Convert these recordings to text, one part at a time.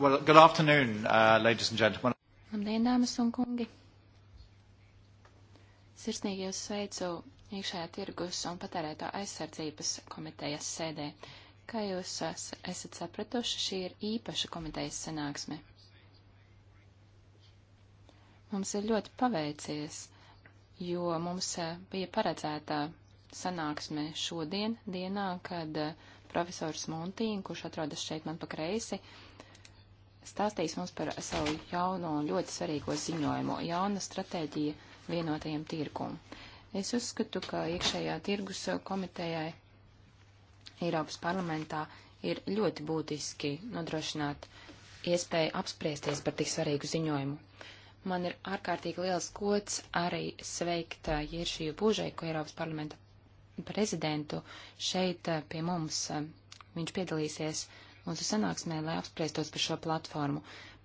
Well, good afternoon, uh, ladies and gentlemen. Labdien, dāmas un kungi! Sirsnīgi jūs sveicu iekšējā tirgus un patērētā aizsardzības komitejas sēdē. Kā jūs esat sapratuši, šī ir īpaša komitejas sanāksme. Mums ir ļoti paveicies, jo mums uh, bija paredzēta sanāksme šodien, dienā, kad uh, profesors Montīn, kurš atrodas šeit man pa kreisi, uh, stāstīs mums par savu jauno un ļoti svarīgo ziņojumu - jauna stratēģija vienotajam tirgum. Es uzskatu, ka iekšējā tirgus komitejai Eiropas parlamentā ir ļoti būtiski nodrošināt iespēju apspriesties par tik svarīgu ziņojumu. Man ir ārkārtīgi liels gods arī sveikt eh, Jiršiju Būžeiku, Eiropas parlamenta prezidentu, šeit eh, pie mums. Eh, viņš piedalīsies uh, mūsu sanāksmē, lai apspriestos par šo platformu.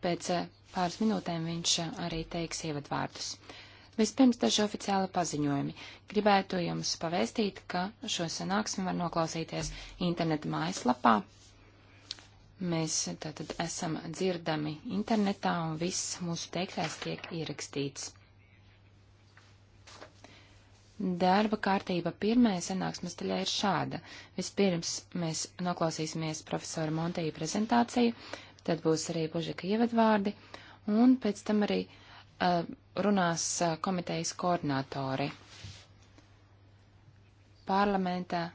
Pēc eh, pāris minūtēm viņš eh, arī teiks ievadvārdus. Vispirms daži oficiāli paziņojumi. Gribētu jums pavēstīt, ka šo sanāksmi var noklausīties interneta mājaslapā. Mēs tātad esam dzirdami internetā un viss mūsu teiktais tiek ierakstīts. Darba kārtība pirmajai sanāksmes daļai ir šāda. Vispirms mēs noklausīsimies profesora Monteja prezentāciju, tad būs arī Bužika ievadvārdi, un pēc tam arī uh, runās uh, komitejas koordinātori. Parlamenta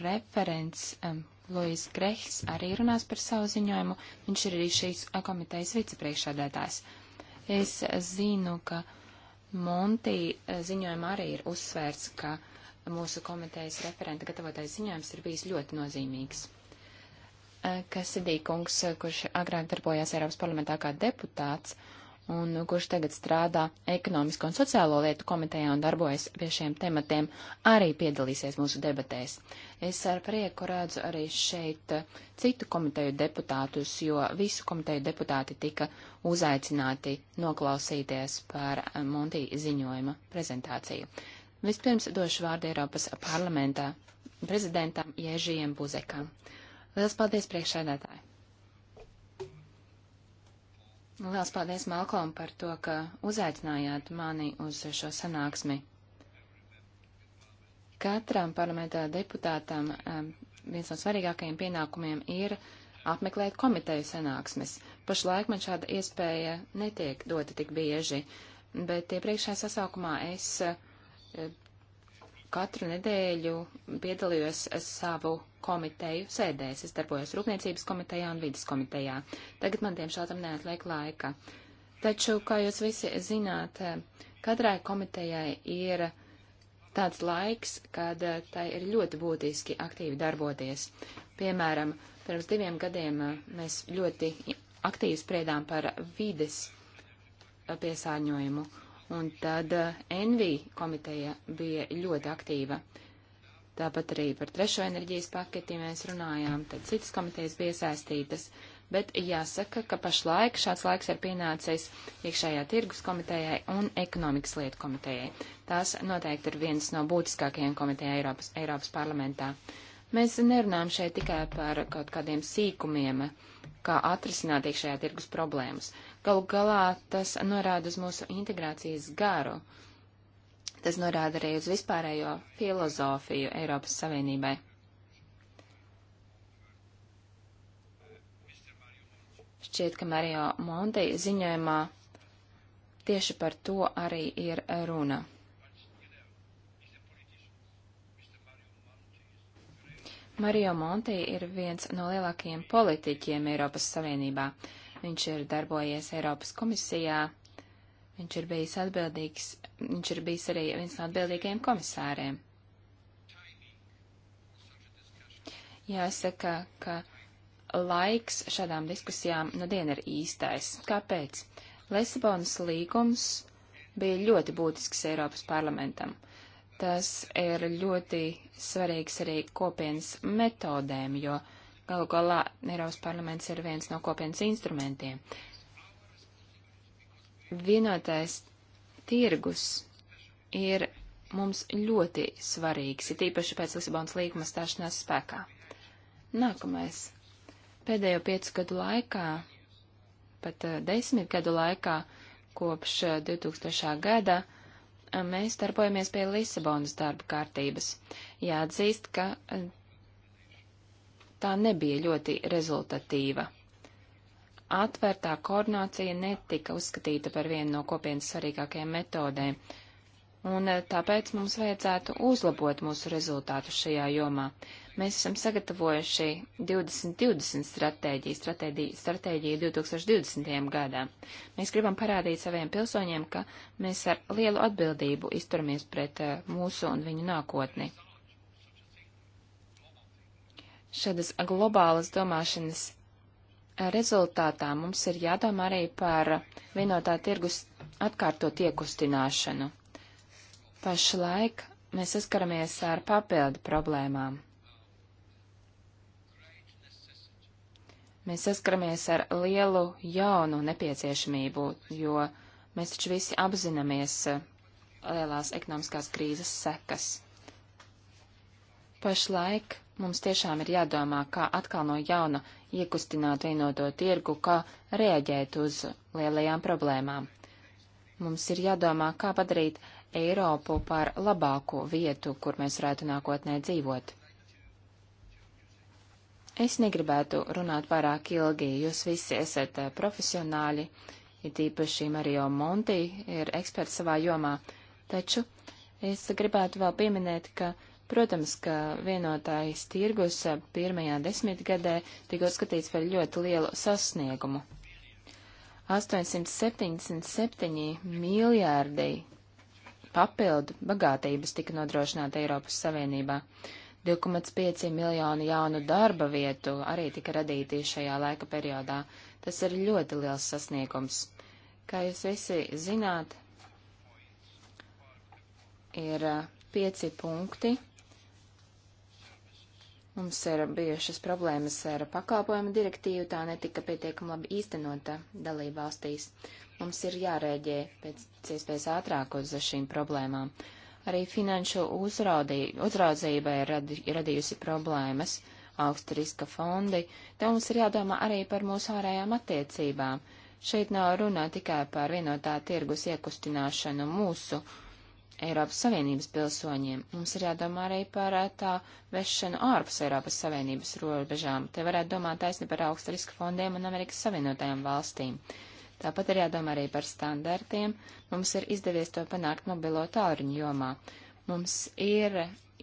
referents um, Luis Grehs arī runās par savu ziņojumu, viņš ir arī šīs komitejas vicepriekšādētājs. Es zinu, ka uh, Monti eh, ziņojumā arī ir uzsvērts, ka mūsu komitejas referenta gatavotais ziņojums ir bijis ļoti nozīmīgs. Eh, Kasidī kungs, eh, kurš agrāk darbojās Eiropas parlamentā kā deputāts, uh, un kurš tagad strādā ekonomisko un sociālo lietu komitejā un darbojas pie šiem tematiem, arī piedalīsies mūsu debatēs. Es ar prieku redzu arī šeit eh, citu komiteju deputātus, jo visu komiteju deputāti tika uzaicināti noklausīties par eh, Monti ziņojuma prezentāciju. Vispirms došu vārdu Eiropas parlamentā prezidentam Jēžijam Buzekam. Lielas paldies priekšsēdētāji! Lielas paldies, Malkom, par to, ka uzaicinājāt mani uz šo sanāksmi. Katram parlamentā deputātam viens no svarīgākajiem pienākumiem ir apmeklēt komiteju sanāksmes. Pašlaik man šāda iespēja netiek dota tik bieži, bet iepriekšējā sasaukumā es katru nedēļu piedalījos savu komiteju sēdēs. Es darbojos Rūpniecības komitejā un vidas komitejā. Tagad man diemžēl tam neatliek laika. Taču, kā jūs visi zināt, katrai komitejai ir tāds laiks, kad eh, tai ir ļoti būtiski aktīvi darboties. Piemēram, pirms diviem gadiem eh, mēs ļoti aktīvi spriedām par vides eh, piesārņojumu Un tad uh, NV komiteja bija ļoti aktīva. Tāpat arī par trešo enerģijas paketi mēs runājām, tad citas komitejas bija iesaistītas. Bet jāsaka, ka pašlaik šāds laiks ir pienācis iekšējā tirgus komitejai un ekonomikas lietu komitejai. Tās noteikti ir viens no būtiskākajiem komitejā Eiropas, Eiropas parlamentā. Mēs nerunājam šeit tikai par kaut kādiem sīkumiem, kā atrisināt iekšējā tirgus problēmas. Galu galā tas norāda uz mūsu integrācijas garu. Tas norāda arī uz vispārējo filozofiju Eiropas Savienībai. Šķiet, ka Mario Monti ziņojumā tieši par to arī ir runa. Mario Monti ir viens no lielākajiem politiķiem Eiropas Savienībā. Viņš ir darbojies Eiropas komisijā, viņš ir bijis atbildīgs, viņš ir bijis arī viens no atbildīgajiem komisāriem. Jāsaka, ka laiks šādām diskusijām nu no dien ir īstais. Kāpēc? Lisabonas līgums bija ļoti būtisks Eiropas parlamentam. Tas ir ļoti svarīgs arī kopienas metodēm, jo uh, Galu galā Eiropas parlaments ir viens no kopienas instrumentiem. Vienotais tirgus ir mums ļoti svarīgs, ir tīpaši pēc Lisabonas līguma stāšanās spēkā. Nākamais. Pēdējo piecu gadu laikā, pat eh, desmit gadu laikā, kopš 2000. Eh, gada, eh, mēs darbojamies pie Lisabonas darba kārtības. Jāatzīst, ka tā nebija ļoti rezultatīva. Atvērtā koordinācija netika uzskatīta par vienu no kopienas svarīgākajām metodēm, un eh, tāpēc mums vajadzētu uzlabot mūsu rezultātu šajā jomā. Mēs esam sagatavojuši 2020 stratēģiju, stratēģiju, stratēģiju 2020. gadā. Mēs gribam parādīt saviem pilsoņiem, ka mēs ar lielu atbildību izturamies pret eh, mūsu un viņu nākotni šādas globālas domāšanas eh, rezultātā mums ir jādomā arī par vienotā tirgus atkārtot iekustināšanu. Pašlaik mēs saskaramies ar papildu problēmām. Mēs saskaramies ar lielu jaunu nepieciešamību, jo mēs taču visi apzināmies eh, lielās ekonomiskās krīzes sekas. Pašlaik Mums tiešām ir jādomā, kā atkal no jauna iekustināt vienoto tirgu, kā reaģēt uz lielajām problēmām. Mums ir jādomā, kā padarīt Eiropu par labāku vietu, kur mēs varētu nākotnē dzīvot. Es negribētu runāt pārāk ilgi, jūs visi esat profesionāļi, it īpaši Mario Monti ir eksperts savā jomā, taču es gribētu vēl pieminēt, ka Protams, ka vienotājs tirgus pirmajā desmitgadē tika uzskatīts par ļoti lielu sasniegumu. 877 miljārdi papildu bagātības tika nodrošināta Eiropas Savienībā. 2,5 miljonu jaunu darba vietu arī tika radīti šajā laika periodā. Tas ir ļoti liels sasniegums. Kā jūs visi zināt, ir uh, pieci punkti, Mums ir bijušas problēmas ar pakalpojumu direktīvu, tā netika pietiekami labi īstenota dalība valstīs. Mums ir jārēģē pēc iespējas ātrāk uz šīm problēmām. Arī finanšu uzraudī, uzraudzība ir radi, radījusi problēmas, augsta riska fondi, tā mums ir jādomā arī par mūsu ārējām attiecībām. Šeit nav runā tikai par vienotā tirgus iekustināšanu mūsu Eiropas Savienības pilsoņiem. Mums ir jādomā arī par eh, tā vešanu ārpus Eiropas Savienības robežām. Te varētu domāt taisni par augsta riska fondiem un Amerikas Savienotajām valstīm. Tāpat ir jādomā arī par standartiem. Mums ir izdevies to panākt mobilo tālruņu jomā. Mums ir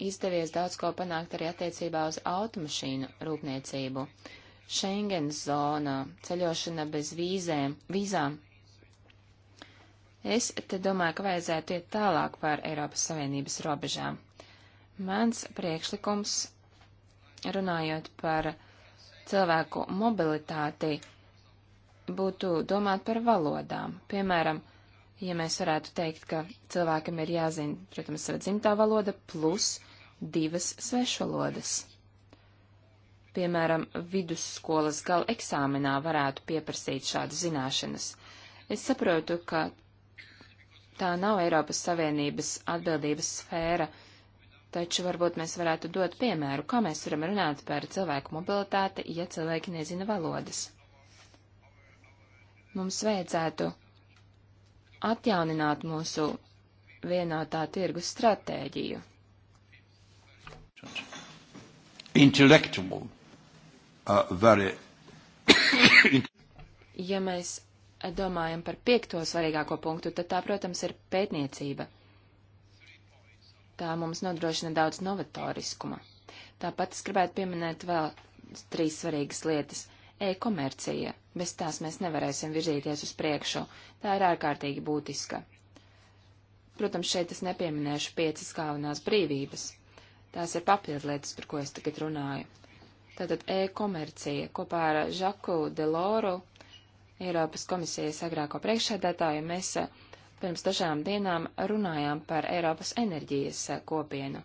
izdevies daudz ko panākt arī attiecībā uz automašīnu rūpniecību. Schengen zona, ceļošana bez vīzēm, vīzām, Es te domāju, ka vajadzētu iet tālāk par Eiropas Savienības robežām. Mans priekšlikums, runājot par cilvēku mobilitāti, būtu domāt par valodām. Piemēram, ja mēs varētu teikt, ka cilvēkam ir jāzina, protams, sava dzimtā valoda plus divas svešvalodas. Piemēram, vidusskolas gala eksāmenā varētu pieprasīt šādas zināšanas. Es saprotu, ka tā nav Eiropas Savienības atbildības sfēra, taču varbūt mēs varētu dot piemēru, kā mēs varam runāt par cilvēku mobilitāti, ja cilvēki nezina valodas. Mums vajadzētu atjaunināt mūsu vienotā tirgus stratēģiju. Intellectual, uh, very... ja mēs domājam par piekto svarīgāko punktu, tad tā, protams, ir pētniecība. Tā mums nodrošina daudz novatoriskuma. Tāpat es gribētu pieminēt vēl trīs svarīgas lietas. E-komercija. Bez tās mēs nevarēsim virzīties uz priekšu. Tā ir ārkārtīgi būtiska. Protams, šeit es nepieminēšu piecas galvenās brīvības. Tās ir papildlietas, par ko es tagad runāju. Tātad e-komercija kopā ar Žaku Deloru Eiropas komisijas agrāko priekšsēdētāju, mēs eh, pirms dažām dienām runājām par Eiropas enerģijas eh, kopienu.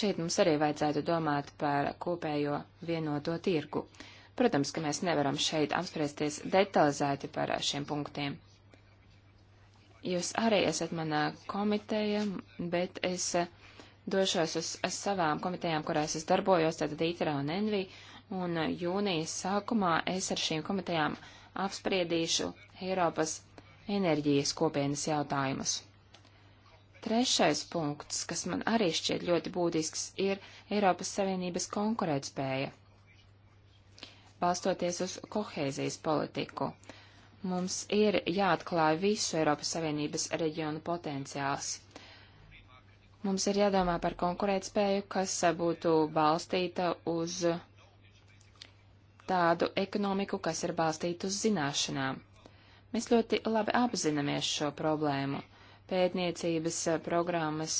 Šeit mums arī vajadzētu domāt par kopējo vienoto tirgu. Protams, ka mēs nevaram šeit apspriesties detalizēti par šiem punktiem. Jūs arī esat manā komiteja, bet es eh, došos uz savām komitejām, kurās es darbojos, tātad ITRA un NV, un uh, jūnijas sākumā es ar šīm komitejām apspriedīšu Eiropas enerģijas kopienas jautājumus. Trešais punkts, kas man arī šķiet ļoti būtisks, ir Eiropas Savienības konkurētspēja. Balstoties uz kohēzijas politiku, mums ir jāatklāj visu Eiropas Savienības reģionu potenciāls. Mums ir jādomā par konkurētspēju, kas uh, būtu balstīta uz tādu ekonomiku, kas ir balstīta uz zināšanām. Mēs ļoti labi apzināmies šo problēmu. Pētniecības eh, programmas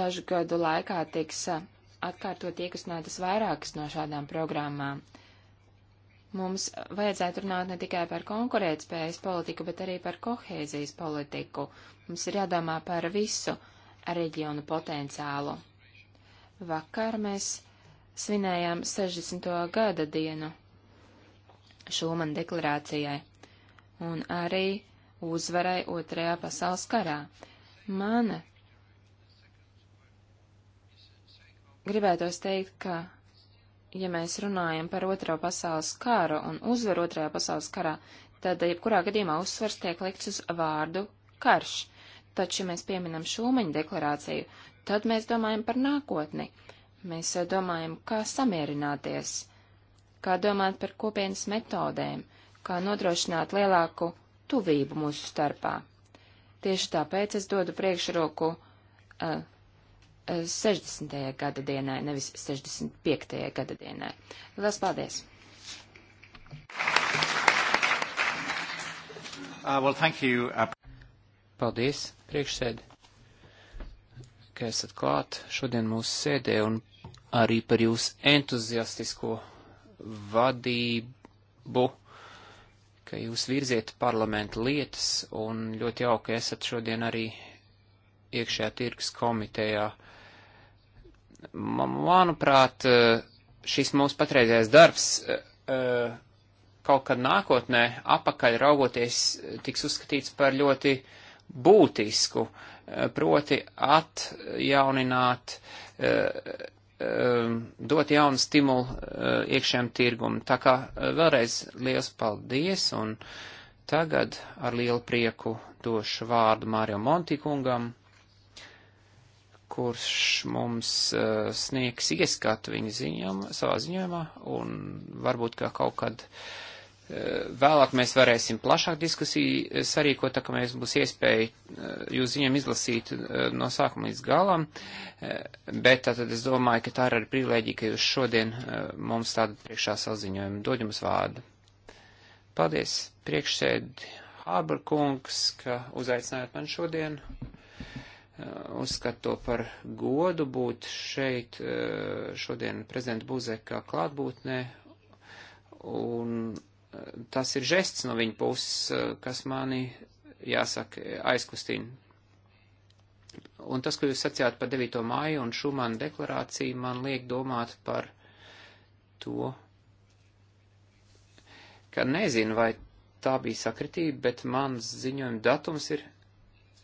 dažu gadu laikā tiks eh, atkārtot iekusinātas vairākas no šādām programmām. Mums vajadzētu runāt ne tikai par konkurētspējas politiku, bet arī par kohēzijas politiku. Mums ir jādomā par visu reģionu potenciālu. Vakar mēs svinējām 60. gada dienu Šūman deklarācijai un arī uzvarai Otrajā pasaules karā. Mana gribētos teikt, ka, ja mēs runājam par Otro pasaules karu un uzvaru Otrajā pasaules karā, tad jebkurā gadījumā uzsvars tiek likts uz vārdu karš. Taču, ja mēs pieminam Šūmaņa deklarāciju, tad mēs domājam par nākotni. Mēs eh, domājam, kā samierināties, kā domāt par kopienas metodēm, kā nodrošināt lielāku tuvību mūsu starpā. Tieši tāpēc es dodu priekšroku uh, eh, 60. Eh, gada dienai, nevis 65. gada dienai. Lielas paldies! Uh, well, thank you. Uh... Paldies, priekšsēdi, ka esat klāt šodien mūsu sēdē un arī par jūsu entuziastisko vadību, ka jūs virziet parlamentu lietas un ļoti jauki esat šodien arī iekšējā tirgus komitejā. Manuprāt, eh, šis mūsu patreizējais darbs eh, eh, kaut kad nākotnē apakaļ raugoties tiks uzskatīts par ļoti būtisku, proti atjaunināt Um, dot jaunu stimulu uh, iekšējiem tirgumam. Tā kā uh, vēlreiz liels paldies un tagad ar lielu prieku došu vārdu Mārio Montikungam, kurš mums uh, sniegs ieskatu viņa ziņām, savā ziņojumā un varbūt kā kaut kad uh, Eh, vēlāk mēs varēsim plašāk diskusiju eh, sarīkot, tā ka mēs būs iespēja eh, jūs viņiem izlasīt no sākuma līdz galam, bet tātad es domāju, ka tā ir arī privileģija, ka jūs šodien mums tādu priekšā saziņojumu dod jums vārdu. Paldies, priekšsēdi Hābar kungs, ka uzaicinājāt man šodien. Uzskatu to par godu būt šeit šodien prezidenta Buzekā klātbūtnē. Un tas ir žests no viņa puses, eh, kas mani, jāsaka, aizkustina. Un tas, ko jūs sacījāt par 9. māju un Šumana deklarāciju, man liek domāt par to, ka nezinu, vai tā bija sakritība, bet mans ziņojuma datums ir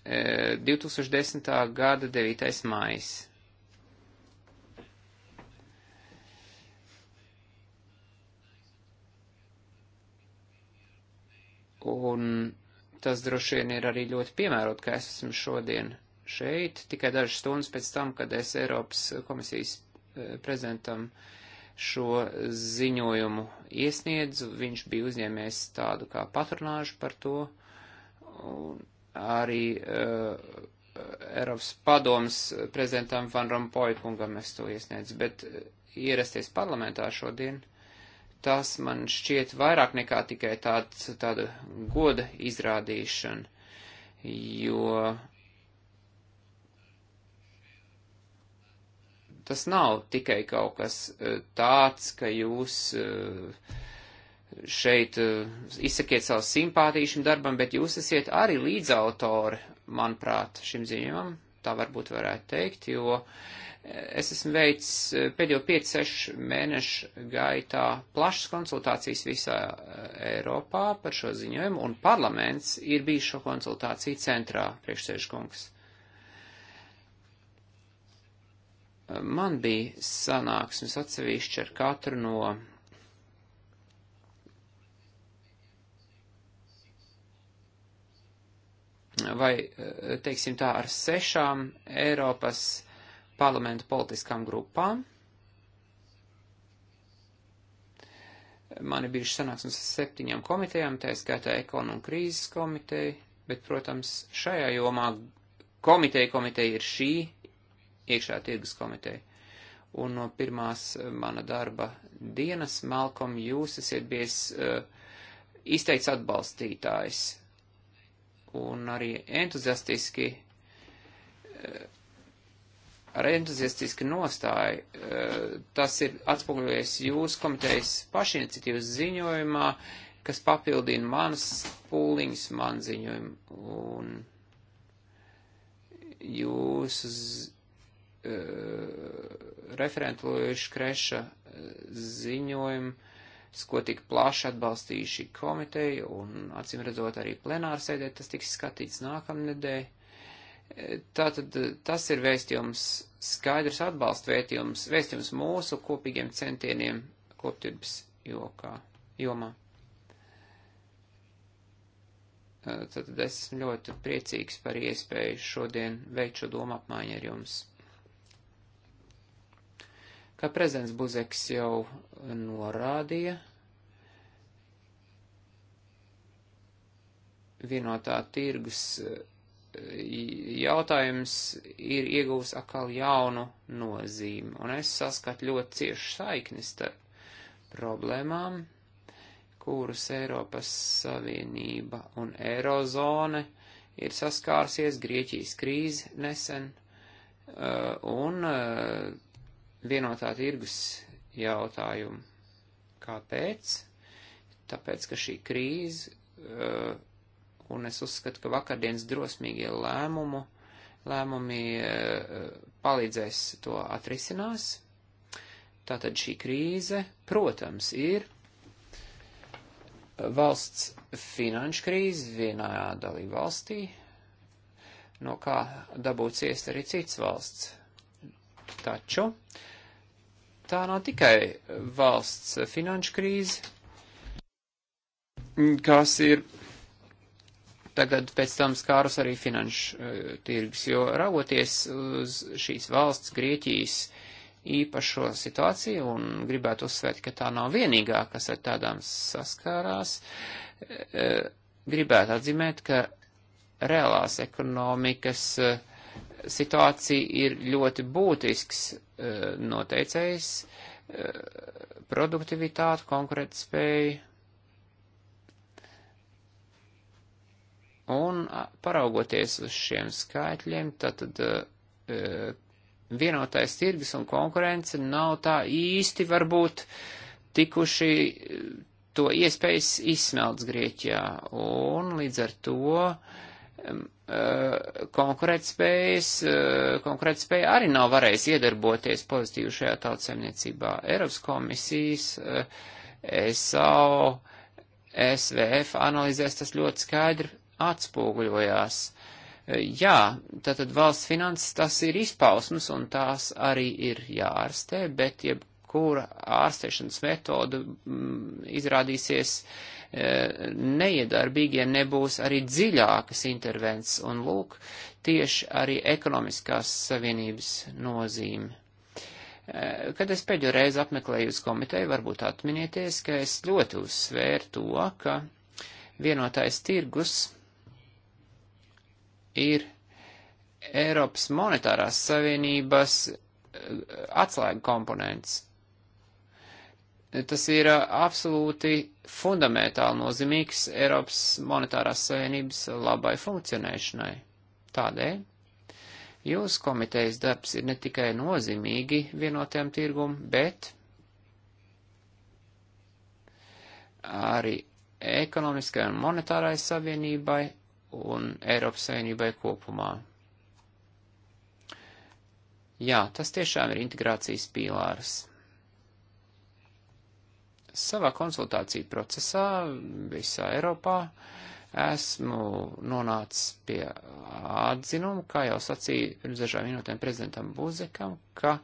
e, eh, 2010. gada 9. mājas. un tas droši vien ir arī ļoti piemērot, ka es esmu šodien šeit, tikai dažas stundas pēc tam, kad es Eiropas komisijas eh, prezidentam šo ziņojumu iesniedzu, viņš bija uzņēmies tādu kā patronāžu par to, un arī uh, Eiropas padomas prezidentam Van Rompuy kungam es to iesniedzu, bet uh, ierasties parlamentā šodien tas man šķiet vairāk nekā tikai tāds, tāda goda izrādīšana, jo tas nav tikai kaut kas eh, tāds, ka jūs eh, šeit eh, izsakiet savu simpātiju šim darbam, bet jūs esat arī līdzautori, manuprāt, šim ziņam, tā varbūt varētu teikt, jo uh, Es esmu veicis eh, pēdējo 5-6 mēnešu gaitā plašas konsultācijas visā eh, Eiropā par šo ziņojumu, un parlaments ir bijis šo konsultāciju centrā, priekšsēžkungs. Man bija sanāksmes atsevišķi ar katru no vai, eh, teiksim tā, ar sešām Eiropas parlamentu politiskām grupām. Man ir bijuši sanāksmes ar septiņām komitejām, tā skaitā ekonu un krīzes komiteju, bet, protams, šajā jomā komiteja komiteja ir šī iekšā tirgus komiteja. Un no pirmās eh, mana darba dienas, Malkom, jūs esat bijis uh, eh, izteikts atbalstītājs un arī entuziastiski uh, ar entuziastiski nostāju. Eh, tas ir atspoguļojies jūsu komitejas pašiniciatīvas ziņojumā, kas papildina manas pūliņas, man ziņojumu. Un jūsu uh, referentlojuši kreša eh, ziņojumu, ko tik plaši atbalstīja šī komiteja, un acīm redzot arī plenāra sēdē tas tiks skatīts nākamnedēļ Tātad eh, tas ir vēstījums, skaidrs atbalsta vēstījums, vēstījums mūsu kopīgiem centieniem koptirbs jokā, jomā. Eh, tātad esmu ļoti priecīgs par iespēju šodien veikt šo domu apmaiņu ar jums. Kā prezidents Buzeks jau norādīja, vienotā tirgus eh, jautājums ir ieguvis atkal jaunu nozīmi, un es saskatu ļoti cieši saikni starp problēmām, kuras Eiropas Savienība un Eirozone ir saskārsies Grieķijas krīzi nesen, uh, un uh, vienotā tirgus jautājumu. Kāpēc? Tāpēc, ka šī krīze uh, un es uzskatu, ka vakardienas drosmīgie lēmumu, lēmumi eh, palīdzēs to atrisinās. Tātad šī krīze, protams, ir valsts finanšu krīze vienā dalību valstī, no kā dabūt ciest arī cits valsts. Taču tā nav tikai valsts finanšu krīze, kas ir tagad pēc tam skārus arī finanšu uh, tirgus, jo raugoties uz šīs valsts, Grieķijas īpašo situāciju, un gribētu uzsvērt, ka tā nav vienīgā, kas ar tādām saskārās, uh, gribētu atzīmēt, ka reālās ekonomikas uh, situācija ir ļoti būtisks noteicējs produktivitāti, konkurētspēju Un paraugoties uz šiem skaitļiem, tad, tad e, vienotais tirgus un konkurence nav tā īsti varbūt tikuši e, to iespējas izsmelts Grieķijā. Un līdz ar to e, konkurētspējas, e, konkurētspēja arī nav varējis iedarboties pozitīvi šajā tautsēmniecībā. Eiropas komisijas, e, SAO, SVF analīzēs tas ļoti skaidri atspoguļojās. Jā, tātad valsts finanses tas ir izpausmas un tās arī ir jārastē, bet jebkura ārstēšanas metoda m, mm, izrādīsies e, neiedarbīgie, nebūs arī dziļākas intervences un lūk, tieši arī ekonomiskās savienības nozīme. E, kad es pēdējo reizi apmeklēju uz komiteju, varbūt atminieties, ka es ļoti uzsvēru to, ka vienotais tirgus ir Eiropas monetārās savienības eh, atslēga komponents. Tas ir eh, absolūti fundamentāli nozīmīgs Eiropas monetārās savienības labai funkcionēšanai. Tādēļ jūsu komitejas darbs ir ne tikai nozīmīgi vienotiem tirgum, bet arī ekonomiskai un monetārai savienībai un Eiropas Savienībai kopumā. Jā, tas tiešām ir integrācijas pīlārs. Savā konsultāciju procesā visā Eiropā esmu nonācis pie atzinumu, kā jau sacīja pirms dažām minūtēm prezidentam Buzekam, ka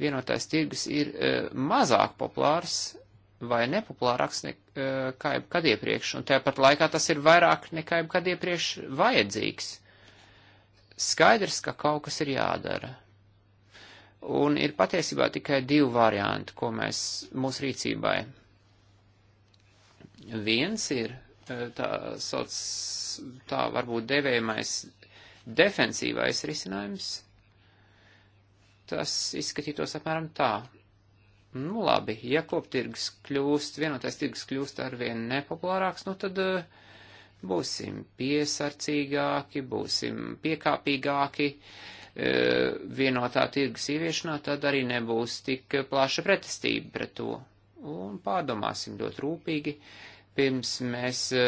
vienotais tirgus ir e, mazāk populārs vai nepopulārāks nekā eh, jebkad iepriekš, un tāpat laikā tas ir vairāk nekā jebkad iepriekš vajadzīgs. Skaidrs, ka kaut kas ir jādara. Un ir patiesībā tikai divi varianti, ko mēs mūsu rīcībai. Viens ir eh, tā, sauc, tā varbūt devējamais defensīvais risinājums. Tas izskatītos apmēram tā. Nu, labi, ja koptirgs kļūst, vienotais tirgs kļūst arvien nepopulārāks, nu tad uh, būsim piesarcīgāki, būsim piekāpīgāki uh, vienotā tirgus ieviešanā, tad arī nebūs tik plaša pretestība pret to. Un pārdomāsim ļoti rūpīgi, pirms mēs uh,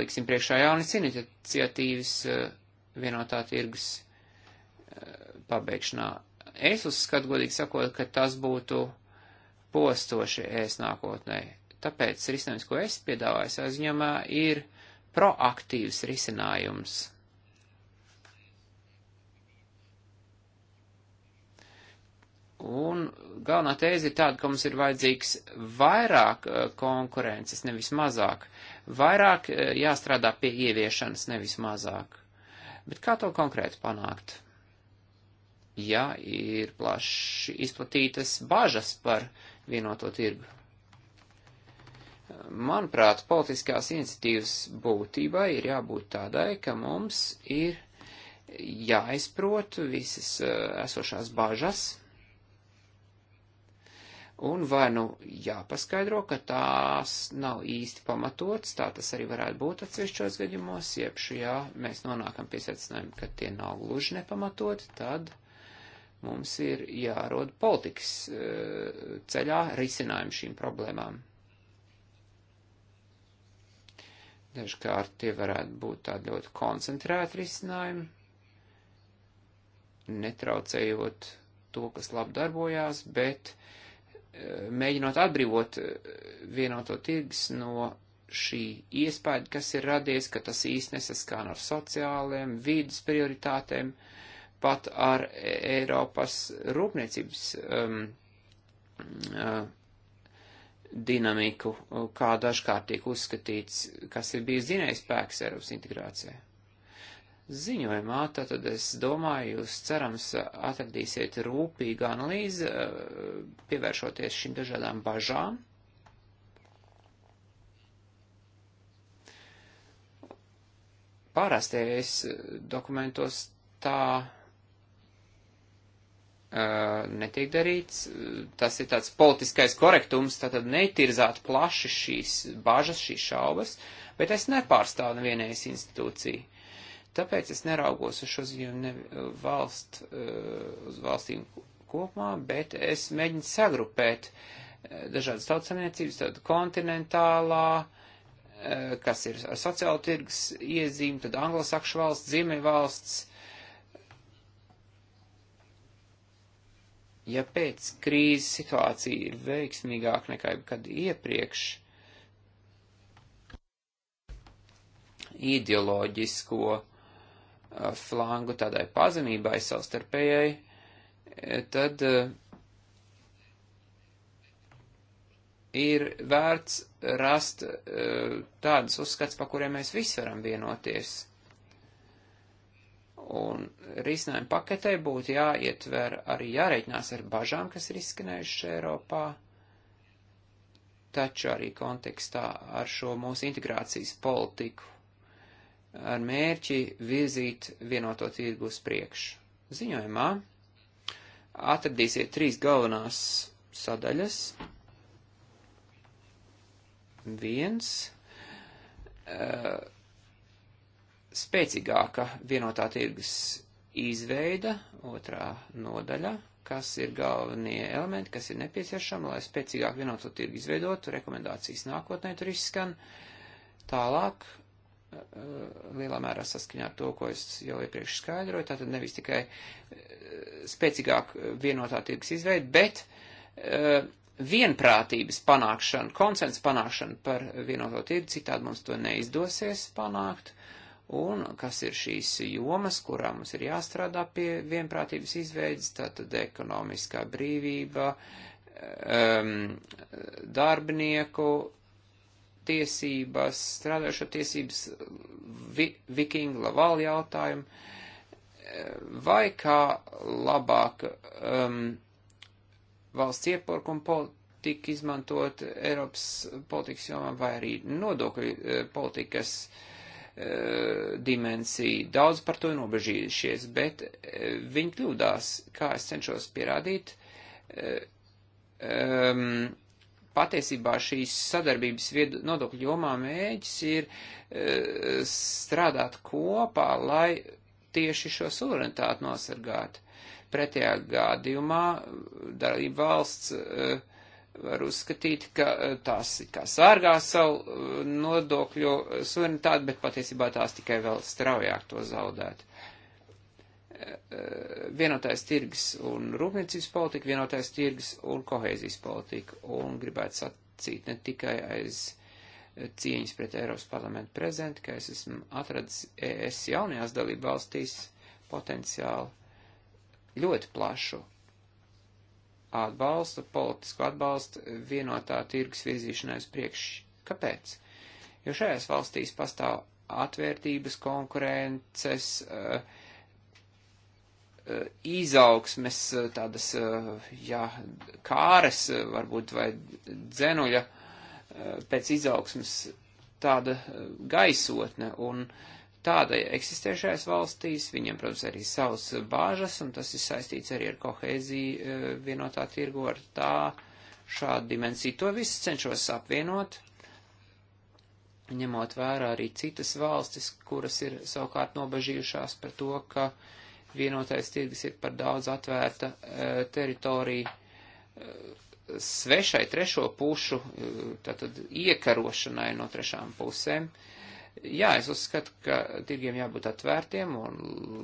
liksim priekšā jaunas iniciatīvas vienotā tirgus pabeigšanā. Es uzskatu, godīgi sakot, ka tas būtu postoši ēst nākotnē. Tāpēc risinājums, ko es piedāvāju savā ziņamā, ir proaktīvs risinājums. Un galvenā tēze ir tāda, ka mums ir vajadzīgs vairāk eh, konkurences, nevis mazāk. Vairāk eh, jāstrādā pie ieviešanas, nevis mazāk. Bet kā to konkrēti panākt? Ja ir plaši izplatītas bažas par uh, vienoto tirgu. Manuprāt, politiskās iniciatīvas būtībai ir jābūt tādai, ka mums ir jāizprot visas eh, esošās bažas, un vai nu jāpaskaidro, ka tās nav īsti pamatots, tā tas arī varētu būt atsevišķos gadījumos, jeb šajā mēs nonākam pie secinājuma, ka tie nav gluži nepamatoti, tad Mums ir jārod politikas e, ceļā risinājumu šīm problēmām. Dažkārt tie varētu būt tādi ļoti koncentrēti risinājumi, netraucējot to, kas labi darbojās, bet e, mēģinot atbrīvot e, vienoto tirgus no šī iespēja, kas ir radies, ka tas īsti nesaskan ar sociāliem, vidas prioritātēm, uh, pat ar e- Eiropas rūpniecības um, uh, dinamiku, uh, kā dažkārt tiek uzskatīts, kas ir bijis zinējspēks Eiropas integrācijai ziņojumā, tātad es domāju, jūs cerams uh, atradīsiet rūpīgu analīzi, uh, pievēršoties šīm dažādām bažām. Parastajais dokumentos tā netiek darīts. Tas ir tāds politiskais korektums, tātad neitirzāt plaši šīs bažas, šīs šaubas, bet es nepārstāvu nevienais institūciju. Tāpēc es neraugos uz šo ziņojumu valst, uz valstīm kopumā, bet es mēģinu sagrupēt dažādas tautsamniecības, tad kontinentālā, kas ir sociāla tirgus iezīme, tad anglosakšu valsts, ziemeļvalsts, valsts Ja pēc krīzes situācija ir veiksmīgāka nekā jebkad iepriekš, ideoloģisko uh, flangu tādai pazemībai savstarpējai, eh, tad eh, ir vērts rast eh, tādus uzskats, pa kuriem mēs visi varam vienoties. Un risinājuma paketē būtu jāietver arī jāreikinās ar bažām, kas ir izskanējušas Eiropā, taču arī kontekstā ar šo mūsu integrācijas politiku, ar mērķi virzīt vienoto tirgu uz priekšu. Ziņojumā atradīsiet trīs galvenās sadaļas. Viens. Uh, spēcīgāka vienotā tirgus izveida, otrā nodaļa, kas ir galvenie elementi, kas ir nepieciešami, lai spēcīgāk vienotu tirgu izveidotu, rekomendācijas nākotnē tur izskan. Tālāk, eh, lielā mērā saskaņā ar to, ko es jau iepriekš skaidroju, tātad nevis tikai eh, spēcīgāk vienotā tirgus izveida, bet eh, vienprātības panākšana, konsensa panākšana par vienoto tirgu, citādi mums to neizdosies panākt. Uh, un kas ir šīs jomas, kurā mums ir jāstrādā pie vienprātības izveidas, tātad ekonomiskā brīvība, um, darbinieku tiesības, strādājušo tiesības, vi, vikingu lavālu jautājumu, vai kā labāk um, valsts iepirkuma politika izmantot Eiropas politikas jomā vai arī nodokļu eh, politikas uh, E, dimensiju. Daudz par to ir nobežījušies, bet e, viņi kļūdās, kā es cenšos pierādīt, um, patiesībā šīs sadarbības nodokļu jomā mēģis ir uh, strādāt kopā, lai tieši šo suverenitāti nosargātu. Pretējā gadījumā dalība valsts uh, var uzskatīt, ka eh, tās kā sārgā savu eh, nodokļu eh, suverenitāti, bet patiesībā tās tikai vēl straujāk to zaudēt. Vienotais tirgs un rūpniecības politika, vienotais tirgs un kohēzijas politika. Un gribētu sacīt ne tikai aiz cīņas pret Eiropas parlamentu prezidentu, ka es esmu atradis ES jaunajās dalību valstīs potenciāli ļoti plašu atbalstu, politisku atbalstu vienotā tirgus virzīšanai uz priekšu. Kāpēc? Jo šajās valstīs pastāv atvērtības, konkurences, eh, eh, izaugsmes, eh, tādas, jā, kāres, varbūt, vai dzenuļa pēc izaugsmes tāda gaisotne, un uh, Tāda eksistēšais valstīs, viņiem, protams, arī savas bāžas, un tas ir saistīts arī ar kohēziju eh, vienotā tirgu, ar tā šādu dimensiju. To visu cenšos apvienot, ņemot vērā arī citas valstis, kuras ir savukārt nobažījušās par to, ka vienotais tirgus ir par daudz atvērta eh, teritorija eh, svešai trešo pušu, tātad iekarošanai no trešām pusēm. Uh, Jā, es uzskatu, ka tirgiem jābūt atvērtiem, un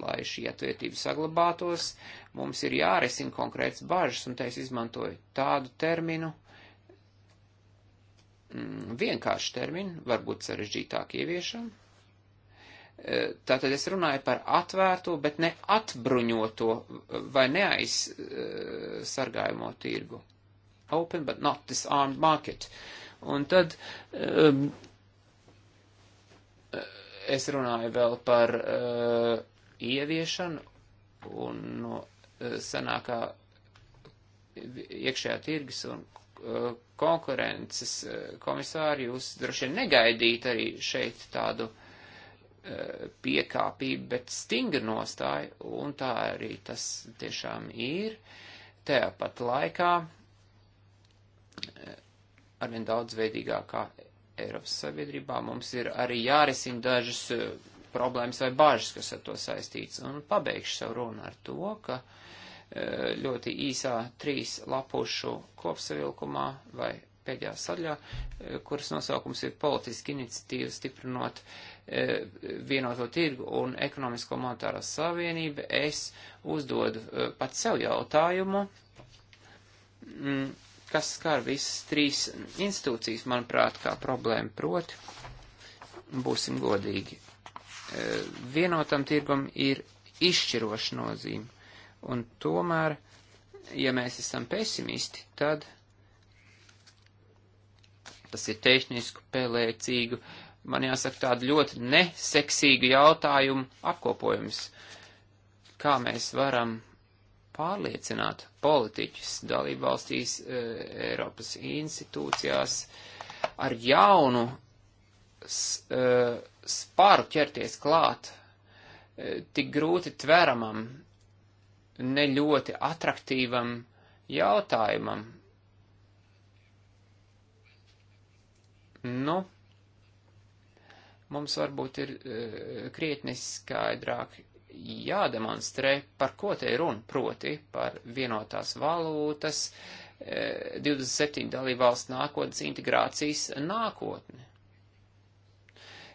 lai šī atvērtība saglabātos, mums ir jārisina konkrēts bažas, un te es izmantoju tādu terminu, mm, vienkāršu terminu, varbūt sarežģītāk ieviešam. E, tātad es runāju par atvērto, bet ne atbruņoto vai neaizsargājamo e, tirgu. Open, but not disarmed market. Un tad um, es runāju vēl par uh, ieviešanu un no uh, eh, sanākā iekšējā tirgus un uh, konkurences uh, komisāri jūs droši vien negaidīt arī šeit tādu uh, piekāpību, bet stingru nostāju, un tā arī tas tiešām ir. Tāpat laikā uh, arvien daudz veidīgākā Eiropas sabiedrībā mums ir arī jārisina dažas eh, problēmas vai bažas, kas ar to saistīts. Un pabeigšu savu runu ar to, ka eh, ļoti īsā trīs lapušu kopsavilkumā vai pēdējā sadaļā, eh, kuras nosaukums ir politiski iniciatīva stiprinot vienoto tirgu un ekonomisko monetāro savienību, es uzdodu pats sev jautājumu. Mm kas skar visas trīs institūcijas, manuprāt, kā problēma proti, būsim godīgi. E, vienotam tirgum ir izšķiroša nozīme, un tomēr, ja mēs esam pesimisti, tad tas ir tehnisku, pelēcīgu, man jāsaka tādu ļoti neseksīgu jautājumu apkopojums, kā mēs varam pārliecināt politiķus dalību valstīs, e, Eiropas institūcijās ar jaunu e, spāru ķerties klāt e, tik grūti tveramam, ne ļoti atraktīvam jautājumam. Nu, mums varbūt ir krietni skaidrāk jādemonstrē, par ko te ir runa, proti par vienotās valūtas, 27 e, dalībvalsts nākotnes integrācijas nākotni.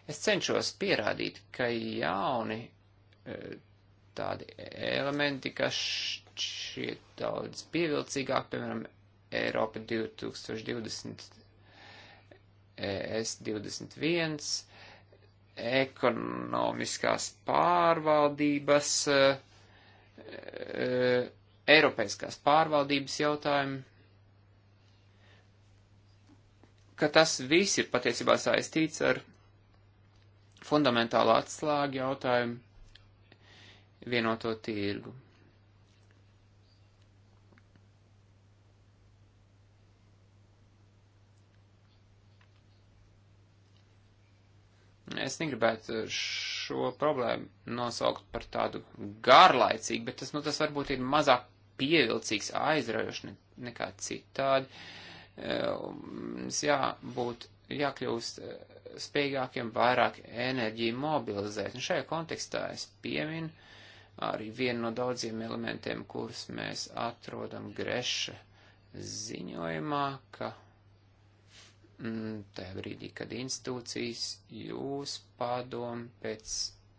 Es cenšos pierādīt, ka jauni e, tādi elementi, kas šķiet daudz pievilcīgāk, piemēram, Eiropa 2020, ES 21, ekonomiskās pārvaldības, eh, eiropeiskās pārvaldības jautājumu, ka tas viss ir patiesībā saistīts ar fundamentālu atslēgu jautājumu vienoto tirgu. Es negribētu eh, šo problēmu nosaukt par tādu garlaicīgu, bet tas, nu, tas varbūt ir mazāk pievilcīgs, aizraujoši nekā citādi. Mums eh, jābūt, jākļūst eh, spējīgākiem, vairāk enerģiju mobilizēt. Un šajā kontekstā es pieminu arī vienu no daudziem elementiem, kurus mēs atrodam Greša ziņojumā, ka Mm, tajā brīdī, kad institūcijas jūs padomu pēc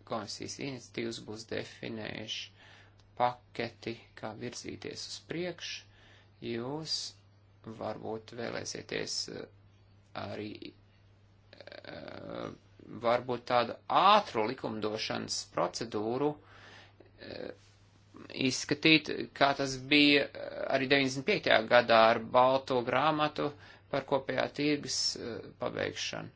komisijas iniciatīvas būs definējuši paketi, kā virzīties uz priekšu, jūs varbūt vēlēsieties eh, arī eh, varbūt tādu ātru likumdošanas procedūru eh, izskatīt, kā tas bija arī 95. gadā ar balto grāmatu, uh, par kopējā tirgus eh, pabeigšanu.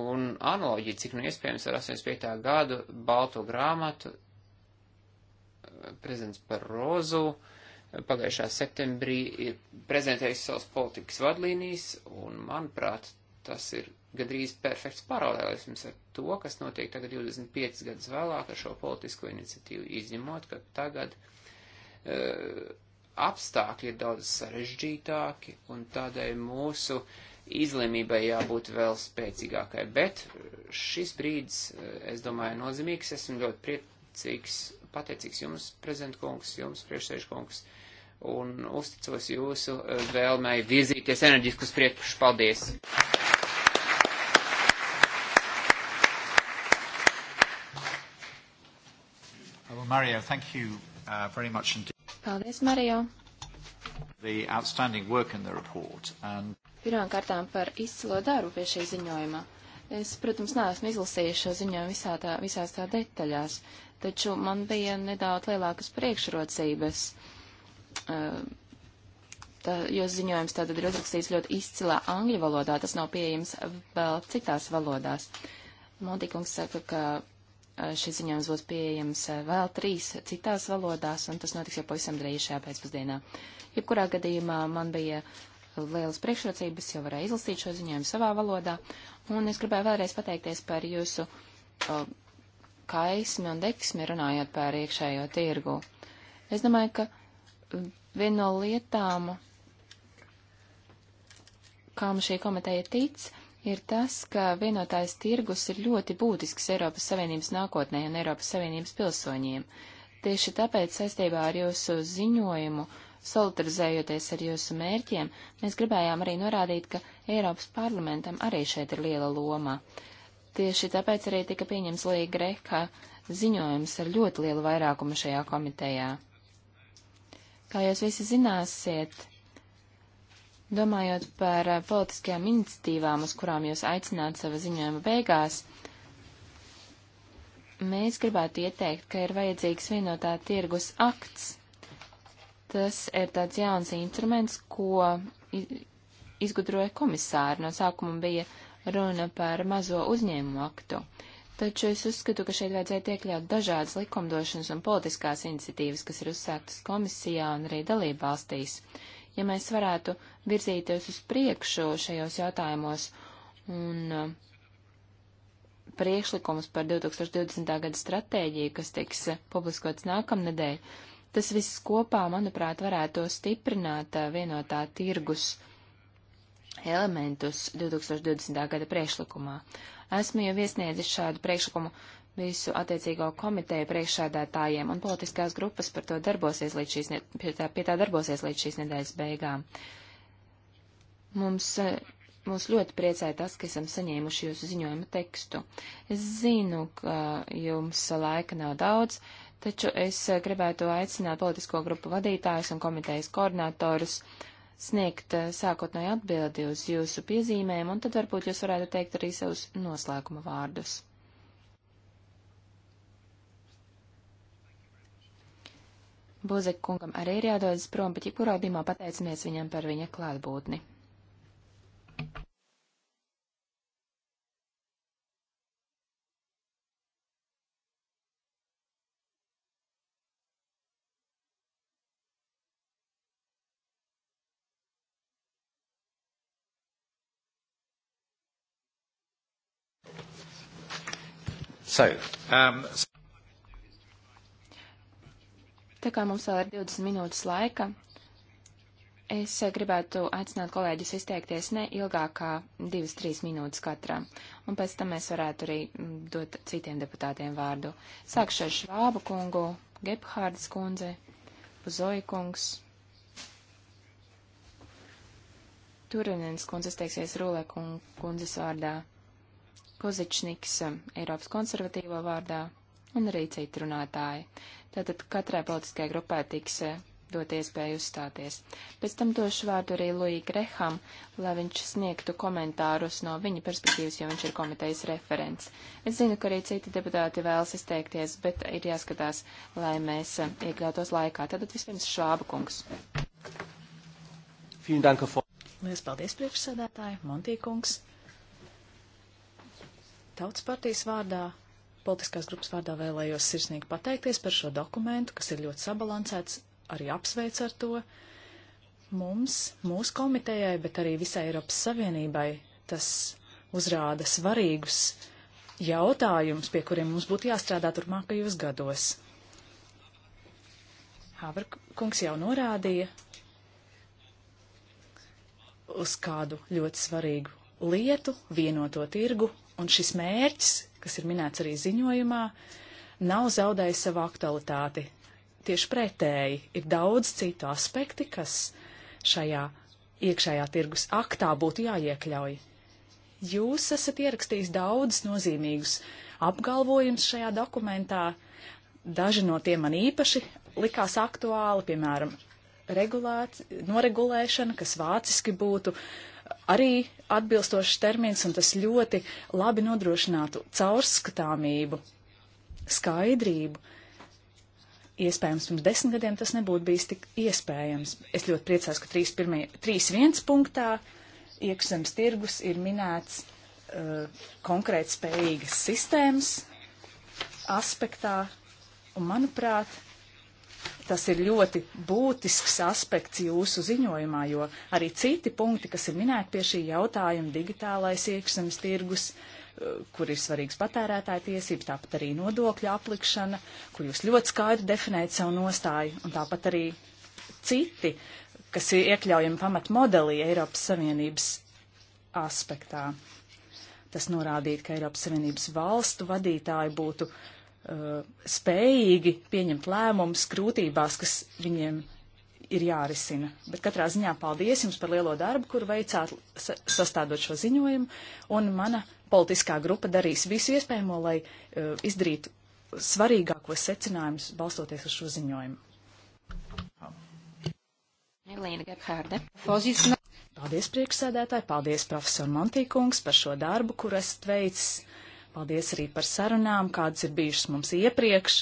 Un analoģija, cik nu iespējams ar 85. gadu balto grāmatu eh, prezidents par rozu eh, pagājušā septembrī ir prezentējis savas politikas vadlīnijas, un manuprāt, tas ir gadrīz perfekts paralēlisms ar to, kas notiek tagad 25 gadus vēlāk ar šo politisko iniciatīvu, izņemot, ka tagad uh, apstākļi ir daudz sarežģītāki un tādēļ mūsu izlēmībai jābūt vēl spēcīgākai. Bet šis brīdis, eh, es domāju, nozīmīgs. Esmu ļoti priecīgs, pateicīgs jums, prezidentkungs, jums, priekšsēžkungs, un uzticos jūsu eh, vēlmei virzīties enerģiskus priekšu. Paldies! Well, Mario, thank you uh, very much indeed. Paldies, Mario! And... Pirmām kārtām par izcilo darbu pie šī ziņojuma. Es, protams, neesmu izlasījis šo ziņojumu visā tā, visās tā detaļās, taču man bija nedaudz lielākas priekšrocības, eh, tā, jo ziņojums tātad ir uzrakstīts ļoti izcilā angļu valodā, tas nav pieejams vēl citās valodās. Montikungs saka, ka šis ziņojums būs pieejams vēl trīs citās valodās, un tas notiks jau pavisam drīz šajā pēcpusdienā. Jebkurā gadījumā man bija lielas priekšrocības, jau varēju izlasīt šo ziņojumu savā valodā, un es gribēju vēlreiz pateikties par jūsu o, kaismi un deksmi runājot par iekšējo tirgu. Es domāju, ka viena no lietām, kam šī komiteja tic, ir tas, ka vienotājs tirgus ir ļoti būtisks Eiropas Savienības nākotnē un Eiropas Savienības pilsoņiem. Tieši tāpēc saistībā ar jūsu ziņojumu, solidarizējoties ar jūsu mērķiem, mēs gribējām arī norādīt, ka Eiropas parlamentam arī šeit ir liela loma. Tieši tāpēc arī tika pieņems Līga Greka ziņojums ar ļoti lielu vairākumu šajā komitejā. Kā jūs visi zināsiet, Domājot par eh, politiskajām iniciatīvām, uz kurām jūs aicināt sava ziņojuma beigās, mēs gribētu ieteikt, ka ir vajadzīgs vienotā tirgus akts. Tas ir tāds jauns instruments, ko izgudroja komisāri. No sākuma bija runa par mazo uzņēmumu aktu. Taču es uzskatu, ka šeit vajadzētu iekļaut dažādas likumdošanas un politiskās iniciatīvas, kas ir uzsāktas komisijā un arī dalībvalstīs. valstīs ja mēs varētu virzīties uz priekšu šajos jautājumos un uh, priekšlikums par 2020. gada stratēģiju, kas tiks uh, publiskots nākamnedēļ, tas viss kopā, manuprāt, varētu stiprināt uh, vienotā tirgus elementus 2020. gada priekšlikumā. Esmu jau iesniedzis šādu priekšlikumu visu attiecīgo komiteju priekšsēdētājiem, un politiskās grupas par to darbosies līdz šīs, ne... pie, tā, pie tā darbosies līdz šīs nedēļas beigām. Mums, mums ļoti priecē tas, ka esam saņēmuši jūsu ziņojumu tekstu. Es zinu, ka jums laika nav daudz, taču es gribētu aicināt politisko grupu vadītājus un komitejas koordinatorus sniegt eh, sākotnēji atbildi uz jūsu piezīmēm, un tad varbūt jūs varētu teikt arī savus noslēguma vārdus. Buzek kungam arī ir jādodas prom, bet jebkurā gadījumā pateicamies viņam par viņa klātbūtni. So, um, so Tā kā mums vēl ir 20 minūtes laika, es gribētu aicināt kolēģis izteikties ne ilgāk kā 2-3 minūtes katram, un pēc tam mēs varētu arī mm, dot citiem deputātiem vārdu. Sākšu ar Švābu kungu, Gebhārdas kundze, Buzoja kungs. Turinens kundzes teiksies Rūlē kundzes vārdā, Kozičniks mm, Eiropas konservatīvo vārdā un arī citi runātāji. Tātad katrai politiskajai grupai tiks eh, dot iespēju uzstāties. Pēc tam došu vārdu arī Lujī Greham, lai viņš sniegtu komentārus no viņa perspektīvas, jo viņš ir komitejas referents. Es zinu, ka arī citi deputāti vēlas izteikties, bet ir jāskatās, lai mēs eh, iekļautos laikā. Tātad vispirms Švāba kungs. Lielas paldies, priekšsēdētāji, Montī kungs. Tautas partijas vārdā Politiskās grupas vārdā vēlējos sirsnīgi pateikties par šo dokumentu, kas ir ļoti sabalansēts, arī apsveic ar to. Mums, mūsu komitejai, bet arī visai Eiropas Savienībai tas uzrāda svarīgus jautājumus, pie kuriem mums būtu jāstrādā turpmākajos gados. Haverkungs jau norādīja uz kādu ļoti svarīgu lietu, vienoto tirgu, un šis mērķis kas ir minēts arī ziņojumā, nav zaudējis savu aktualitāti. Tieši pretēji ir daudz citu aspekti, kas šajā iekšējā tirgus aktā būtu jāiekļauj. Jūs esat ierakstījis daudz nozīmīgus apgalvojumus šajā dokumentā. Daži no tiem man īpaši likās aktuāli, piemēram, regulēt, noregulēšana, kas vāciski būtu arī atbilstošs termins, un tas ļoti labi nodrošinātu caurskatāmību, skaidrību. Iespējams, pirms desmit gadiem tas nebūtu bijis tik iespējams. Es ļoti priecājos, ka 3.1. punktā iekšzemes tirgus ir minēts uh, konkrēti spējīgas sistēmas aspektā, un manuprāt, Tas ir ļoti būtisks aspekts jūsu ziņojumā, jo arī citi punkti, kas ir minēti pie šī jautājuma - digitālais iekšzemes tirgus, eh, kur ir svarīgs patērētāja tiesības, tāpat arī nodokļu aplikšana, kur jūs ļoti skaidri definējat savu nostāju, un tāpat arī citi, kas ir iekļaujami pamatmodelī Eiropas Savienības aspektā. Tas norādīt, ka Eiropas Savienības valstu vadītāji būtu uh, Eh, spējīgi pieņemt lēmumus grūtībās, kas viņiem ir jārisina. Bet katrā ziņā paldies jums par lielo darbu, kur veicāt sastādot šo ziņojumu, un mana politiskā grupa darīs visu iespējamo, lai uh, izdarītu svarīgākos secinājumus balstoties uz šo ziņojumu. Elīna Gebhārde. Paldies, priekšsēdētāji, paldies, profesor Montīkungs, par šo darbu, kur esat veicis. Paldies arī par sarunām, kādas ir bijušas mums iepriekš.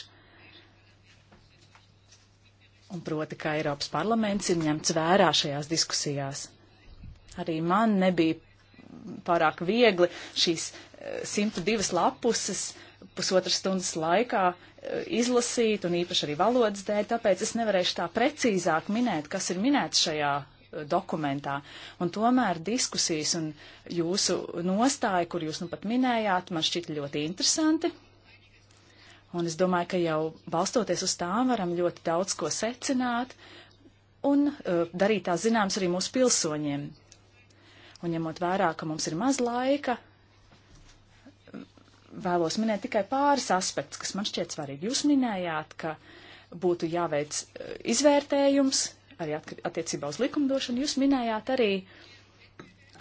Un proti, ka Eiropas parlaments ir ņemts vērā šajās diskusijās. Arī man nebija pārāk viegli šīs 102 eh, lapuses pusotras stundas laikā eh, izlasīt, un īpaši arī valodas dēļ, tāpēc es nevarēšu tā precīzāk minēt, kas ir minēts šajā dokumentā. Un tomēr diskusijas un jūsu nostāja, kur jūs nu pat minējāt, man šķiet ļoti interesanti. Un es domāju, ka jau balstoties uz tām varam ļoti daudz ko secināt un uh, darīt tās zināmas arī mūsu pilsoņiem. Un ņemot vērā, ka mums ir maz laika, vēlos minēt tikai pāris aspektus, kas man šķiet svarīgi. Jūs minējāt, ka būtu jāveic uh, izvērtējums arī attiecībā uz likumdošanu. Jūs minējāt arī,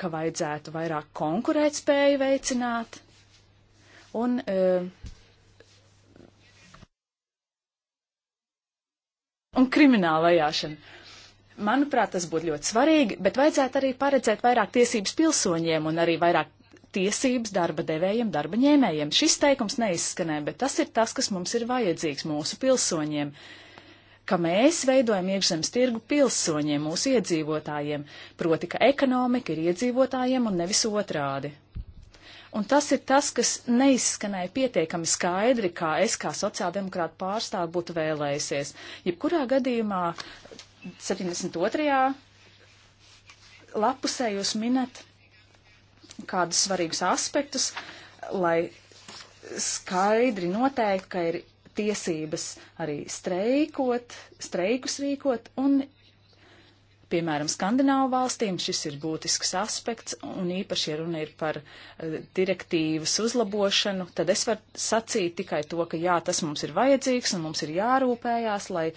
ka vajadzētu vairāk konkurētspēju veicināt un eh, un krimināla vajāšana. Manuprāt, tas būtu ļoti svarīgi, bet vajadzētu arī paredzēt vairāk tiesības pilsoņiem un arī vairāk tiesības darba devējiem, darba ņēmējiem. Šis teikums neizskanē, bet tas ir tas, kas mums ir vajadzīgs mūsu pilsoņiem. Uh, ka mēs veidojam iekšzemes tirgu pilsoņiem, mūsu iedzīvotājiem, proti, ka ekonomika ir iedzīvotājiem un nevis otrādi. Un tas ir tas, kas neizskanēja pietiekami skaidri, kā es kā sociāldemokrāta pārstāv būtu vēlējusies. Jebkurā gadījumā 72. lapusē jūs minat kādus svarīgus aspektus, lai skaidri noteikti, ka ir tiesības arī streikot, streikus rīkot, un, piemēram, Skandināvu valstīm šis ir būtisks aspekts, un īpaši, ja runa ir par uh, direktīvas uzlabošanu, tad es varu sacīt tikai to, ka jā, tas mums ir vajadzīgs, un mums ir jārūpējās, lai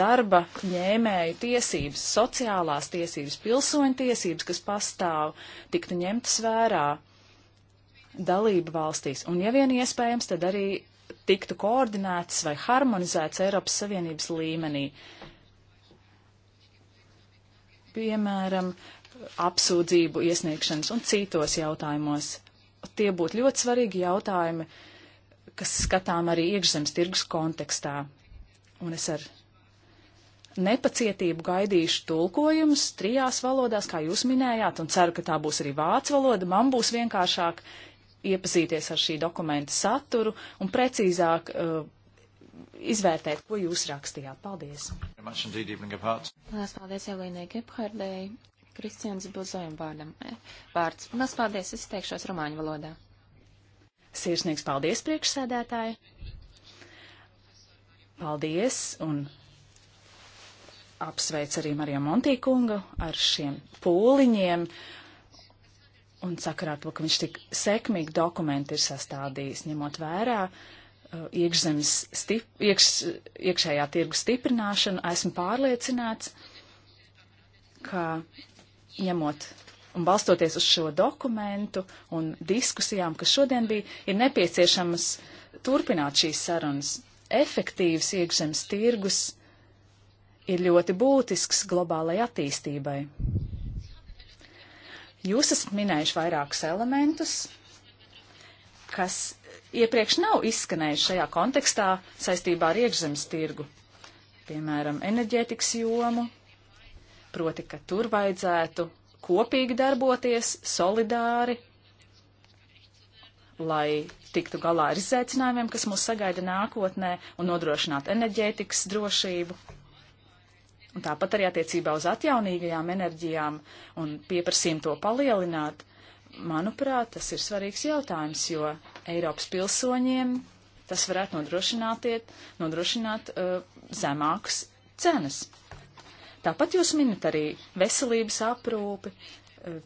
darba ņēmēju tiesības, sociālās tiesības, pilsoņu tiesības, kas pastāv, tiktu ņemtas vērā dalību valstīs, un, ja vien iespējams, tad arī tiktu koordinētas vai harmonizētas Eiropas Savienības līmenī. Piemēram, apsūdzību iesniegšanas un citos jautājumos. Tie būtu ļoti svarīgi jautājumi, kas skatām arī iekšzemes tirgus kontekstā. Un es ar nepacietību gaidīšu tulkojumus trijās valodās, kā jūs minējāt, un ceru, ka tā būs arī vācu valoda. Man būs vienkāršāk uh, iepazīties ar šī dokumenta saturu un precīzāk uh, izvērtēt, ko jūs rakstījāt. Paldies! Lielas paldies Elīnai Gebhardai, Kristians Buzojam vārdam. Eh, vārds. Lielas paldies, es teikšos romāņu valodā. Sirsnīgs paldies, priekšsēdētāji! Paldies un apsveic arī Mariju Montīkungu ar šiem pūliņiem. Uh, un sakarā to, ka viņš tik sekmīgi dokumenti ir sastādījis, ņemot vērā uh, iekšzemes stip, iekš, iekšējā tirgu stiprināšanu, esmu pārliecināts, ka ņemot un balstoties uz šo dokumentu un diskusijām, kas šodien bija, ir nepieciešamas turpināt šīs sarunas. Efektīvs iekšzemes tirgus ir ļoti būtisks globālai attīstībai. Jūs esat minējuši vairākus elementus, kas iepriekš nav izskanējuši šajā kontekstā saistībā ar iekšzemes tirgu. Piemēram, enerģētikas jomu, proti, ka tur vajadzētu kopīgi darboties, solidāri, lai tiktu galā ar izaicinājumiem, kas mūs sagaida nākotnē un nodrošinātu enerģētikas drošību. Un tāpat arī attiecībā uz atjaunīgajām enerģijām un pieprasījumu to palielināt, manuprāt, tas ir svarīgs jautājums, jo Eiropas pilsoņiem tas varētu nodrošināt, nodrošināt uh, zemākas cenas. Tāpat jūs minat arī veselības aprūpi, uh,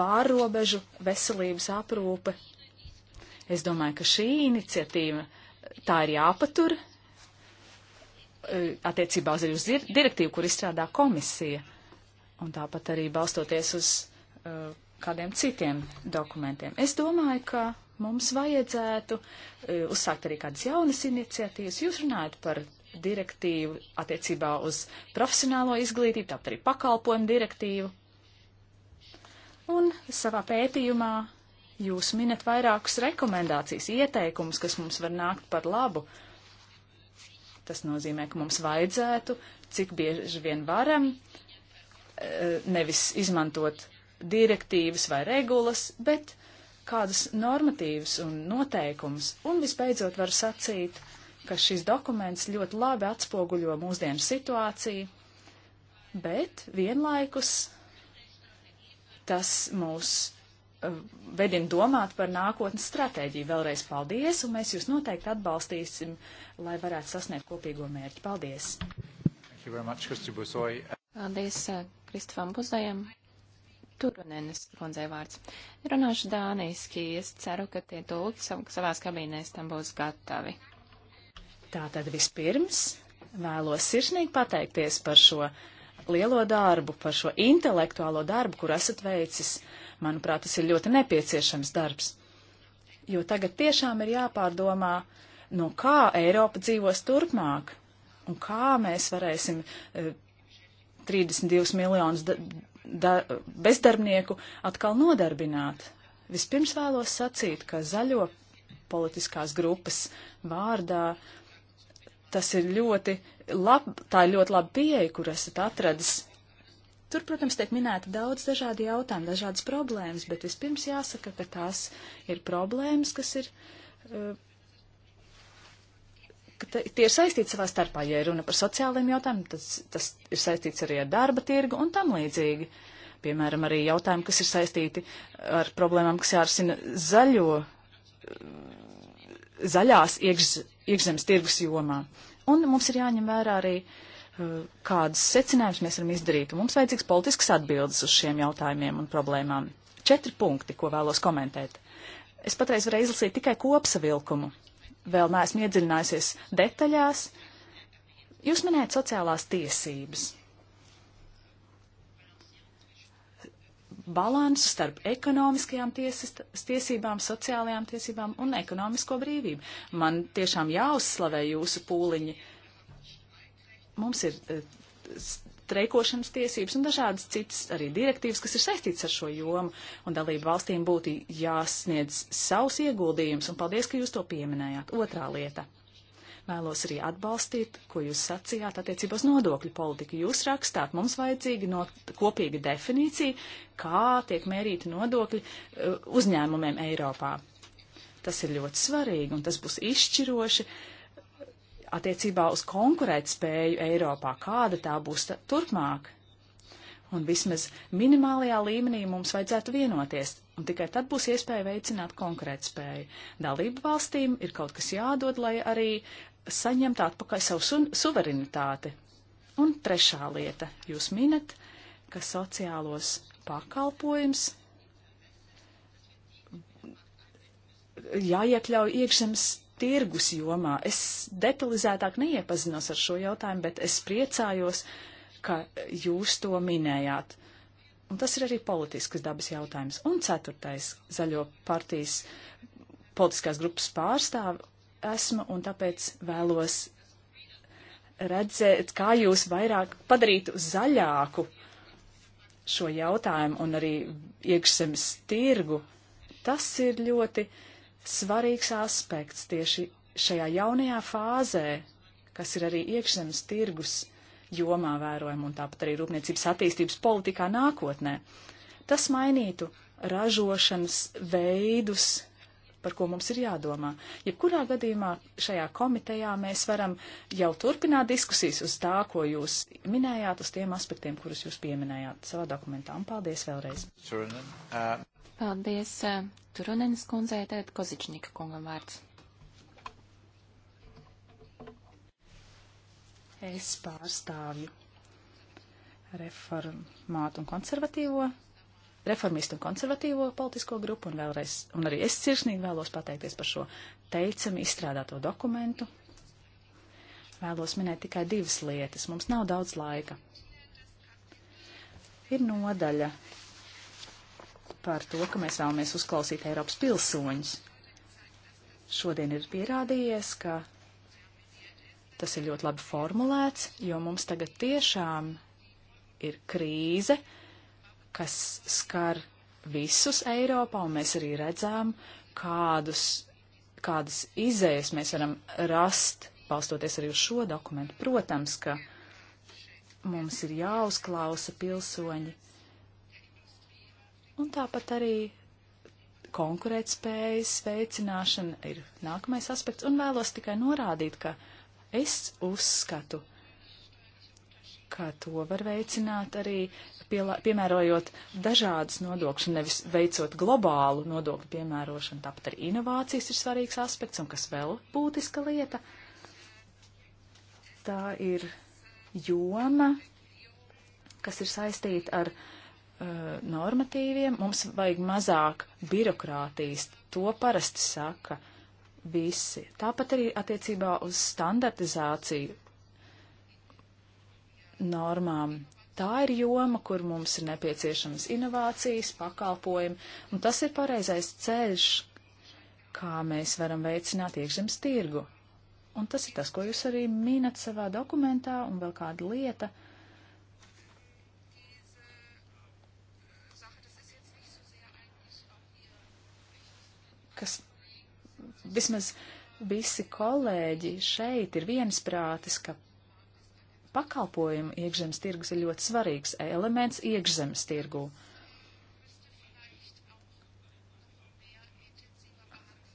pārobežu veselības aprūpe. Es domāju, ka šī iniciatīva tā ir jāpatur Eh, attiecībā uz, uz direktīvu, kur izstrādā komisija, un tāpat arī balstoties uz uh, kādiem citiem dokumentiem. Es domāju, ka mums vajadzētu uh, uzsākt arī kādas jaunas iniciatīvas. Jūs runājat par direktīvu attiecībā uz profesionālo izglītību, tāpat arī pakalpojumu direktīvu. Un savā pētījumā jūs minat vairākus rekomendācijas, ieteikumus, kas mums var nākt par labu uh, Tas nozīmē, ka mums vajadzētu, cik bieži vien varam, eh, nevis izmantot direktīvas vai regulas, bet kādas normatīvas un noteikumus. Un visbeidzot var sacīt, ka šis dokuments ļoti labi atspoguļo mūsdienu situāciju, bet vienlaikus tas mūs eh, vedina domāt par nākotnes stratēģiju. Vēlreiz paldies, un mēs jūs noteikti atbalstīsim lai varētu sasniegt kopīgo mērķi. Paldies! Much, Paldies eh, Kristofam Buzajam. Turunenes kundzei vārds. Runāšu dāniski, es ceru, ka tie tulki savās kabīnēs tam būs gatavi. Tātad vispirms vēlos sirsnīgi pateikties par šo lielo darbu, par šo intelektuālo darbu, kur esat veicis. Manuprāt, tas ir ļoti nepieciešams darbs. Jo tagad tiešām ir jāpārdomā no nu, kā Eiropa dzīvos turpmāk un kā mēs varēsim 32 e, miljonus da, da, bezdarbnieku atkal nodarbināt. Vispirms vēlos sacīt, ka zaļo politiskās grupas vārdā tas ir ļoti lab, tā ir ļoti laba pieeja, kur esat atradis. Tur, protams, tiek minēta daudz dažādi jautājumi, dažādas problēmas, bet vispirms jāsaka, ka tās ir problēmas, kas ir uh, ka tie ir saistīti savā starpā. Ja runa par sociālajiem jautājumiem, tas, tas ir saistīts arī ar darba tirgu un tam līdzīgi. Piemēram, arī jautājumi, kas ir saistīti ar problēmām, kas jārisina zaļo, zaļās iekš, iekšzemes tirgus jomā. Un mums ir jāņem vērā arī, uh, kādas secinājumus mēs varam izdarīt. Un mums vajadzīgs politisks atbildes uz šiem jautājumiem un problēmām. Četri punkti, ko vēlos komentēt. Es patreiz varēju izlasīt tikai kopsavilkumu vēl neesmu iedziļinājusies detaļās. Jūs minējat sociālās tiesības. balansu starp ekonomiskajām tiesis, tiesībām, sociālajām tiesībām un ekonomisko brīvību. Man tiešām jāuzslavē jūsu pūliņi. Mums ir eh, treikošanas tiesības un dažādas citas arī direktīvas, kas ir saistīts ar šo jomu, un dalību valstīm būtu jāsniedz savs ieguldījums, un paldies, ka jūs to pieminējāt. Otrā lieta. Vēlos arī atbalstīt, ko jūs sacījāt attiecībā uz nodokļu politiku. Jūs rakstāt, mums vajadzīga no kopīga definīcija, kā tiek mērīti nodokļi uh, uzņēmumiem Eiropā. Tas ir ļoti svarīgi, un tas būs izšķiroši. Uh, attiecībā uz konkurētspēju Eiropā, kāda tā būs tā turpmāk. Un vismaz minimālajā līmenī mums vajadzētu vienoties, un tikai tad būs iespēja veicināt konkurētspēju. Dalību valstīm ir kaut kas jādod, lai arī saņemtu atpakaļ savu su suverenitāti. Un trešā lieta - jūs minat, ka sociālos pakalpojums jāiekļauj iekšzemes tirgus jomā. Es detalizētāk neiepazinos ar šo jautājumu, bet es priecājos, ka jūs to minējāt. Un tas ir arī politisks dabas jautājums. Un ceturtais zaļo partijas politiskās grupas pārstāvi esmu un tāpēc vēlos redzēt, kā jūs vairāk padarītu zaļāku šo jautājumu un arī iekšzemes tirgu. Tas ir ļoti uh, svarīgs aspekts tieši šajā jaunajā fāzē, kas ir arī iekšzemes tirgus jomā vērojama un tāpat arī rūpniecības attīstības politikā nākotnē. Tas mainītu ražošanas veidus, par ko mums ir jādomā. Jebkurā gadījumā šajā komitejā mēs varam jau turpināt diskusijas uz tā, ko jūs minējāt, uz tiem aspektiem, kurus jūs pieminējāt savā dokumentā. Un paldies vēlreiz. Surinen, uh... Paldies eh, Turunenes kundzei, tagad Kozičņika kungam vārds. Es pārstāvju reformātu un konservatīvo, reformistu un konservatīvo politisko grupu, un vēlreiz, un arī es sirsnīgi vēlos pateikties par šo teicami izstrādāto dokumentu. Vēlos minēt tikai divas lietas. Mums nav daudz laika. Ir nodaļa par to, ka mēs vēlamies uzklausīt Eiropas pilsoņus. Šodien ir pierādījies, ka tas ir ļoti labi formulēts, jo mums tagad tiešām ir krīze, kas skar visus Eiropā, un mēs arī redzām, kādus, kādas izējas mēs varam rast, balstoties arī uz šo dokumentu. Protams, ka mums ir jāuzklausa pilsoņi, Un tāpat arī konkurētspējas veicināšana ir nākamais aspekts, un vēlos tikai norādīt, ka es uzskatu, ka to var veicināt arī pielā, piemērojot dažādas nodokļu, nevis veicot globālu nodokļu piemērošanu. Tāpat arī inovācijas ir svarīgs aspekts, un kas vēl būtiska lieta, tā ir joma, kas ir saistīta ar uh, uh, normatīviem, mums vajag mazāk birokrātijas. To parasti saka visi. Tāpat arī attiecībā uz standartizāciju normām. Tā ir joma, kur mums ir nepieciešamas inovācijas, pakalpojumi, un tas ir pareizais ceļš, kā mēs varam veicināt iekšzemes tirgu. Un tas ir tas, ko jūs arī minat savā dokumentā, un vēl kāda lieta, uh, kas vismaz visi kolēģi šeit ir viensprātis, ka pakalpojumu iekšzemes tirgus ir ļoti svarīgs elements iekšzemes tirgū.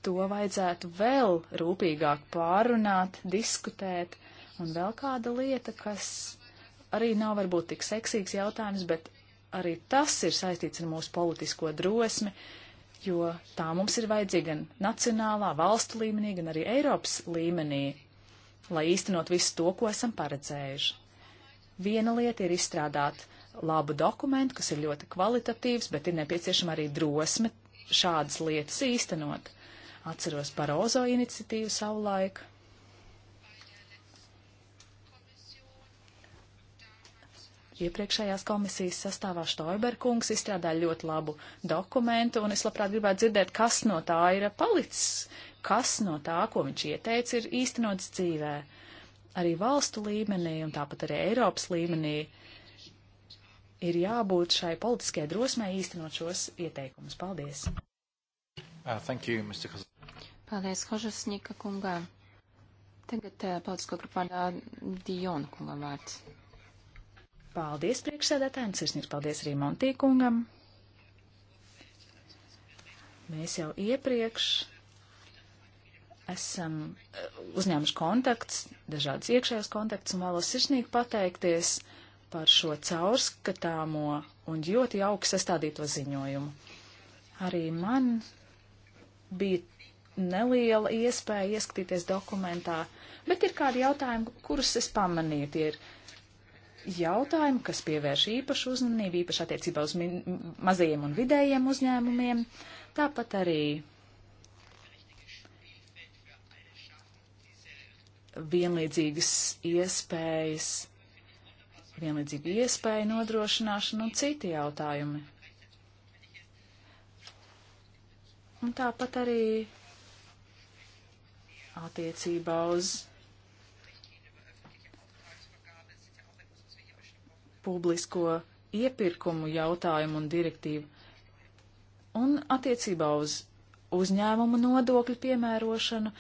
To vajadzētu vēl rūpīgāk pārunāt, diskutēt, un vēl kāda lieta, kas arī nav varbūt tik seksīgs jautājums, bet arī tas ir saistīts ar mūsu politisko drosmi, uh, jo tā mums ir vajadzīga gan nacionālā, valstu līmenī, gan arī Eiropas līmenī, lai īstenot visu to, ko esam paredzējuši. Viena lieta ir izstrādāt labu dokumentu, kas ir ļoti kvalitatīvs, bet ir nepieciešama arī drosme šādas lietas īstenot. Atceros Barozo iniciatīvu savulaik. Iepriekšējās komisijas sastāvā Štoiberkungs izstrādāja ļoti labu dokumentu, un es labprāt gribētu dzirdēt, kas no tā ir palicis, kas no tā, ko viņš ieteica, ir īstenots dzīvē. Arī valstu līmenī un tāpat arī Eiropas līmenī ir jābūt šai politiskajai drosmei īstenot šos ieteikumus. Paldies! Uh, thank you, Mr. Kaz Paldies, Kožasņika kungā. Tagad uh, politisko grupā Diona kungam vārds. Paldies priekšsēdētājiem, sirsnīgs paldies arī Montīkungam. Mēs jau iepriekš esam eh, uzņēmuši kontakts, dažādas iekšējās kontakts, un vēlos sirsnīgi pateikties par šo caurskatāmo un ļoti jauki sastādīto ziņojumu. Arī man bija neliela iespēja ieskatīties dokumentā, bet ir kādi jautājumi, kurus es pamanīju. Tie ir jautājumu, kas pievērš īpašu uzmanību, īpaši attiecībā uz mazajiem un vidējiem uzņēmumiem. Tāpat arī vienlīdzīgas iespējas, vienlīdzīgu iespēju nodrošināšanu un citi jautājumi. Un tāpat arī attiecībā uz publisko iepirkumu jautājumu un direktīvu. Un attiecībā uz uzņēmumu nodokļu piemērošanu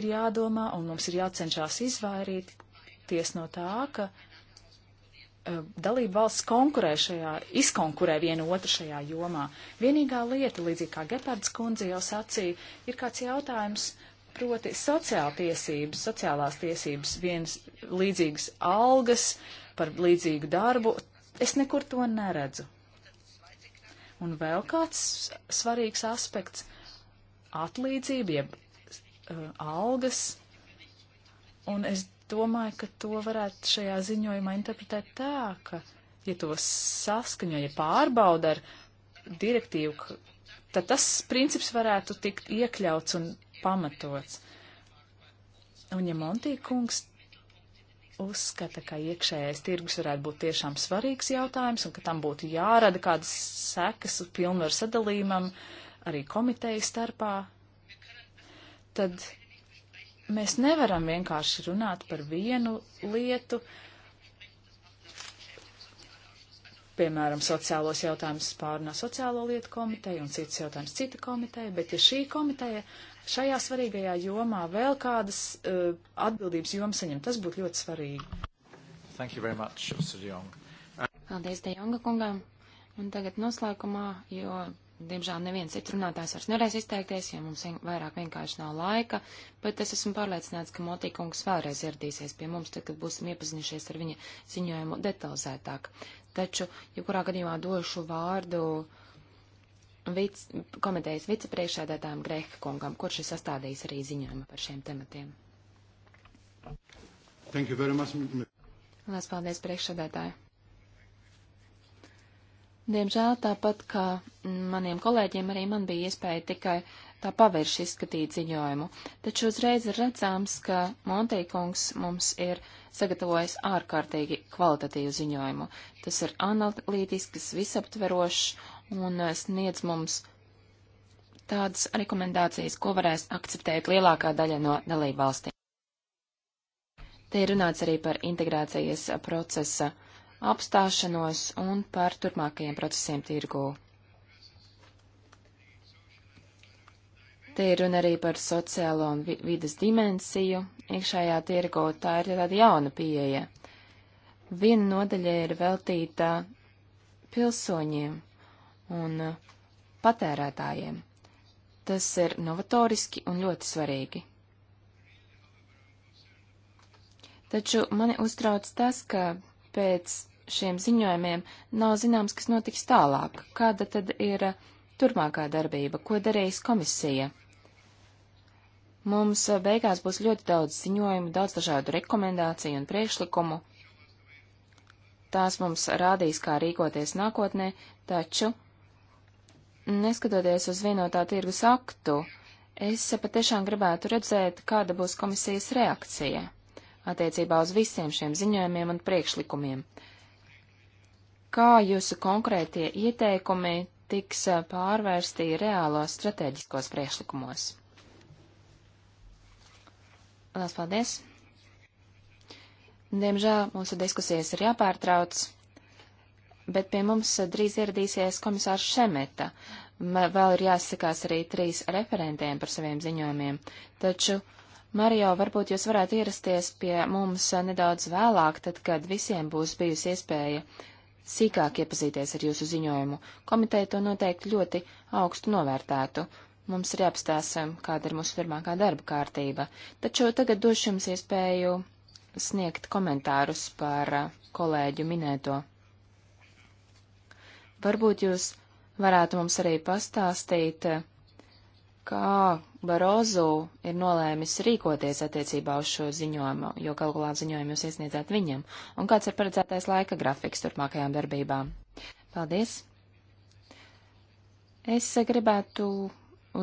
ir jādomā un mums ir jācenšas izvairīties no tā, ka uh, dalība valsts konkurē šajā, izkonkurē vienu otru šajā jomā. Vienīgā lieta, līdzīgi kā Gepards kundze jau sacīja, ir kāds jautājums, proti sociāltiesības, sociālās tiesības, viens līdzīgas algas, uh, par līdzīgu darbu, es nekur to neredzu. Un vēl kāds svarīgs aspekts - atlīdzība, jeb uh, algas. Un es domāju, ka to varētu šajā ziņojumā interpretēt tā, ka, ja to saskaņo, ja pārbauda ar direktīvu, tad tas princips varētu tikt iekļauts un pamatots. Un ja Montī kungs uzskata, ka iekšējais tirgus varētu būt tiešām svarīgs jautājums un ka tam būtu jārada kādas sekas pilnvaru sadalījumam arī komiteju starpā, tad mēs nevaram vienkārši runāt par vienu lietu, piemēram, sociālos jautājumus pārunā sociālo lietu komiteja un citas jautājumus cita komiteja, bet ja šī komiteja šajā svarīgajā jomā vēl kādas uh, atbildības jomas saņemt. Tas būtu ļoti svarīgi. Thank you very much, Mr. De Jong. Paldies, De Jonga kungam. Un tagad noslēgumā, jo, diemžēl, neviens cits runātājs vairs nevarēs izteikties, ja mums vairāk vienkārši nav laika, bet es esmu pārliecināts, ka Motī kungs vēlreiz ieradīsies pie mums, tad, kad būsim iepazinušies ar viņa ziņojumu detalizētāk. Taču, ja kurā gadījumā došu vārdu uh, vic, komitejas vicepriekšēdētājiem Greka kungam, kurš ir sastādījis arī ziņojumu par šiem tematiem. Lielas paldies, priekšsēdētāji! Diemžēl tāpat kā maniem kolēģiem arī man bija iespēja tikai tā pavērš izskatīt ziņojumu, taču uzreiz ir redzams, ka Monteikungs mums ir sagatavojis ārkārtīgi kvalitatīvu ziņojumu. Tas ir analītisks, visaptverošs un eh, sniedz mums tādas rekomendācijas, ko varēs akceptēt lielākā daļa no dalību valstīm. Te ir runāts arī par integrācijas procesa apstāšanos un par turpmākajiem procesiem tirgū. Te ir runa arī par sociālo un vi vidas dimensiju. Iekšējā tirgū tā ir tāda jauna pieeja. Viena nodaļa ir veltīta pilsoņiem un uh, patērētājiem. Tas ir novatoriski un ļoti svarīgi. Taču mani uztrauc tas, ka pēc šiem ziņojumiem nav zināms, kas notiks tālāk, kāda tad ir uh, turpmākā darbība, ko darīs komisija. Mums uh, beigās būs ļoti daudz ziņojumu, daudz dažādu rekomendāciju un priekšlikumu. Tās mums rādīs, kā rīkoties nākotnē, taču neskatoties uz vienotā tirgus aktu, es patiešām gribētu redzēt, kāda būs komisijas reakcija attiecībā uz visiem šiem ziņojumiem un priekšlikumiem. Kā jūsu konkrētie ieteikumi tiks eh, pārvērstī reālos strateģiskos priekšlikumos? Lielas paldies! Diemžēl mūsu diskusijas ir jāpārtrauc bet pie mums drīz ieradīsies komisārs Šemeta. Man vēl ir jāsakās arī trīs referentiem par saviem ziņojumiem. Taču, Mario, varbūt jūs varētu ierasties pie mums nedaudz vēlāk, tad, kad visiem būs bijusi iespēja sīkāk iepazīties ar jūsu ziņojumu. Komiteja to noteikti ļoti augstu novērtētu. Mums ir jāapstāsta, kāda ir mūsu turpmākā darba kārtība. Taču tagad došu jums iespēju sniegt komentārus par kolēģu minēto. Varbūt jūs varētu mums arī pastāstīt, kā Barozu ir nolēmis rīkoties attiecībā uz šo ziņojumu, jo galu galā ziņojumu jūs iesniedzāt viņam, un kāds ir paredzētais laika grafiks turpmākajām darbībām. Paldies! Es gribētu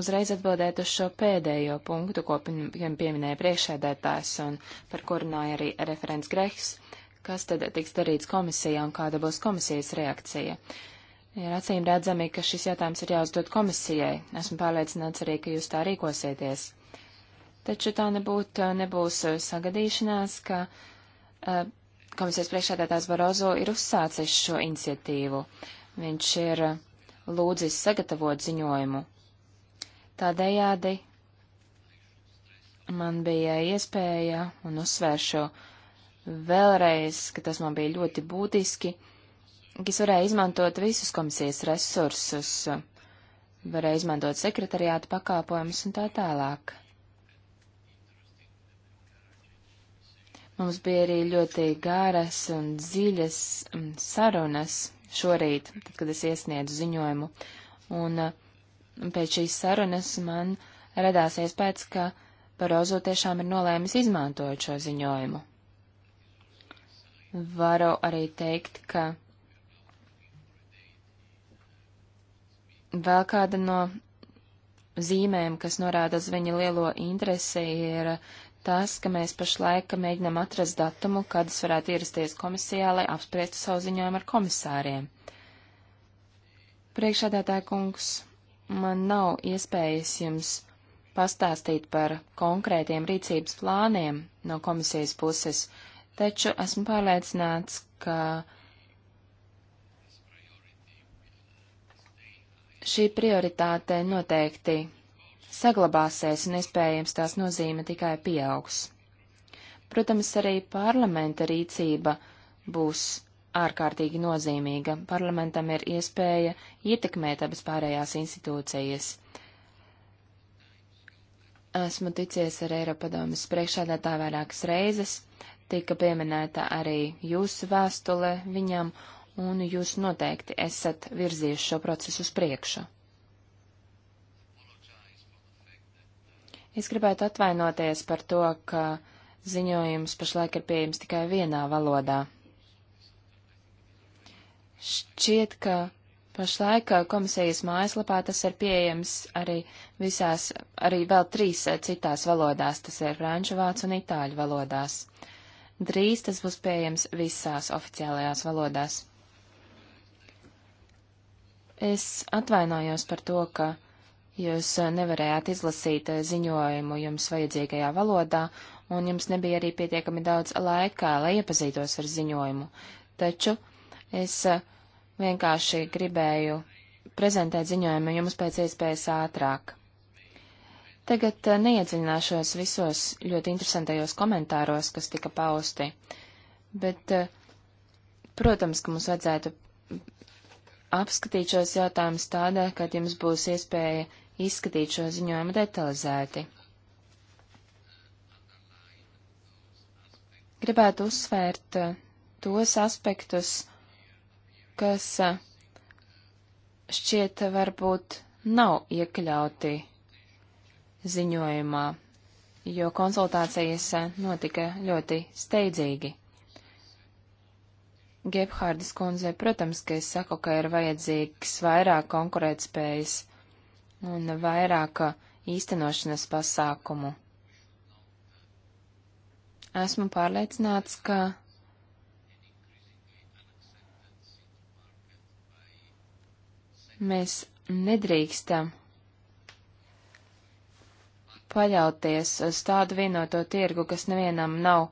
uzreiz atbildēt uz šo pēdējo punktu, ko pieminēja priekšēdētājs un par kur runāja arī referents Grehs. Kas tad tiks darīts komisijā un kāda būs komisijas reakcija? Uh, Ir acīm redzami, ka šis jautājums ir jāuzdod komisijai. Esmu pārliecināts arī, ka jūs tā rīkosieties. Taču tā nebūt, eh, nebūs eh, sagadīšanās, ka uh, komisijas priekšādātājs Barozo ir uzsācis šo iniciatīvu. Viņš ir uh, lūdzis sagatavot ziņojumu. Tādējādi man bija iespēja un uzsvēršu vēlreiz, ka tas man bija ļoti būtiski kas varēja izmantot visus komisijas resursus, varēja izmantot sekretariātu pakāpojumus un tā tālāk. Mums bija arī ļoti gāras un dziļas mm, sarunas šorīt, tad, kad es iesniedzu ziņojumu, un mm, pēc šīs sarunas man radās iespējas, ka Barozo tiešām ir nolēmis izmantot šo ziņojumu. Varu arī teikt, ka Vēl kāda no zīmēm, kas norāda uz viņa lielo interesi, ir tas, ka mēs pašlaik mēģinam atrast datumu, kad es varētu ierasties komisijā, lai apspriestu savu ziņojumu ar komisāriem. Priekšādātāja kungs, man nav iespējas jums pastāstīt par konkrētiem rīcības plāniem no komisijas puses, taču esmu pārliecināts, ka uh, Šī prioritāte noteikti saglabāsies un iespējams tās nozīme tikai pieaugs. Protams, arī parlamenta rīcība būs ārkārtīgi nozīmīga. Parlamentam ir iespēja ietekmēt abas pārējās institūcijas. Esmu ticies ar Eiropadomas priekšādātā vairākas reizes, tika pieminēta arī jūsu vēstule viņam, un jūs noteikti esat virzījuši šo procesu uz priekšu. Es gribētu atvainoties par to, ka ziņojums pašlaik ir pieejams tikai vienā valodā. Šķiet, ka Pašlaik komisijas mājaslapā tas ir pieejams arī visās, arī vēl trīs citās valodās, tas ir franču, vācu un itāļu valodās. Drīz tas būs pieejams visās oficiālajās valodās. Es atvainojos par to, ka jūs eh, nevarējāt izlasīt eh, ziņojumu jums vajadzīgajā valodā, un jums nebija arī pietiekami daudz laika, lai iepazītos ar ziņojumu. Taču es eh, vienkārši gribēju prezentēt ziņojumu jums pēc iespējas ātrāk. Tagad neiedziļināšos visos ļoti interesantajos komentāros, kas tika pausti, bet, protams, ka mums vajadzētu apskatīt šos jautājumus tādā, kad jums būs iespēja izskatīt šo ziņojumu detalizēti. Gribētu uzsvērt uh, tos aspektus, kas uh, šķiet varbūt nav iekļauti ziņojumā, jo konsultācijas uh, notika ļoti steidzīgi. Gebhārdas kundzei, protams, ka es saku, ka ir vajadzīgs vairāk konkurētspējas un vairāk īstenošanas pasākumu. Esmu pārliecināts, ka mēs nedrīkstam paļauties uz tādu vienoto tirgu, kas nevienam nav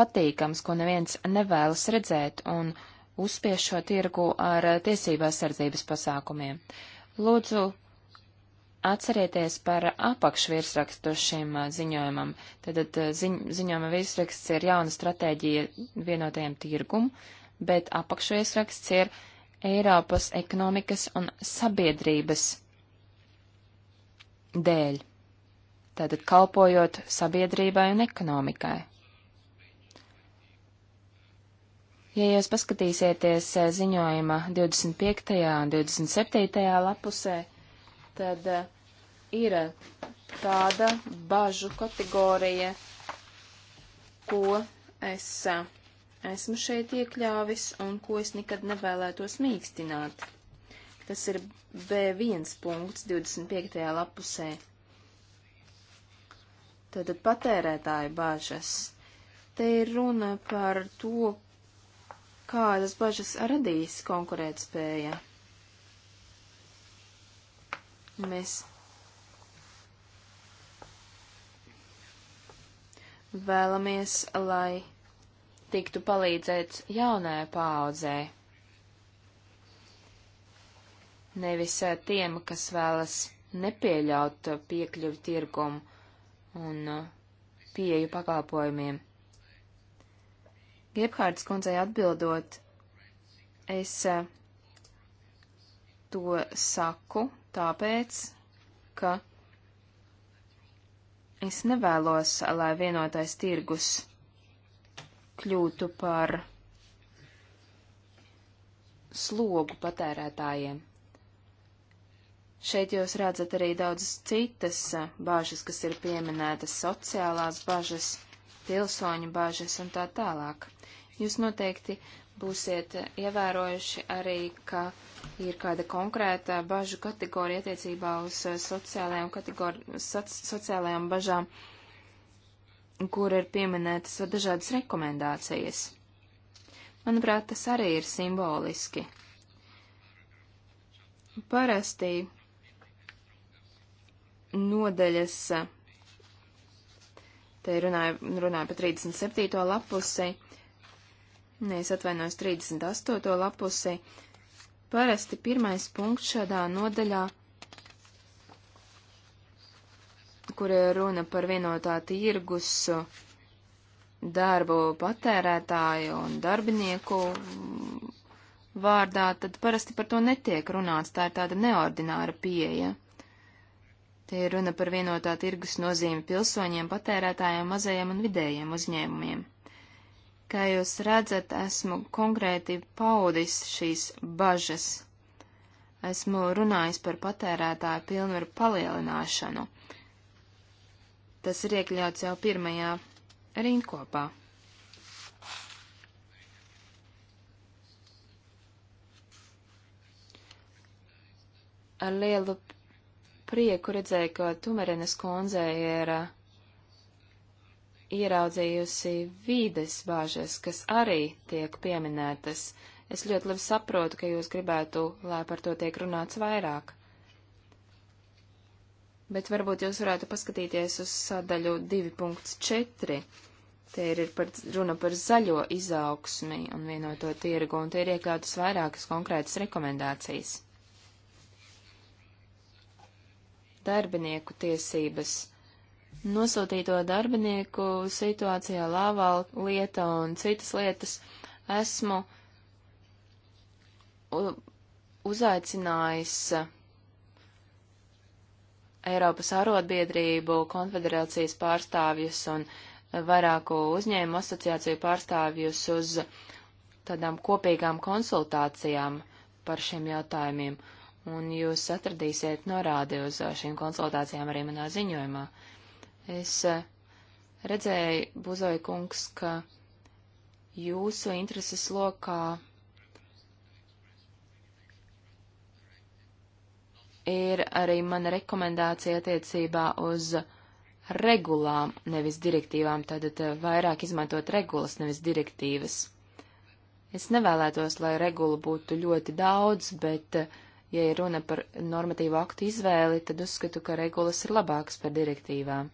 patīkams, ko neviens nevēlas redzēt, un uzspiež šo tirgu ar eh, tiesībās sardzības pasākumiem. Lūdzu, atcerieties par apakšvirsrakstu šim eh, ziņojumam. Tātad eh, ziņ, ziņojuma virsraksts ir jauna stratēģija vienotajam tirgum, bet apakšvirsraksts ir Eiropas ekonomikas un sabiedrības dēļ. Tātad kalpojot sabiedrībai un ekonomikai. Ja jūs paskatīsieties eh, ziņojuma 25. un 27. lapusē, tad eh, ir tāda bažu kategorija, ko es eh, esmu šeit iekļāvis un ko es nekad nevēlētos mīkstināt. Tas ir B1 punkts 25. lapusē. Tātad patērētāju bāžas. Te ir runa par to, kādas bažas radīs konkurētspēja. Mēs vēlamies, lai tiktu palīdzēts jaunajai paaudzē. Nevis eh, tiem, kas vēlas nepieļaut eh, piekļuvi tirgumu un eh, pieju pakalpojumiem. Gebhārdas kundzei atbildot, es eh, to saku tāpēc, ka es nevēlos, lai vienotais tirgus kļūtu par slogu patērētājiem. Šeit jūs redzat arī daudzas citas eh, bāžas, kas ir pieminētas, sociālās bāžas pilsoņu bažas un tā tālāk. Jūs noteikti būsiet ievērojuši arī, ka ir kāda konkrēta bažu kategorija attiecībā uz sociālajām, soc, sociālajām bažām, kur ir pieminētas dažādas rekomendācijas. Manuprāt, tas arī ir simboliski. Parasti nodeļas Te runāju, runāju pa 37. lapusi. Nē, es atvainojos 38. lapusi. Parasti pirmais punkts šādā nodaļā, kur runa par vienotā tirgus darbu patērētāju un darbinieku vārdā, tad parasti par to netiek runāts. Tā ir tāda neordināra pieeja. Te ir runa par vienotā tirgus nozīmi pilsoņiem, patērētājiem, mazajiem un vidējiem uzņēmumiem. Kā jūs redzat, esmu konkrēti paudis šīs bažas. Esmu runājis par patērētāju pilnvaru palielināšanu. Tas ir iekļauts jau pirmajā rindkopā. Ar lielu prieku redzēju, ka Tumerenes kundze ir uh, ieraudzījusi vīdes bāžas, kas arī tiek pieminētas. Es ļoti labi saprotu, ka jūs gribētu, lai par to tiek runāts vairāk. Bet varbūt jūs varētu paskatīties uz sadaļu 2.4. Te ir, ir par, runa par zaļo izaugsmi un vienoto tirgu, un te ir iekļautas vairākas konkrētas rekomendācijas. darbinieku tiesības. Nosūtīto darbinieku situācijā lāvā lieta un citas lietas esmu uzaicinājis Eiropas arotbiedrību, konfederācijas pārstāvjus un vairāku uzņēmumu asociāciju pārstāvjus uz tādām kopīgām konsultācijām par šiem jautājumiem un jūs atradīsiet norādi uz šīm konsultācijām arī manā ziņojumā. Es redzēju, Buzoja kungs, ka jūsu intereses lokā ir arī mana rekomendācija attiecībā uz regulām, nevis direktīvām, tātad vairāk izmantot regulas, nevis direktīvas. Es nevēlētos, lai regula būtu ļoti daudz, bet uh, Ja ir runa par normatīvu aktu izvēli, tad uzskatu, ka regulas ir labākas par direktīvām.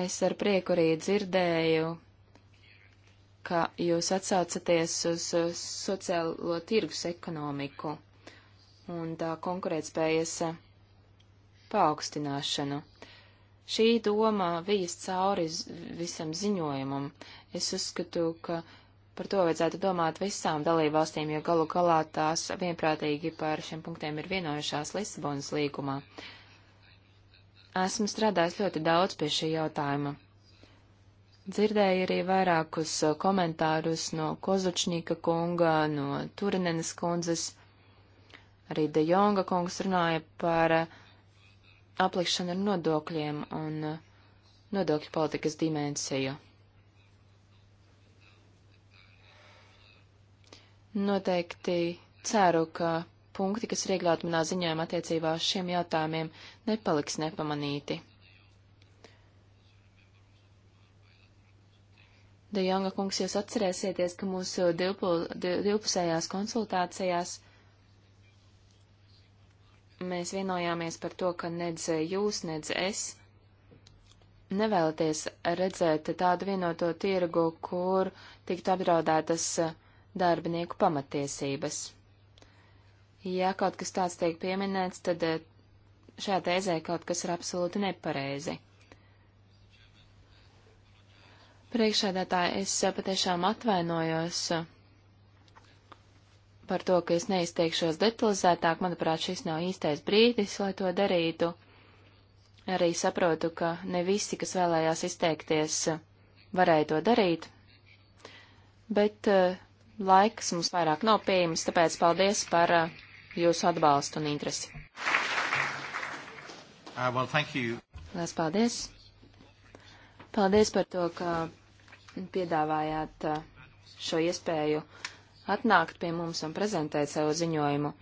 Es ar prieku arī dzirdēju, ka jūs atsaucaties uz sociālo tirgus ekonomiku un tā konkurētspējas paaugstināšanu. Šī doma vijas cauri visam ziņojumam. Es uzskatu, ka par to vajadzētu domāt visām dalībvalstīm, jo galu galā tās vienprātīgi par šiem punktiem ir vienojušās Lisabonas līgumā. Esmu strādājis ļoti daudz pie šī jautājuma. Dzirdēju arī vairākus komentārus no Kozučņika kunga, no Turinenes kundzes. Arī De Jonga kungs runāja par aplikšanu ar nodokļiem un nodokļu politikas dimensiju. Noteikti ceru, ka punkti, kas ir iekļauti manā ziņojumā attiecībā uz šiem jautājumiem, nepaliks nepamanīti. De Jonga kungs, jūs atcerēsieties, ka mūsu divpu, divpusējās konsultācijās mēs vienojāmies par to, ka nedz jūs, nedz es nevēlaties redzēt tādu vienoto tirgu, kur tiktu apdraudētas uh, darbinieku pamatiesības. Ja kaut kas tāds tiek pieminēts, tad eh, šajā tēzē kaut kas ir absolūti nepareizi. Priekšādātāji, es eh, patiešām atvainojos eh, par to, ka es neizteikšos detalizētāk. Manuprāt, šis nav īstais brīdis, lai to darītu. Arī saprotu, ka ne visi, kas vēlējās izteikties, varēja to darīt, bet uh, Laiks mums vairāk nav pieejams, tāpēc paldies par uh, jūsu atbalstu un interesi. Uh, well, Lielas paldies. Paldies par to, ka piedāvājāt uh, šo iespēju atnākt pie mums un prezentēt savu ziņojumu.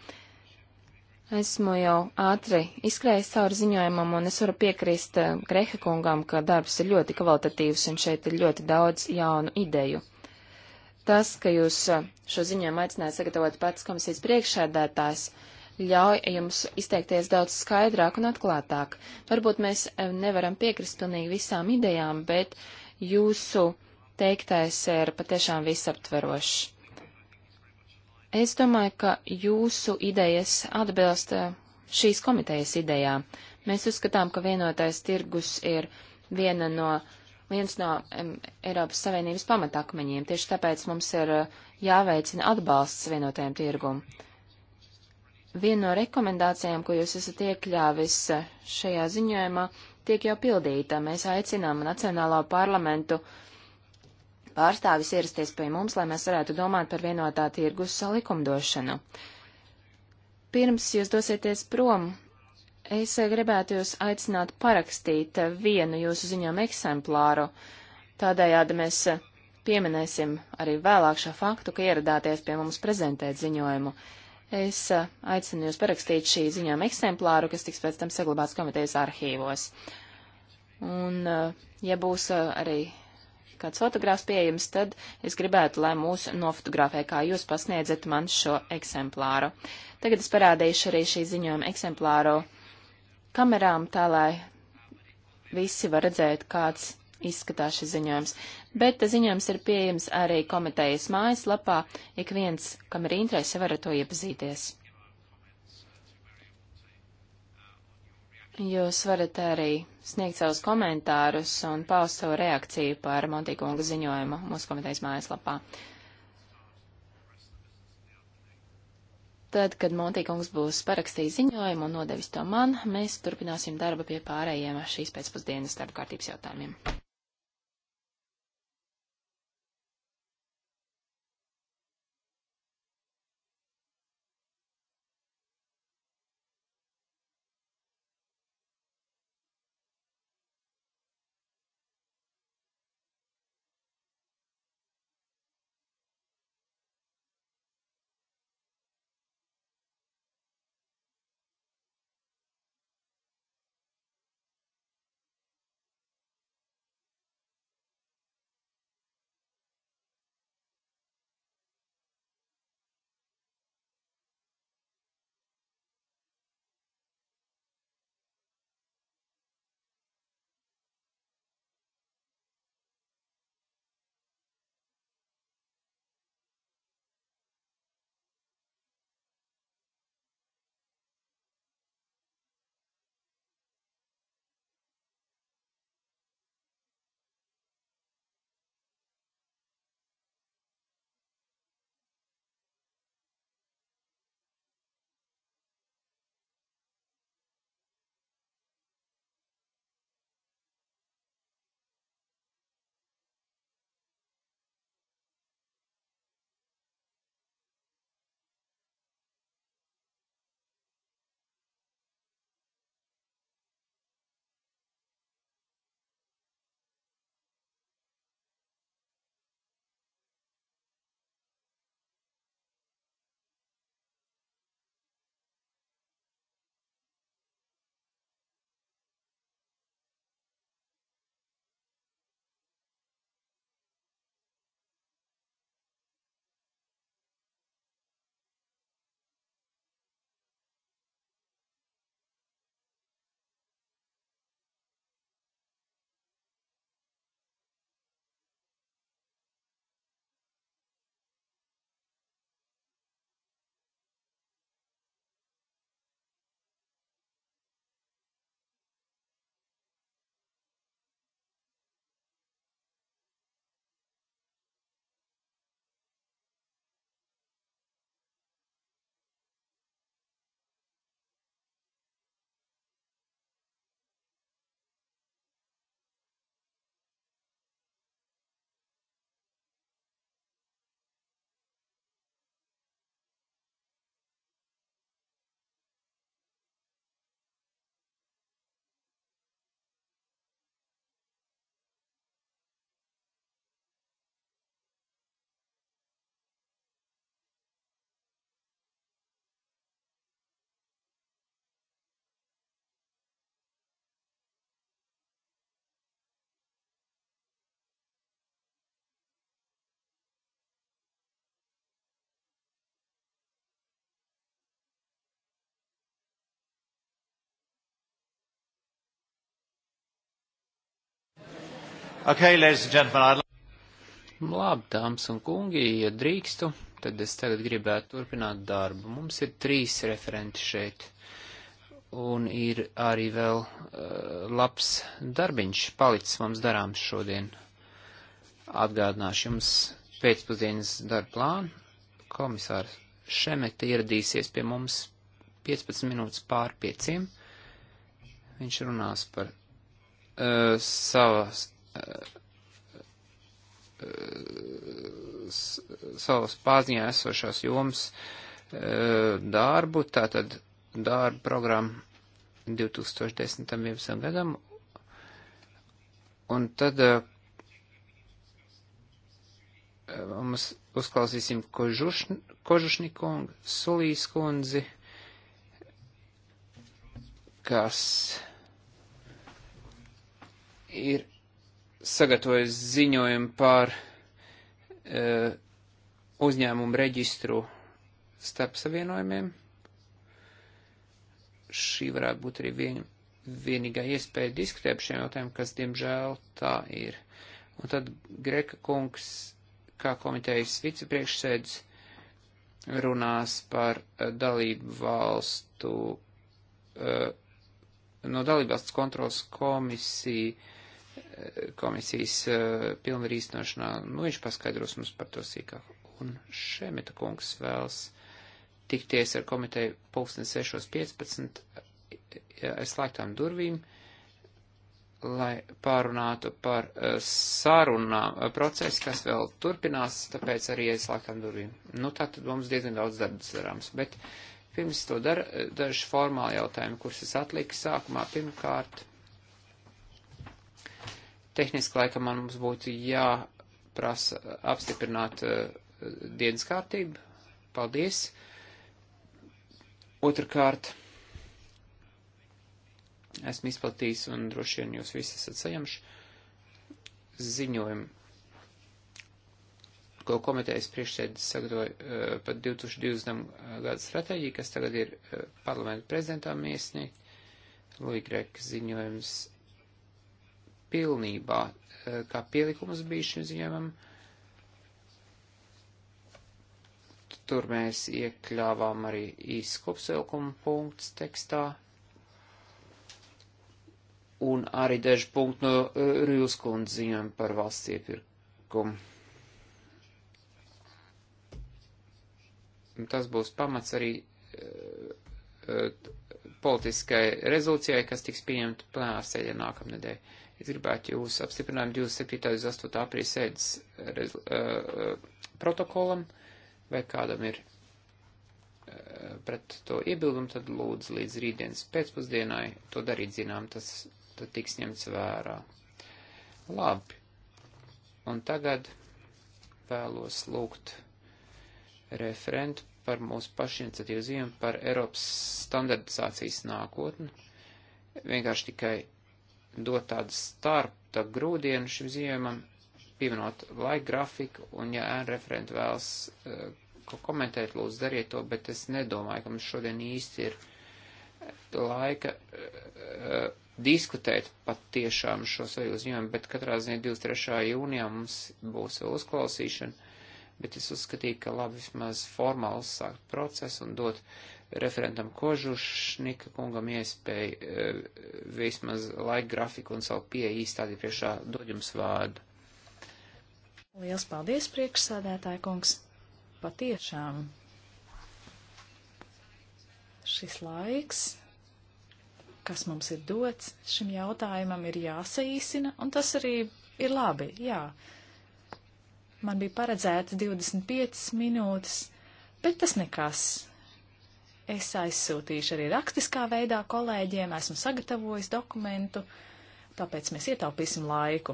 Esmu jau ātri izskrējis cauri ziņojumam, un es varu piekrist uh, Greha kungam, ka darbs ir ļoti kvalitatīvs, un šeit ir ļoti daudz jaunu ideju. Tas, ka jūs uh, šo ziņojumu aicināt sagatavot pats komisijas priekšsēdētājs, ļauj jums izteikties daudz skaidrāk un atklātāk. Varbūt mēs uh, nevaram piekrist pilnīgi visām idejām, bet jūsu teiktais ir patiešām visaptverošs. Es domāju, ka jūsu idejas atbilst uh, šīs komitejas idejām. Mēs uzskatām, ka vienotais tirgus ir viena no uh, viens no um, Eiropas Savienības pamatakmeņiem. Tieši tāpēc mums ir uh, jāveicina atbalsts vienotajam tirgum. Viena no rekomendācijām, ko jūs esat iekļāvis eh, šajā ziņojumā, tiek jau pildīta. Mēs aicinām Nacionālo parlamentu pārstāvis ierasties pie mums, lai mēs varētu domāt par vienotā tirgus likumdošanu. Pirms jūs dosieties prom, Es gribētu jūs aicināt parakstīt vienu jūsu ziņām eksemplāru. Tādējādi mēs pieminēsim arī vēlāk šo faktu, ka ieradāties pie mums prezentēt ziņojumu. Es aicinu jūs parakstīt šī ziņām eksemplāru, kas tiks pēc tam saglabāts komitejas arhīvos. Un, ja būs arī kāds fotogrāfs pieejams, tad es gribētu, lai mūs nofotografē, kā jūs pasniedzat man šo eksemplāru. Tagad es parādīšu arī šī ziņojuma eksemplāru kamerām, tā lai visi var redzēt, kāds izskatās šis ziņojums. Bet ziņojums ir pieejams arī komitejas mājaslapā. Ik viens, kam ir interese, var ar to iepazīties. Jūs varat arī sniegt savus komentārus un paust savu reakciju par Montīkunga ziņojumu mūsu komitejas mājaslapā. Uh, Tad, kad Montīkungs būs parakstījis ziņojumu un nodevis to man, mēs turpināsim darbu pie pārējiem šīs pēcpusdienas starpkārtības jautājumiem. Okay, ladies and gentlemen, I'd like... Labi, dāmas un kungi, ja drīkstu, tad es tagad gribētu turpināt darbu. Mums ir trīs referenti šeit, un ir arī vēl uh, labs darbiņš palicis mums darāms šodien. Atgādināšu jums pēcpusdienas darba plānu. Komisārs Šemeta ieradīsies pie mums 15 minūtes pār pieciem. Viņš runās par uh, savas savas pārziņā esošās jomas eh, darbu, tātad darba programmu 2010-2011 gadam, un tad eh, mums uzklausīsim Kožušnikungu, Sulīs kundzi, kas ir sagatavojis ziņojumu par uh, uzņēmumu reģistru starp savienojumiem. Šī varētu būt arī vien, vienīgā iespēja diskutēt par šiem jautājumiem, kas, diemžēl, tā ir. Un tad Greka kungs, kā komitejas vicepriekšsēdz, runās par e, dalību valstu, uh, no dalībvalsts kontrolas komisiju komisijas eh, pilnvar īstenošanā. Nu, viņš paskaidros mums par to sīkāk. Un Šemita kungs vēlas tikties ar komiteju pulksten 6.15 eh, aiz slēgtām durvīm, lai pārunātu par eh, sarunām procesu, kas vēl turpinās, tāpēc arī aiz slēgtām durvīm. Nu, tā tad mums diezgan daudz darbs darāms, bet pirms to dara, daži formāli jautājumi, kurus es atliku sākumā pirmkārt Tehniski laikam man mums būtu jāprasa apstiprināt uh, dienas kārtību. Paldies. Otrakārt, esmu izplatījis un droši vien jūs visi esat saņemši ziņojumu, ko komitejas priekšsēdis sagatavoja uh, par 2020. gada stratēģiju, kas tagad ir uh, eh, parlamentu prezidentām iesniegt. Luigrek ziņojums pilnībā, e, kā pielikums bija šim ziņojumam. Tur mēs iekļāvām arī īsts kopsavilkuma punkts tekstā. Un arī daži punkti no e, Rīlskundas ziņojuma par valsts iepirkumu. Tas būs pamats arī e, politiskai rezolūcijai, kas tiks pieņemta plenārsēdē nākamnedēļ. Es gribētu jūs apstiprinājumu 27. uz 8. aprīļa sēdes eh, rez, uh, eh, protokolam, vai kādam ir uh, pret to iebildumu, tad lūdzu līdz rītdienas pēcpusdienai to darīt zinām, tas tad tiks ņemts vērā. Labi. Un tagad vēlos lūgt referentu par mūsu pašiniciatīvu ziemu par Eiropas standartizācijas nākotni. Vienkārši tikai dot tādu starta grūdienu šim ziemam, pieminot laika grafiku, un ja ēn referenti vēlas eh, ko komentēt, lūdzu dariet to, bet es nedomāju, ka mums šodien īsti ir eh, laika uh, diskutēt pat tiešām šo svarīgu ziņojumu, bet katrā ziņā 23. jūnijā mums būs vēl uzklausīšana, bet es uzskatīju, ka labi vismaz formāli uzsākt procesu un dot referentam Kožušnika kungam iespēja eh, vismaz laika grafiku un savu pieeju īstādi priekšā dod jums vārdu. Liels paldies, priekšsādētāja kungs. Patiešām šis laiks, kas mums ir dots šim jautājumam, ir jāsaīsina, un tas arī ir labi, jā. Man bija paredzēta 25 minūtes, bet tas nekas Es aizsūtīšu arī rakstiskā veidā kolēģiem, esmu sagatavojis dokumentu, tāpēc mēs ietaupīsim laiku.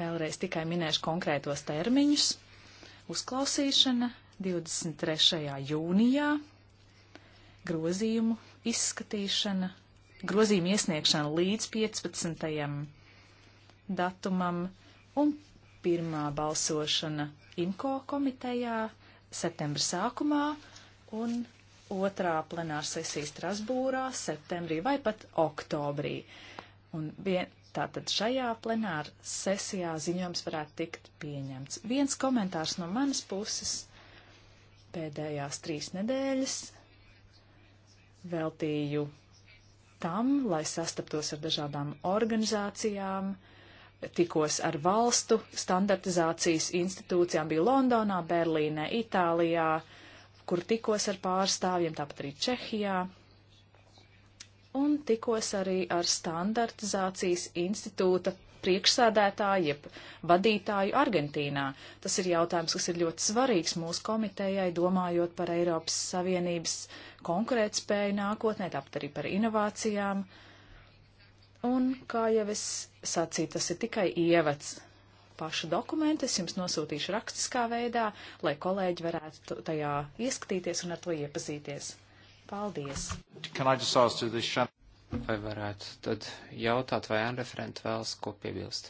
Vēlreiz tikai minēšu konkrētos termiņus. Uzklausīšana 23. jūnijā, grozījumu izskatīšana, grozījumu iesniegšana līdz 15. datumam un pirmā balsošana IMCO komitejā septembra sākumā un otrā plenārsesija Strasbūrā, septembrī vai pat oktobrī. Un vien, tātad šajā plenāra sesijā ziņojums varētu tikt pieņemts. Viens komentārs no manas puses pēdējās trīs nedēļas veltīju tam, lai sastaptos ar dažādām organizācijām, tikos ar valstu standartizācijas institūcijām, bija Londonā, Berlīnē, Itālijā, uh, kur tikos ar pārstāvjiem, tāpat arī Čehijā, un tikos arī ar standartizācijas institūta priekšsēdētāju, jeb vadītāju Argentīnā. Tas ir jautājums, kas ir ļoti svarīgs mūsu komitejai, domājot par Eiropas Savienības konkurētspēju nākotnē, tāpat arī par inovācijām. Un, kā jau es sacīju, tas ir tikai ievads pašu dokumentu, es jums nosūtīšu rakstiskā veidā, lai kolēģi varētu tajā ieskatīties un ar to iepazīties. Paldies! Vai varētu tad jautāt, vai Anreferenta vēlas ko piebilst?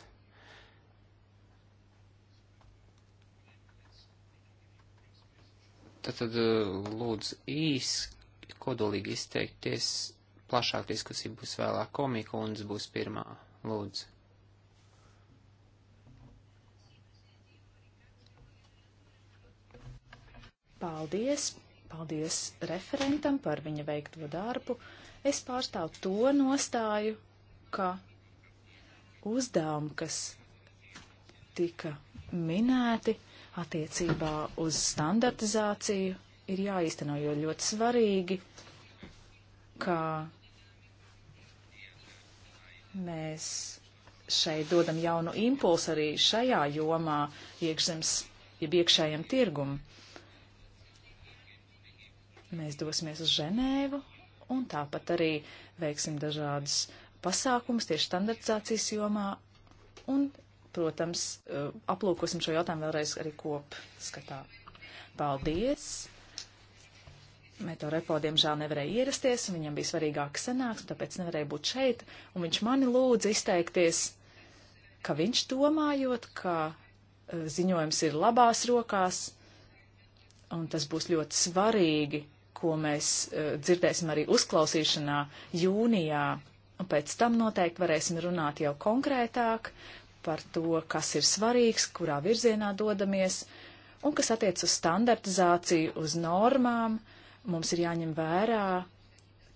Tad, tad uh, lūdzu īs, kodolīgi izteikties, plašāk diskusija būs vēlāk, komika un būs pirmā. Lūdzu. Paldies! Paldies referentam par viņa veikto darbu. Es pārstāvu to nostāju, ka uzdevumi, kas tika minēti attiecībā uz standartizāciju, ir jāīsteno, jo ļoti svarīgi, ka mēs šeit dodam jaunu impulsu arī šajā jomā iekšzemes, jeb iekšējiem tirgumam. Mēs dosimies uz Ženēvu un tāpat arī veiksim dažādas pasākumus tieši standartizācijas jomā un, protams, eh, aplūkosim šo jautājumu vēlreiz arī kopskatā. Paldies! Meteorepo, diemžēl, nevarēja ierasties, un viņam bija svarīgāka sanāksme, tāpēc nevarēja būt šeit, un viņš mani lūdza izteikties, ka viņš domājot, ka eh, ziņojums ir labās rokās, un tas būs ļoti svarīgi ko mēs e, dzirdēsim arī uzklausīšanā jūnijā. Un pēc tam noteikti varēsim runāt jau konkrētāk par to, kas ir svarīgs, kurā virzienā dodamies, un kas attiec uz standartizāciju, uz normām. Mums ir jāņem vērā,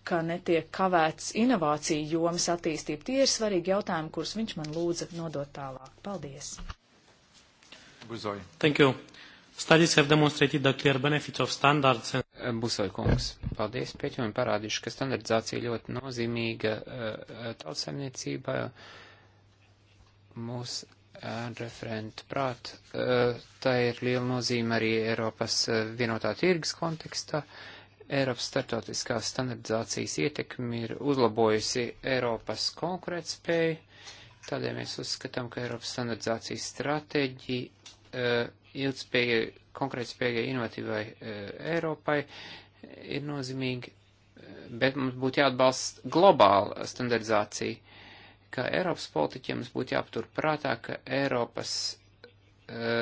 ka netiek kavēts inovāciju jomas attīstība. Tie ir svarīgi jautājumi, kurus viņš man lūdza nodot tālāk. Paldies! Thank you. Studies have demonstrated the clear benefits of standards. And Busoja kungs, paldies pieķumiem parādīšu, ka standardizācija ļoti nozīmīga eh, eh, tautsaimniecībā. Mūs eh, referentu prāt, tā ir liela nozīme arī Eiropas vienotā tirgas kontekstā. Eiropas startautiskās standardizācijas ietekmi ir uzlabojusi Eiropas konkurētspēju, tādēļ mēs uzskatām, ka Eiropas standardizācijas stratēģija ilgspējai, konkrētspējai, inovatīvai e, Eiropai ir nozīmīgi, e, bet mums būtu jāatbalsta globāla standardizācija, ka Eiropas politiķiem mums būtu jāaptur prātā, ka Eiropas uh, e,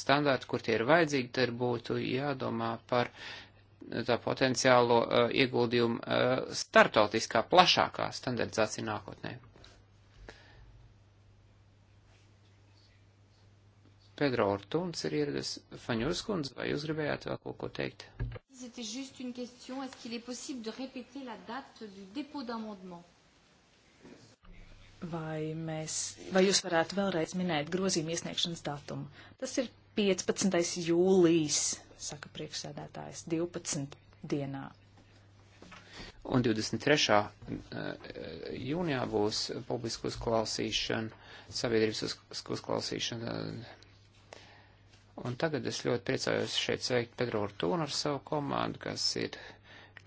standārti, kur tie ir vajadzīgi, tad būtu jādomā par tā potenciālo uh, ieguldījumu uh, startautiskā, plašākā standardizācija nākotnē. Pedro Ortuns ir ieradies. Faņūras kundze, vai jūs gribējāt vēl kaut ko teikt? C'était juste une question. Est-ce qu'il est possible de répéter la date du dépôt d'amendement? Vai, mēs, vai jūs varētu vēlreiz minēt grozījuma iesniegšanas datumu? Tas ir 15. jūlijas, saka priekšsēdētājs, 12 dienā. Un 23. Eh, jūnijā būs publisku uzklausīšana, sabiedrības uzklausīšana Un tagad es ļoti priecājos šeit sveikt Pedro Urtūnu ar savu komandu, kas ir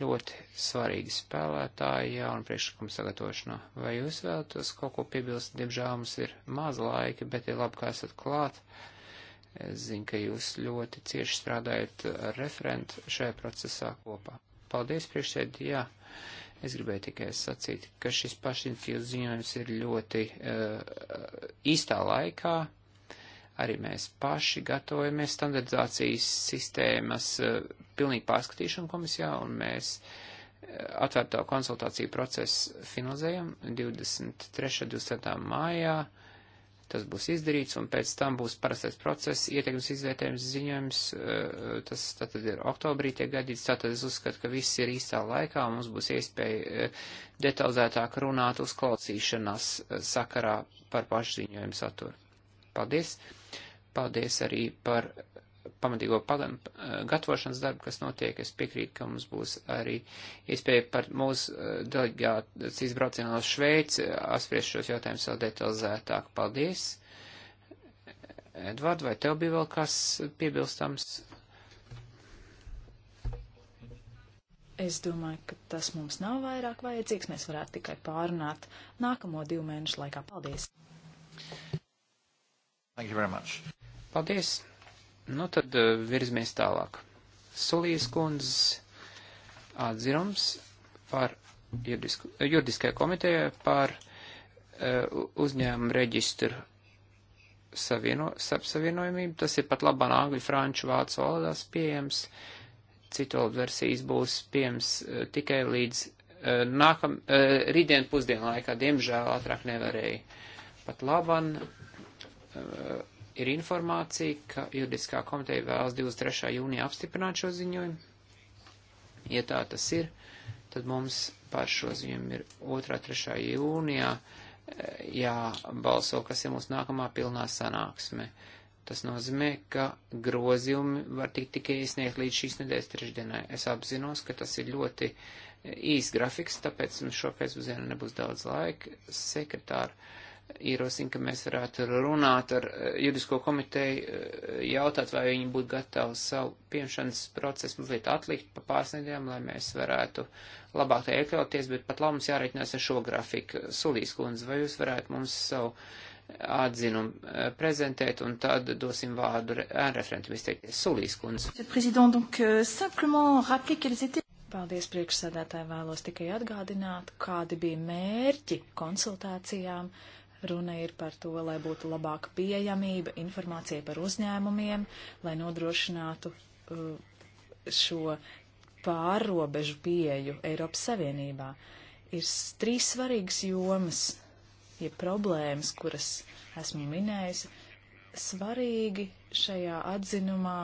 ļoti svarīgi spēlētāji jaunu priekšlikumu sagatavošanā. Vai jūs vēlatos kaut ko piebilst? Diemžēl mums ir maz laika, bet ir labi, ka esat klāt. Es zinu, ka jūs ļoti cieši strādājat ar referentu šajā procesā kopā. Paldies, priekšsēd, jā. Es gribēju tikai sacīt, ka šis pašiniciatīvas ziņojums ir ļoti uh, īstā laikā. Uh, Arī mēs paši gatavojamies standardizācijas sistēmas eh, pilnīgi pārskatīšanu komisijā, un mēs eh, atvērto konsultāciju procesu finalizējam 23. 27. mājā. Tas būs izdarīts, un pēc tam būs parastais process, ieteikums izvērtējums ziņojums, eh, tas tātad ir oktobrī tiek gadīts, tātad es uzskatu, ka viss ir īstā laikā, un mums būs iespēja detalizētāk runāt uzklausīšanās sakarā par pašu ziņojumu saturu. Paldies! Paldies arī par pamatīgo pagan, eh, gatavošanas darbu, kas notiek. Es piekrītu, ka mums būs arī iespēja par mūsu eh, delegātas izbraucienu uz Šveici eh, apspriest šos jautājumus vēl detalizētāk. Paldies! Edvard, vai tev bija vēl kas piebilstams? Es domāju, ka tas mums nav vairāk vajadzīgs. Mēs varētu tikai pārunāt nākamo divu mēnešu laikā. Paldies! Thank you very much. Paldies! Nu tad eh, virzamies tālāk. Sulijas kundzes atzirums par juridisku, juridiskajā komitejā par uh, uzņēmumu reģistru savieno, savienojumību. Tas ir pat labāk angļu, franču, vācu valodās pieejams. Citu valodu versijas būs pieejams uh, tikai līdz uh, nākam, uh, rītdien pusdienlaikā. Diemžēl ātrāk nevarēja. Pat labāk. Uh, ir informācija, ka juridiskā komiteja vēlas 23. jūnija apstiprināt šo ziņojumu. Ja tā tas ir, tad mums par šo ziņojumu ir 2.3. jūnijā eh, jābalso, kas ir mūsu nākamā pilnā sanāksme. Tas nozīmē, ka grozījumi var tikt tikai iesniegt līdz šīs nedēļas trešdienai. Es apzinos, ka tas ir ļoti eh, īs grafiks, tāpēc mums šo pēcpusdienu nebūs daudz laika. Sekretāra ierosina, ka mēs varētu runāt ar eh, juridisko komiteju, eh, jautāt, vai viņi būtu gatavi savu pieņemšanas procesu mazliet atlikt pa pāris nedēļām, lai mēs varētu labāk tajā iekļauties, bet pat labi mums jāreikinās ar šo grafiku. Sulīs kundze, vai jūs varētu mums savu atzinumu eh, prezentēt un tad dosim vārdu referentam izteikties. Sulīs kundze. Euh, Paldies priekšsēdētāji, vēlos tikai atgādināt, kādi bija mērķi konsultācijām. Uh, Runa ir par to, lai būtu labāka pieejamība informācija par uzņēmumiem, lai nodrošinātu uh, šo pārrobežu pieeju Eiropas Savienībā. Ir trīs svarīgas jomas, ja problēmas, kuras esmu minējusi, svarīgi šajā atzinumā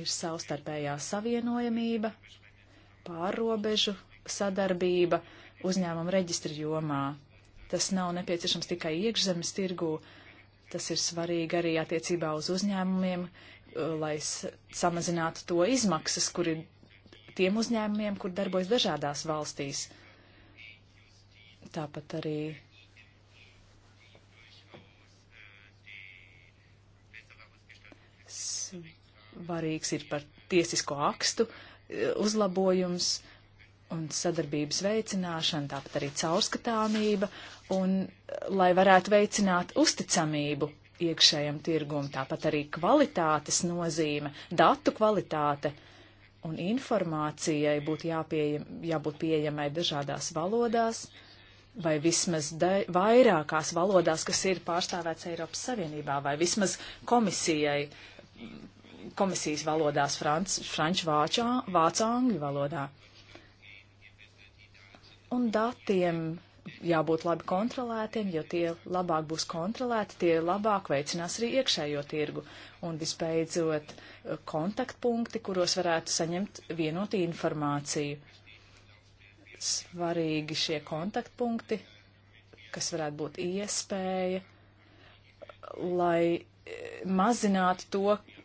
ir savstarpējā savienojamība, pārrobežu sadarbība uzņēmuma reģistri jomā. Tas nav nepieciešams tikai iekšzemes tirgū, tas ir svarīgi arī attiecībā uz uzņēmumiem, uh, lai samazinātu to izmaksas, kur ir tiem uzņēmumiem, kur darbojas dažādās valstīs. Tāpat arī svarīgs ir par tiesisko akstu uh, uzlabojums un sadarbības veicināšana, tāpat arī caurskatāmība un eh, lai varētu veicināt uzticamību iekšējam tirgum, tāpat arī kvalitātes nozīme, datu kvalitāte un informācijai būtu jāpieejam, jābūt pieejamai dažādās valodās vai vismaz vairākās valodās, kas ir pārstāvēts Eiropas Savienībā, vai vismaz komisijai, komisijas valodās, franču, vācu, angļu valodā. Un datiem jābūt labi kontrolētiem, jo tie labāk būs kontrolēti, tie labāk veicinās arī iekšējo tirgu. Un visbeidzot, kontaktpunkti, kuros varētu saņemt vienotu informāciju. Svarīgi šie kontaktpunkti, kas varētu būt iespēja, lai e, mazinātu to,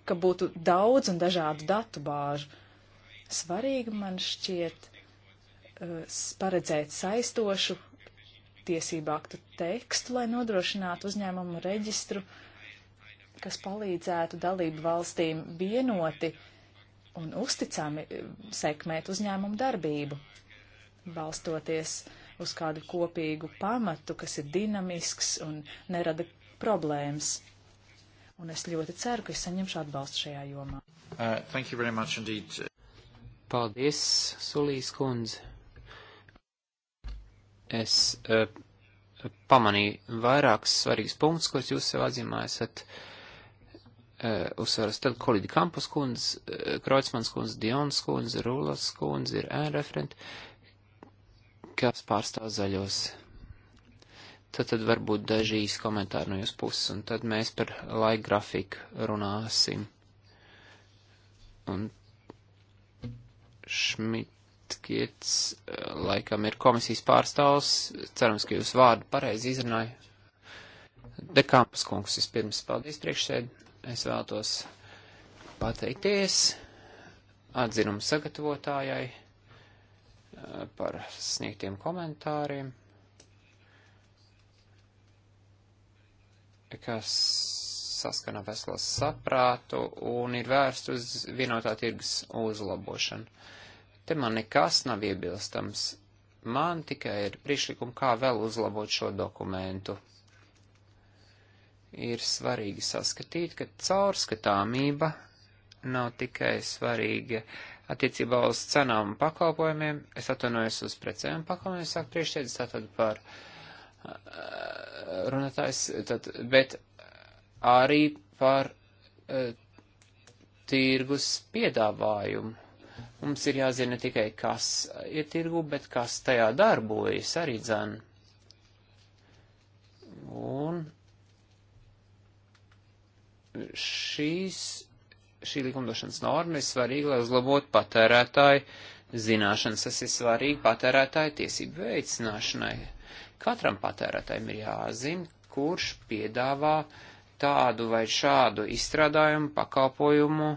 ka būtu daudz un dažādu datu bāžu. Svarīgi man šķiet e, paredzēt saistošu tiesību aktu tekstu, lai nodrošinātu uzņēmumu reģistru, kas palīdzētu dalību valstīm vienoti un uzticami eh, sekmēt uzņēmumu darbību, balstoties uz kādu kopīgu pamatu, kas ir dinamisks un nerada problēmas. Un es ļoti ceru, ka es saņemšu atbalstu šajā jomā. Uh, Paldies, Sulīs kundze es e, pamanīju vairākas svarīgas punktus, kurus jūs sev atzīmējat. E, Uzsveras tad Kolīdi Kampus kundze, e, Kreutzmans kundze, Dions kundze, Rūlas kundze ir ēreferenti, kas pārstāv zaļos. Tad, tad varbūt dažīs komentāri no jūsu puses, un tad mēs par laika grafiku runāsim. Un Šmit Atkits, eh, laikam ir komisijas pārstāvs, cerams, ka jūs vārdu pareizi izrunāju. Dekampas kungs, vispirms paldies priekšsēd, es vēlos pateikties atzinumu sagatavotājai eh, par sniegtiem komentāriem, kas saskana veselas saprātu un ir vērst uz vienotā tirgus uzlabošanu. Te man nekas nav iebilstams. Man tikai ir priekšlikumi, kā vēl uzlabot šo dokumentu. Ir svarīgi saskatīt, ka caurskatāmība nav tikai svarīga attiecībā uz cenām un pakalpojumiem, es atvainojos uz precēm un pakalpojumiem, sāk priekšsēdus tātad par eh, runātājs, tad, bet arī par uh, tirgus piedāvājumu. Mums ir jāzina ne tikai, kas ir tirgu, bet kas tajā darbojas arī dzan. Un šīs, šī likumdošanas norma ir svarīga, lai uzlabotu patērētāju zināšanas. Tas ir svarīgi patērētāju tiesību veicināšanai. Katram patērētājiem ir jāzina, kurš piedāvā tādu vai šādu izstrādājumu, pakalpojumu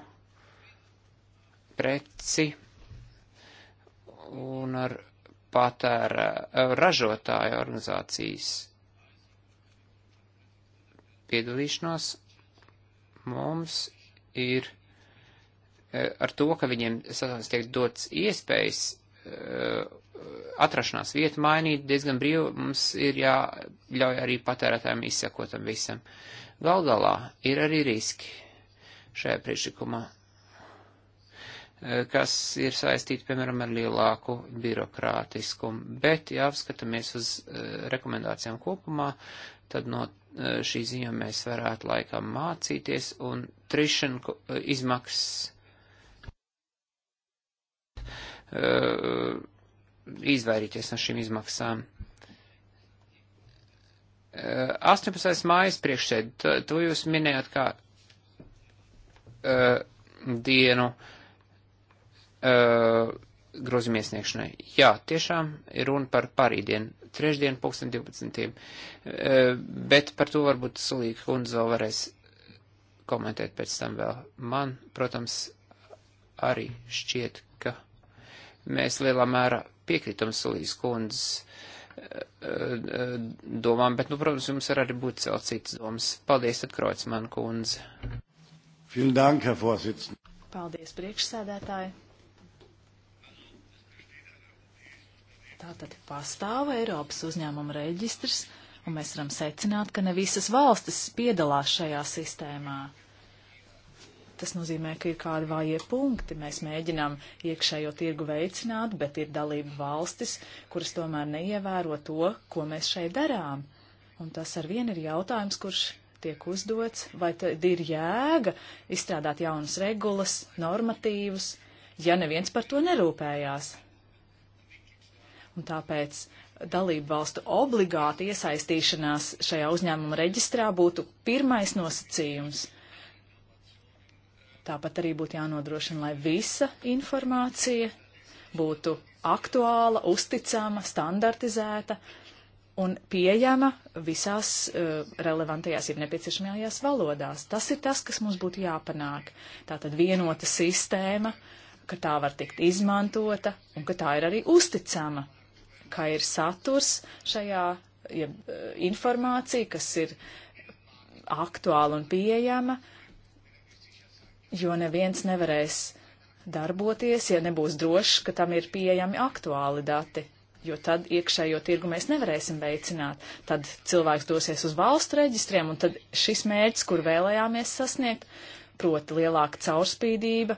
preci un ar patērā ražotāju organizācijas piedalīšanos mums ir e, ar to, ka viņiem satans tiek dots iespējas e, atrašanās vietu mainīt diezgan brīvi, mums ir jāļauj arī patērētājiem izsekotam visam. Gal galā ir arī riski šajā priekšlikumā. Eh, kas ir saistīti, piemēram, ar lielāku birokrātiskumu. Bet, ja apskatāmies uz eh, rekomendācijām kopumā, tad no eh, šī ziņa mēs varētu laikam mācīties un trišana izmaksas izvairīties no šīm izmaksām. 18. mājas priekšsēd, to jūs minējāt kā uh, dienu uh, uh, grozījuma iesniegšanai. Jā, tiešām ir runa par parīdienu, trešdienu, pulksten 12. Uh, bet par to varbūt Sulīka kundze vēl varēs komentēt pēc tam vēl. Man, protams, arī šķiet, ka mēs lielā mērā piekritam Sulīkas kundzes uh, uh, domām, bet, nu, protams, jums var arī būt vēl citas domas. Paldies, tad Kroits, man kundze. Dank, Paldies, priekšsēdētāji. Tātad pastāv Eiropas uzņēmuma reģistrs, un mēs varam secināt, ka ne visas valstis piedalās šajā sistēmā. Tas nozīmē, ka ir kādi vājie punkti. Mēs mēģinām iekšējo tirgu veicināt, bet ir dalība valstis, kuras tomēr neievēro to, ko mēs šeit darām. Un tas ar vienu ir jautājums, kurš tiek uzdots, vai tad ir jēga izstrādāt jaunas regulas, normatīvus, ja neviens par to nerūpējās. Un tāpēc dalību valstu obligāta iesaistīšanās šajā uzņēmuma reģistrā būtu pirmais nosacījums. Tāpat arī būtu jānodrošina, lai visa informācija būtu aktuāla, uzticama, standartizēta un pieejama visās uh, relevantajās, ja nepieciešamajās valodās. Tas ir tas, kas mums būtu jāpanāk. Tātad vienota sistēma, ka tā var tikt izmantota un ka tā ir arī uzticama ka ir saturs šajā ja, informācija, kas ir aktuāla un pieejama, jo neviens nevarēs darboties, ja nebūs drošs, ka tam ir pieejami aktuāli dati, jo tad iekšējo tirgu mēs nevarēsim veicināt. Tad cilvēks dosies uz valstu reģistriem, un tad šis mērķis, kur vēlējāmies sasniegt, proti lielāka caurspīdība,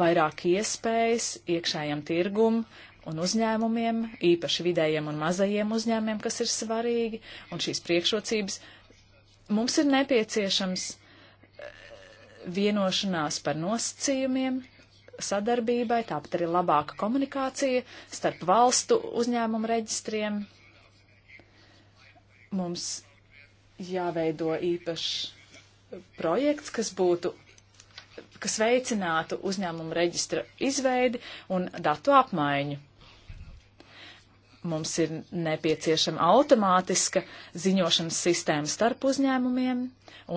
vairāk iespējas iekšējam tirgum, un uzņēmumiem, īpaši vidējiem un mazajiem uzņēmumiem, kas ir svarīgi, un šīs priekšrocības. Mums ir nepieciešams eh, vienošanās par nosacījumiem sadarbībai, tāpat arī labāka komunikācija starp valstu uzņēmumu reģistriem. Mums jāveido īpašs projekts, kas būtu kas veicinātu uzņēmumu reģistra izveidi un datu apmaiņu mums ir nepieciešama automātiska ziņošanas sistēma starp uzņēmumiem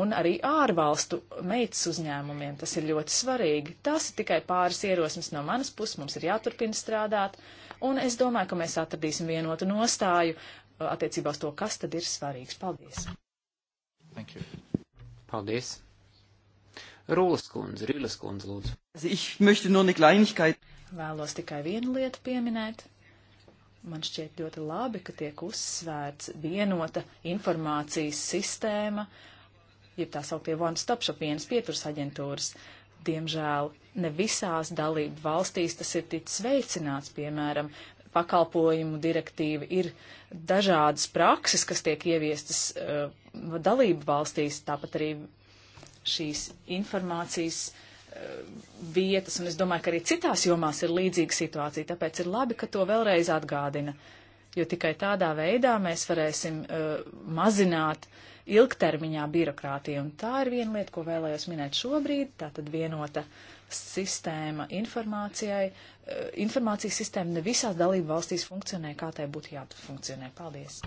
un arī ārvalstu meitas uzņēmumiem. Tas ir ļoti svarīgi. Tas ir tikai pāris ierosmes no manas puses, mums ir jāturpina strādāt, un es domāju, ka mēs atradīsim vienotu nostāju uh, attiecībā uz to, kas tad ir svarīgs. Paldies! Thank you. Paldies! Rūlas kundze, Rīlas kundze, lūdzu. Vēlos tikai vienu lietu pieminēt Man šķiet ļoti labi, ka tiek uzsvērts vienota informācijas sistēma, jeb tā sauktie One Stop Shop vienas pieturas aģentūras. Diemžēl ne visās dalību valstīs tas ir ticis veicināts, piemēram, pakalpojumu direktīva ir dažādas prakses, kas tiek ieviestas uh, dalību valstīs, tāpat arī šīs informācijas uh, vietas, un es domāju, ka arī citās jomās ir līdzīga situācija, tāpēc ir labi, ka to vēlreiz atgādina, jo tikai tādā veidā mēs varēsim uh, mazināt ilgtermiņā birokrātiju, un tā ir viena lieta, ko vēlējos minēt šobrīd, tā tad vienota sistēma informācijai, uh, informācijas sistēma ne visās dalību valstīs funkcionē, kā tai būtu jāfunkcionē. Paldies!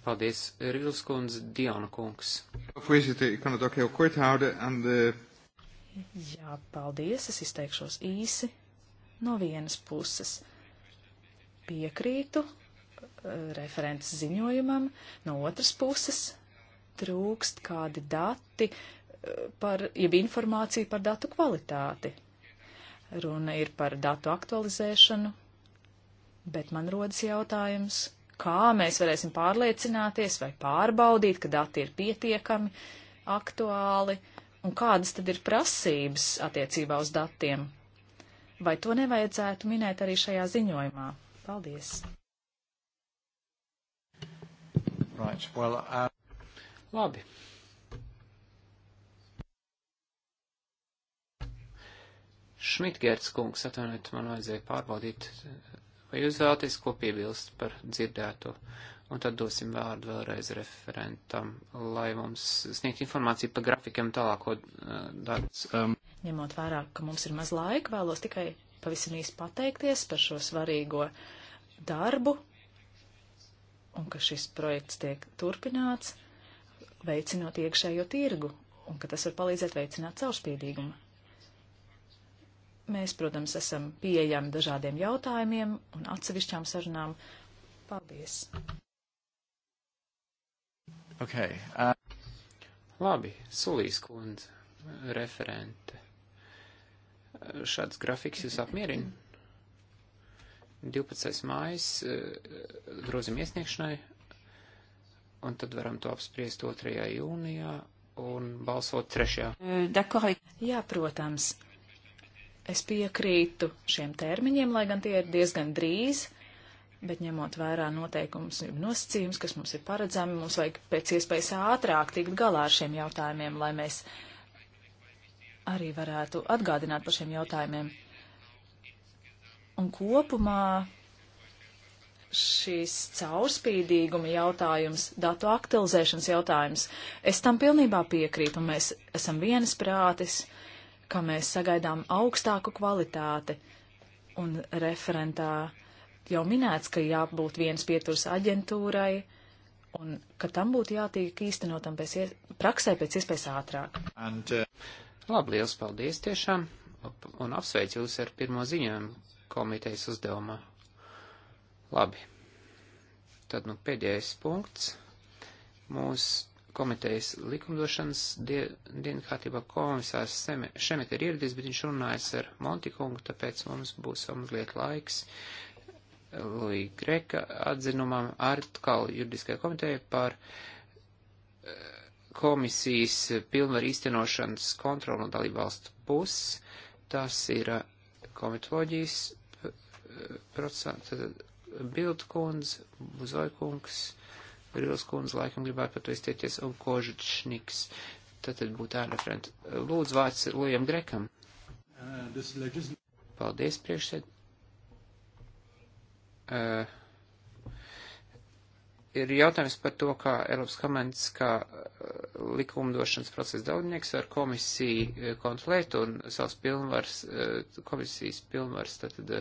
Paldies, Rīlskundze, Diana kungs. Voorzitter, ik kan het ook heel kort houden aan de Jā, paldies, es izteikšos īsi. No vienas puses piekrītu eh, referents ziņojumam, no otras puses trūkst kādi dati eh, par, jeb informācija par datu kvalitāti. Runa ir par datu aktualizēšanu, bet man rodas jautājums, kā mēs varēsim pārliecināties vai pārbaudīt, ka dati ir pietiekami aktuāli, uh, Un kādas tad ir prasības attiecībā uz datiem? Vai to nevajadzētu minēt arī šajā ziņojumā? Paldies! Right. Well, uh... Labi. Šmitgērts kungs, atvainojiet, man vajadzēja pārbaudīt, vai jūs vēlaties ko piebilst par dzirdēto? un tad dosim vārdu vēlreiz referentam, lai mums sniegt informāciju par grafikiem tālāko eh, darbu. Um. Ņemot vērā, ka mums ir maz laika, vēlos tikai pavisam īsti pateikties par šo svarīgo darbu un ka šis projekts tiek turpināts, veicinot iekšējo tirgu un ka tas var palīdzēt veicināt caurspīdīgumu. Mēs, protams, esam pieejami dažādiem jautājumiem un atsevišķām sarunām. Paldies! Okay, uh... Labi, Sulīs kundze, referente. Šāds grafiks jūs apmierina? 12. mājas uh, grozim iesniegšanai, un tad varam to apspriest 2. jūnijā un balsot 3. Dakoji. Jā, protams. Es piekrītu šiem termiņiem, lai gan tie ir diezgan drīz. Uh, bet ņemot vērā noteikumus un nosacījumus, kas mums ir paredzami, mums vajag pēc iespējas ātrāk tikt galā ar šiem jautājumiem, lai mēs arī varētu atgādināt par šiem jautājumiem. Un kopumā šīs caurspīdīguma jautājums, datu aktualizēšanas jautājums, es tam pilnībā piekrītu, un mēs esam vienas prātis, ka mēs sagaidām augstāku kvalitāti, un referentā uh, jau minēts, ka jābūt viens pieturs aģentūrai un ka tam būtu jātiek īstenotam pēc ies... praksē pēc iespējas ātrāk. And, uh... Labi, liels paldies tiešām un apsveicu jūs ar pirmo ziņojumu komitejas uzdevumā. Labi. Tad nu pēdējais punkts. Mūsu komitejas likumdošanas die, dienu kārtībā komisārs Šemet ir ieradies, bet viņš runājas ar Montikungu, tāpēc mums būs vēl mazliet laiks. Uh, Līga Greka atzinumam atkal juridiskai komitejai par eh, komisijas pilnvaru īstenošanas kontrolu no dalībvalstu puses. Tas ir eh, komitoloģijas eh, procesā. Tad Bild kundze, Buzoj kungs, Rils kundze laikam gribētu par to izteikties un Kožičniks. Tad būtu ārreferenti. Lūdzu vārds Lujam Grekam. Uh, Paldies priekšsēdētājiem uh, ir jautājums par to, kā Eiropas komandas, kā eh, likumdošanas procesa dalībnieks ar komisiju eh, konflēt un savas pilnvars, komisijas pilnvars, tātad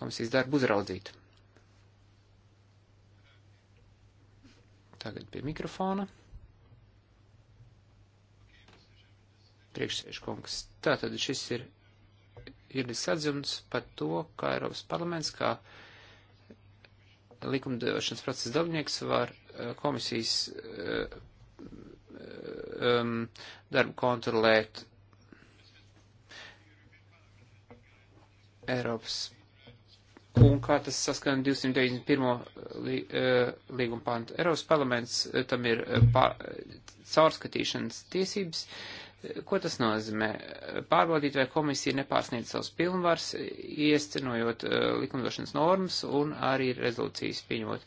komisijas darbu uzraudzīt. Tagad pie mikrofona. Priekšsēžkungs. Tātad šis ir juridisks atzinums par to, kā Eiropas parlaments, kā likumdošanas procesa dalībnieks var eh, komisijas eh, eh, um, darbu kontrolēt Eiropas un kā tas saskan 291. Lī, līguma pantu. Eiropas parlaments tam ir pār, caurskatīšanas tiesības. Uh, Ko tas nozīmē? Pārbaudīt, vai komisija nepārsniedz savus pilnvars, iescenojot uh, likumdošanas normas un arī rezolūcijas pieņemot.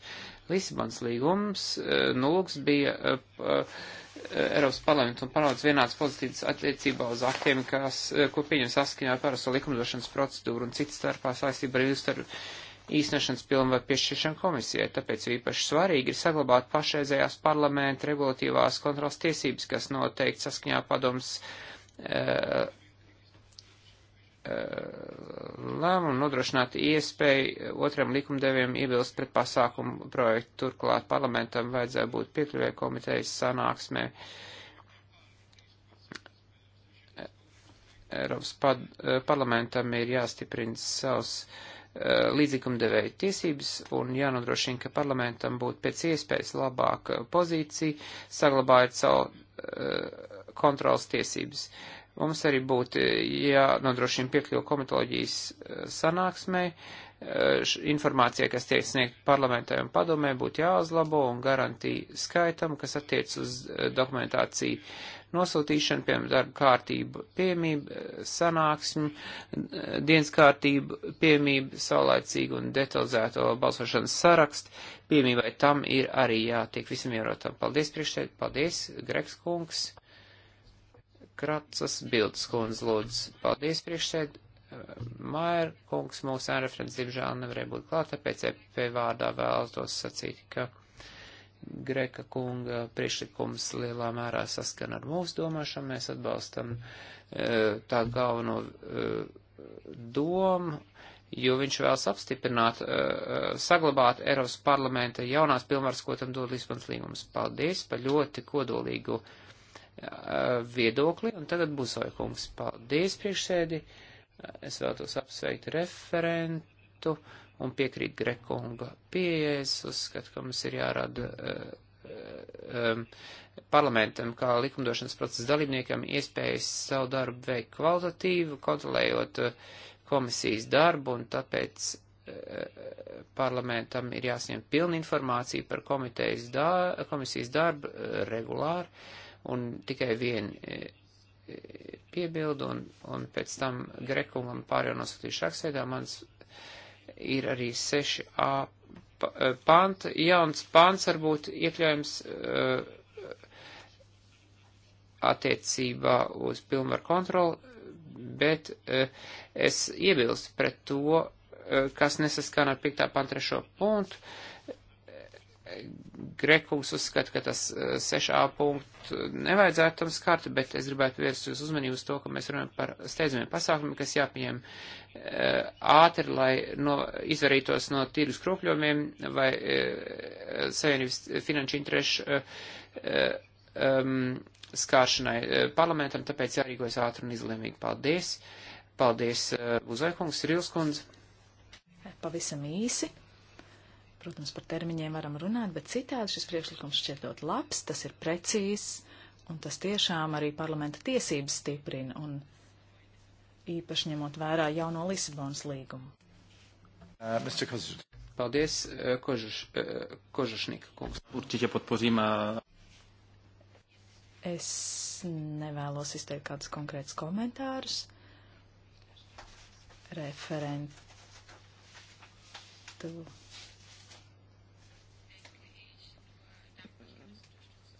Lisabons līgums uh, eh, nulūks bija uh, Eiropas parlaments un parlaments vienāds pozitīvs attiecībā uz aktiem, kas, ko pieņem saskaņā ar parasto likumdošanas procedūru un citas starpā saistībā ar jūsu starp īstenošanas pilnvaru piešķiršanu komisijai, tāpēc īpaši svarīgi ir saglabāt pašreizējās parlamenta regulatīvās kontrolas tiesības, kas noteikti saskaņā padoms e, e, lēmumu nodrošināt iespēju otram likumdevējiem iebilst pret pasākumu projektu. Turklāt parlamentam vajadzēja būt piekļuvē komitejas sanāksmē. Eiropas pad, e, parlamentam ir jāstiprina savs uh, Eh, līdzikumdevēju tiesības un jānodrošina, ka parlamentam būtu pēc iespējas labāka pozīcija, saglabājot savu uh, kontrolas tiesības. Mums arī būtu jānodrošina piekļuva komitoloģijas eh, sanāksmē, uh, informācija, kas tiek sniegt parlamentai un padomē, būtu jāuzlabo un garantija skaitam, kas attiec uz dokumentāciju nosūtīšanu, piemēram, darba kārtību piemību, eh, sanāksmi, eh, dienas kārtību piemību, saulēcīgu un detalizēto balsošanas sarakstu. Piemībai tam ir arī jātiek visam ierotam. Paldies, priekšsēd, paldies, Greks kungs, Kratsas, Bildes kundz, lūdzu. Paldies, priekšsēd. Eh, Maier kungs mūsu ārreferents, diemžēl, nevarēja būt klāt, tāpēc EP vārdā vēlas tos sacīt, ka Greka kunga priekšlikums lielā mērā saskan ar mūsu domāšanu. Mēs atbalstam e, tā galveno e, domu, jo viņš vēlas apstiprināt, e, saglabāt Eiropas parlamenta jaunās pilnvaras, ko tam dod Lisbons līgums. Paldies par ļoti kodolīgu viedokli, un tagad būs vajagums. Paldies priekšsēdi, es vēlos apsveikt referentu un piekrīt Grekonga pieejas, uzskatu, ka mums ir jārada eh, eh, eh, parlamentam kā likumdošanas procesa dalībniekam iespējas savu darbu veikt kvalitatīvu, kontrolējot komisijas darbu, un tāpēc parlamentam ir jāsņem pilna informācija par dā, komisijas darbu regulāri, un tikai vien piebildu, un, un pēc tam Grekungam pārējo nosūtīšu rakstveidā mans ir arī 6a e, panta, jauns pants varbūt iekļaujams e, attiecībā uz pilnvaru kontroli, bet e, es iebilstu pret to, kas nesaskan ar 5. panta 3. punktu, Grekungs uzskata, ka tas 6a eh, punktu nevajadzētu tam skart, bet es gribētu vērst jūs uzmanību uz to, ka mēs runājam par steidzamiem pasākumiem, kas jāpieņem eh, ātri, lai no, izvarītos no tīrus kropļojumiem vai eh, savienības finanšu interešu um, skāršanai parlamentam, tāpēc jārīkojas ātri un izlēmīgi. Paldies! Paldies, Buzaikungs, Rilskundze! Pavisam īsi Protams, par termiņiem varam runāt, bet citādi šis priekšlikums šķiet ļoti labs, tas ir precīzs, un tas tiešām arī parlamenta tiesības stiprina, un īpaši ņemot vērā jauno Lisabonas līgumu. Uh, Paldies, uh, Kožuš, uh, Kožušnika kungs. Určitě podpořím. Uh, es nevēlos izteikt kādus konkrētus komentārus. Referentu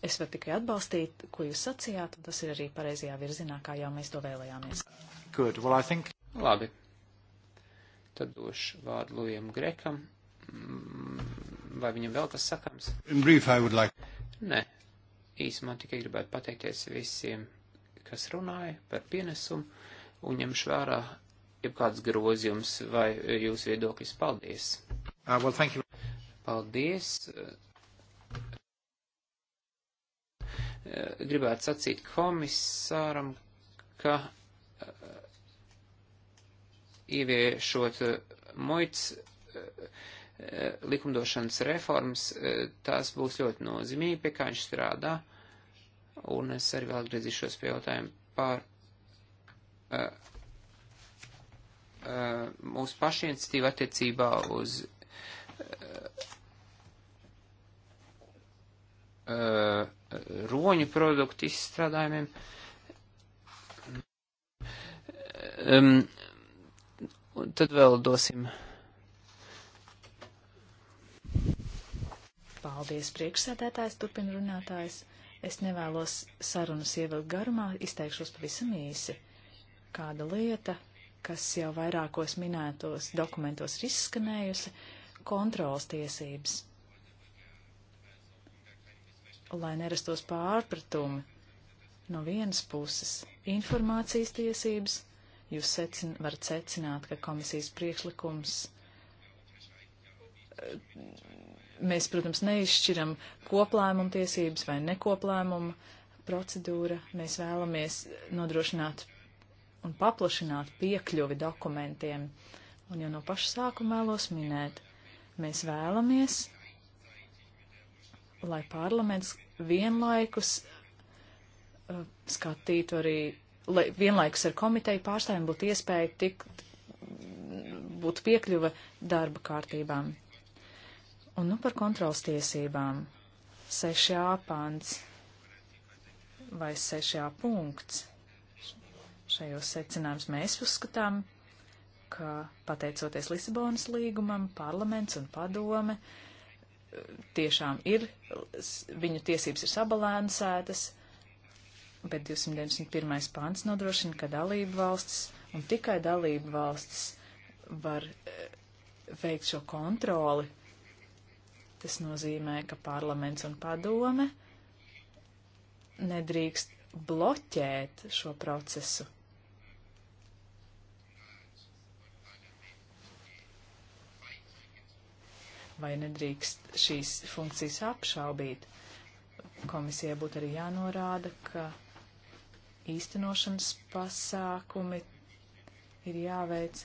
Es varu tikai atbalstīt, ko jūs sacījāt, un tas ir arī pareizajā virzienā, kā jau mēs to vēlējāmies. Good. Well, I think... Labi. Tad došu vārdu Lujam Grekam. Mm, vai viņam vēl kas sakams? In brief, I would like. Nē. Īsumā tikai gribētu pateikties visiem, kas runāja par pienesumu, un ņemšu vērā jebkāds grozījums vai jūsu viedoklis. Paldies! Uh, well, thank you. Paldies! Eh, gribētu sacīt komisāram, ka eh, ieviešot eh, muits likumdošanas reformas, tās būs ļoti nozīmīgi, pie kā viņš strādā, un es arī vēl atgriezīšos pie jautājumu par uh, uh, mūsu pašu iniciatīvu attiecībā uz uh, uh, roņu produktu izstrādājumiem. Um, tad vēl dosim. Paldies, priekšsēdētājs, turpin runātājs. Es nevēlos sarunas ievilkt garumā, izteikšos pavisam īsi. Kāda lieta, kas jau vairākos minētos dokumentos ir izskanējusi, kontrols tiesības lai nerastos pārpratumi. No vienas puses - informācijas tiesības, jūs secin, varat secināt, ka komisijas priekšlikums. Eh, mēs, protams, neizšķiram koplēmumu tiesības vai nekoplēmumu procedūra. Mēs vēlamies nodrošināt un paplašināt piekļuvi dokumentiem. Un jau no paša sākuma vēlos minēt, mēs vēlamies lai parlaments vienlaikus uh, skatītu arī, lai vienlaikus ar komiteju pārstāvjiem būtu iespēja tikt, būtu piekļuva darba kārtībām. Un nu par kontrols tiesībām. 6a pants vai 6a punkts. Šajos secinājums mēs uzskatām, ka pateicoties Lisabonas līgumam, parlaments un padome uh, tiešām ir, viņu tiesības ir sabalansētas, bet 291. pāns nodrošina, ka dalību valstis un tikai dalību valstis var eh, veikt šo kontroli. Tas nozīmē, ka parlaments un padome nedrīkst bloķēt šo procesu. vai nedrīkst šīs funkcijas apšaubīt. Komisijai būtu arī jānorāda, ka īstenošanas pasākumi ir jāveic,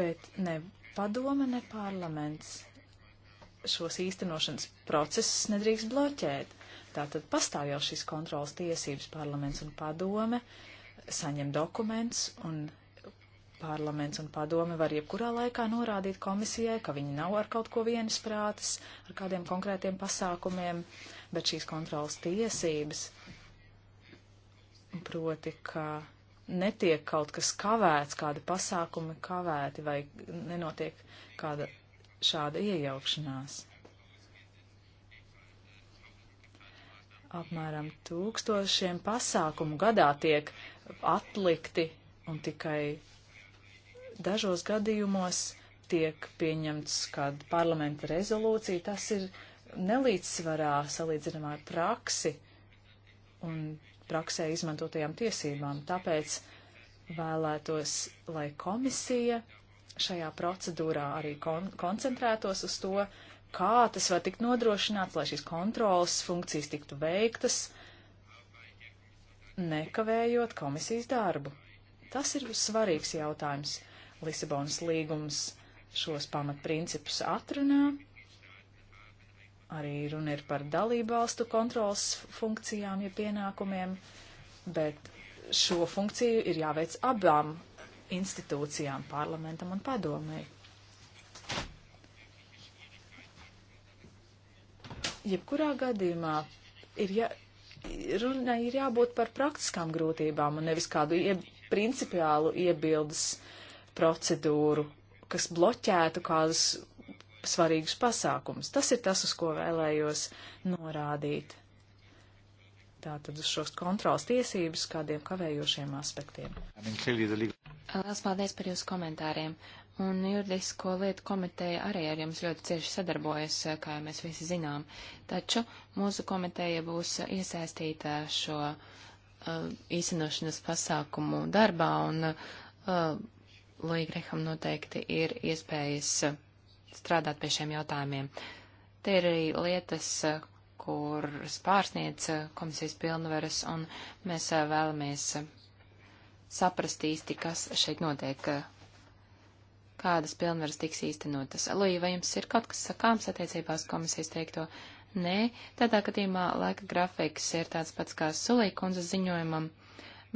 bet ne padome, ne parlaments šos īstenošanas procesus nedrīkst bloķēt. Tātad pastāv jau šīs kontrolas tiesības parlaments un padome, saņem dokumentus un Parlaments un padome var jebkurā laikā norādīt komisijai, ka viņi nav ar kaut ko vienas prātas, ar kādiem konkrētiem pasākumiem, bet šīs kontrolas tiesības, proti, ka netiek kaut kas kavēts, kādi pasākumi kavēti vai nenotiek kāda šāda iejaukšanās. Apmēram tūkstošiem pasākumu gadā tiek atlikti un tikai Dažos gadījumos tiek pieņemts kāda parlamenta rezolūcija, tas ir nelīdzsvarā salīdzinām ar praksi un praksē izmantotajām tiesībām. Tāpēc vēlētos, lai komisija šajā procedūrā arī kon koncentrētos uz to, kā tas var tikt nodrošināts, lai šīs kontrolas funkcijas tiktu veiktas, nekavējot komisijas darbu. Tas ir svarīgs jautājums. Lisabonas līgums šos pamatprincipus atrunā. Arī runa ir par dalību valstu kontrolas funkcijām, ja pienākumiem, bet šo funkciju ir jāveic abām institūcijām, parlamentam un padomēji. Jebkurā gadījumā ir, jā, runai ir jābūt par praktiskām grūtībām un nevis kādu ie, principiālu iebildes uh, procedūru, kas bloķētu kādus svarīgus pasākumus. Tas ir tas, uz ko vēlējos norādīt. Tātad uz šos kontrols tiesības kādiem kavējošiem aspektiem. Lielas paldies par jūsu komentāriem. Un juridisko lietu komiteja arī ar jums ļoti cieši sadarbojas, kā jau mēs visi zinām. Taču mūsu komiteja būs iesaistīta šo uh, īstenošanas pasākumu darbā un uh, Lūija Greham noteikti ir iespējas strādāt pie šiem jautājumiem. Te ir arī lietas, kuras pārsniedz komisijas pilnvaras, un mēs eh, vēlamies saprast īsti, kas šeit notiek, eh, kādas pilnvaras tiks īstenotas. Lūija, vai jums ir kaut kas sakāms attiecībās komisijas teikto? Nē, tādā gadījumā laika grafiks ir tāds pats kā Sulīkundzes ziņojumam.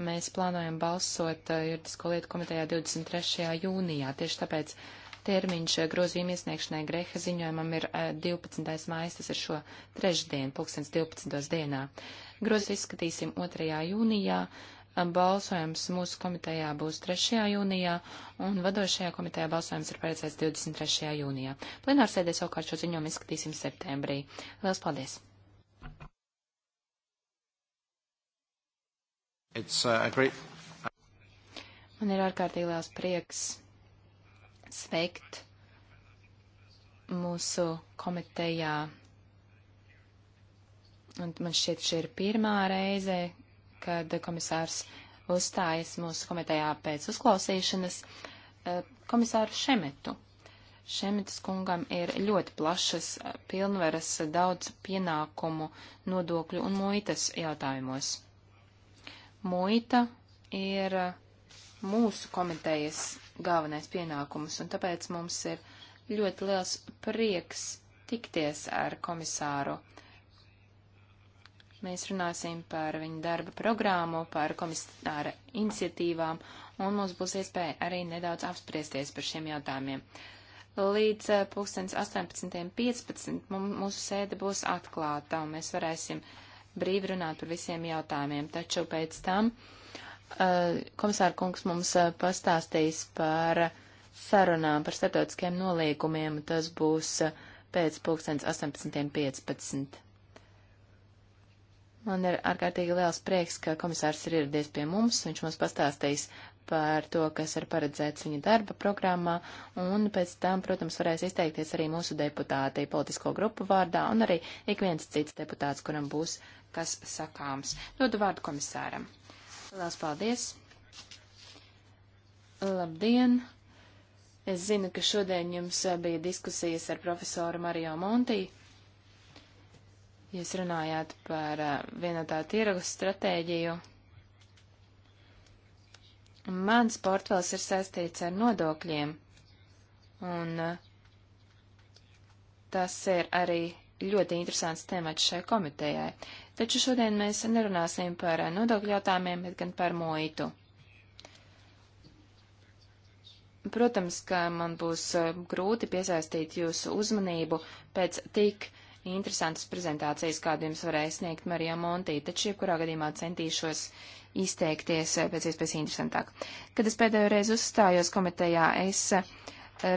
Mēs plānojam balsot eh, juridisko lietu komitejā 23. jūnijā. Tieši tāpēc termiņš eh, grozījuma iesniegšanai Greha ziņojumam ir 12. Eh, mājas, tas ir šo trešdien, 2012. dienā. Grozi izskatīsim 2. jūnijā, balsojums mūsu komitejā būs 3. jūnijā, un vadošajā komitejā balsojums ir paredzēts 23. jūnijā. Plenārsēdē savukārt šo ziņojumu izskatīsim septembrī. Lielas paldies! Uh, great... Man ir ārkārtīgi liels prieks sveikt mūsu komitejā. Un man šķiet, šī ir pirmā reize, kad komisārs uzstājas mūsu komitejā pēc uzklausīšanas eh, komisāru Šemetu. Šemetas kungam ir ļoti plašas pilnveras daudz pienākumu nodokļu un muitas jautājumos muita ir eh, mūsu komitejas galvenais pienākums, un tāpēc mums ir ļoti liels prieks tikties ar komisāru. Mēs runāsim par viņu darba programmu, par komisāra iniciatīvām, un mums būs iespēja arī nedaudz apspriesties par šiem jautājumiem. Līdz eh, pulkstens 18.15 mūsu sēde būs atklāta, un mēs varēsim uh, brīvi runāt par visiem jautājumiem, taču pēc tam uh, komisāra kungs mums uh, pastāstīs par sarunām par starptautiskiem nolīgumiem, tas būs uh, pēc 18.15. Man ir ārkārtīgi liels prieks, ka komisārs ir ieradies pie mums, viņš mums pastāstīs par to, kas ir paredzēts viņa darba programmā, un pēc tam, protams, varēs izteikties arī mūsu deputāti politisko grupu vārdā, un arī ik viens cits deputāts, kuram būs uh, kas sakāms. Dodu vārdu komisāram. Lielas paldies! Labdien! Es zinu, ka šodien jums bija diskusijas ar profesoru Mario Monti. Jūs runājāt par eh, vienotā tirgus stratēģiju. Mans portfels ir saistīts ar nodokļiem, un eh, tas ir arī ļoti interesants temats šai komitejai. Taču šodien mēs nerunāsim par nodokļu jautājumiem, bet gan par muitu. Protams, ka man būs eh, grūti piesaistīt jūsu uzmanību pēc tik interesantas prezentācijas, kādu jums varēja sniegt Marija Montī, taču jebkurā gadījumā centīšos izteikties eh, pēc iespējas interesantāk. Kad es pēdējo reizi uzstājos komitejā, es eh,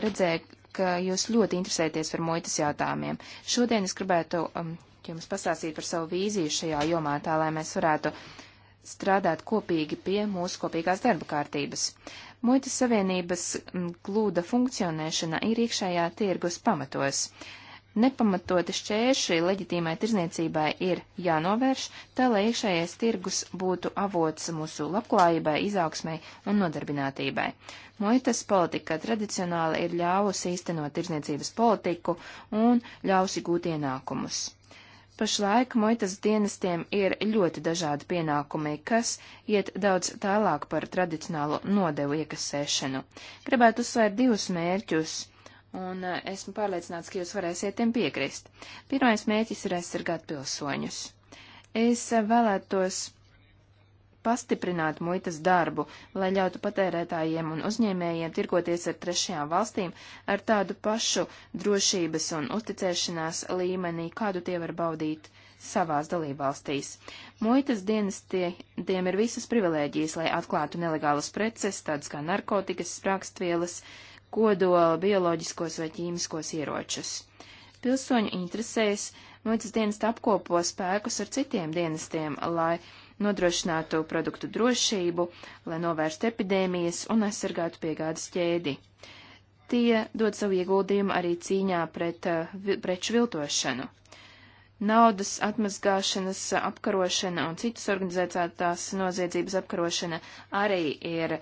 redzēju, ka jūs ļoti interesēties par muitas jautājumiem. Šodien es gribētu um, jums pastāstīt par savu vīziju šajā jomā, tā lai mēs varētu strādāt kopīgi pie mūsu kopīgās darba kārtības. Muitas savienības glūda mm, funkcionēšana ir iekšējā tirgus pamatos. Nepamatoti šķēršļi leģitīmai tirzniecībai ir jānovērš, tā lai iekšējais tirgus būtu avots mūsu labklājībai, izaugsmai un nodarbinātībai. Muitas politika tradicionāli ir ļāvusi īstenot tirzniecības politiku un ļāvusi gūt ienākumus. Pašlaik muitas dienestiem ir ļoti dažādi pienākumi, kas iet daudz tālāk par tradicionālo nodevu iekasēšanu. Gribētu uzsvērt divus mērķus, un eh, esmu pārliecināts, ka jūs varēsiet tiem piekrist. Pirmais mērķis ir aizsargāt pilsoņus. Es eh, vēlētos pastiprināt muitas darbu, lai ļautu patērētājiem un uzņēmējiem tirkoties ar trešajām valstīm ar tādu pašu drošības un uzticēšanās līmenī, kādu tie var baudīt savās dalībvalstīs. Muitas dienestiem ir visas privilēģijas, lai atklātu nelegālas preces, tādas kā narkotikas, sprākstvielas, kodola, bioloģiskos vai ķīmiskos ieročus. Pilsoņu interesēs muitas dienesta apkopo spēkus ar citiem dienestiem, lai uh, nodrošinātu produktu drošību, lai novērstu epidēmijas un aizsargātu piegādes ķēdi. Tie dod savu ieguldījumu arī cīņā pret eh, vi, preču viltošanu. Naudas atmazgāšanas apkarošana un citas organizētās noziedzības apkarošana arī ir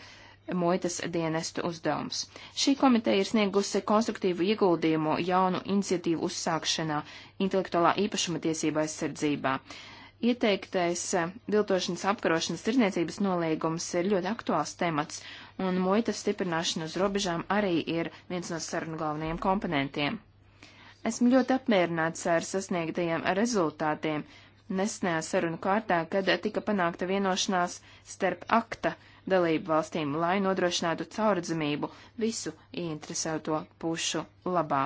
muitas dienestu uzdevums. Šī komiteja ir sniegusi konstruktīvu ieguldījumu jaunu iniciatīvu uzsākšanā, intelektuālā īpašuma tiesība aizsardzībā. Uh, Ieteiktais eh, viltošanas apkarošanas tirniecības nolīgums ir ļoti aktuāls temats, un muitas stiprināšana uz robežām arī ir viens no sarunu galvenajiem komponentiem. Esmu ļoti apmierināts ar sasniegtajiem rezultātiem nesenajā sarunu kārtā, kad tika panākta vienošanās starp akta dalību valstīm, lai nodrošinātu caurdzamību visu ieinteresēto pušu labā.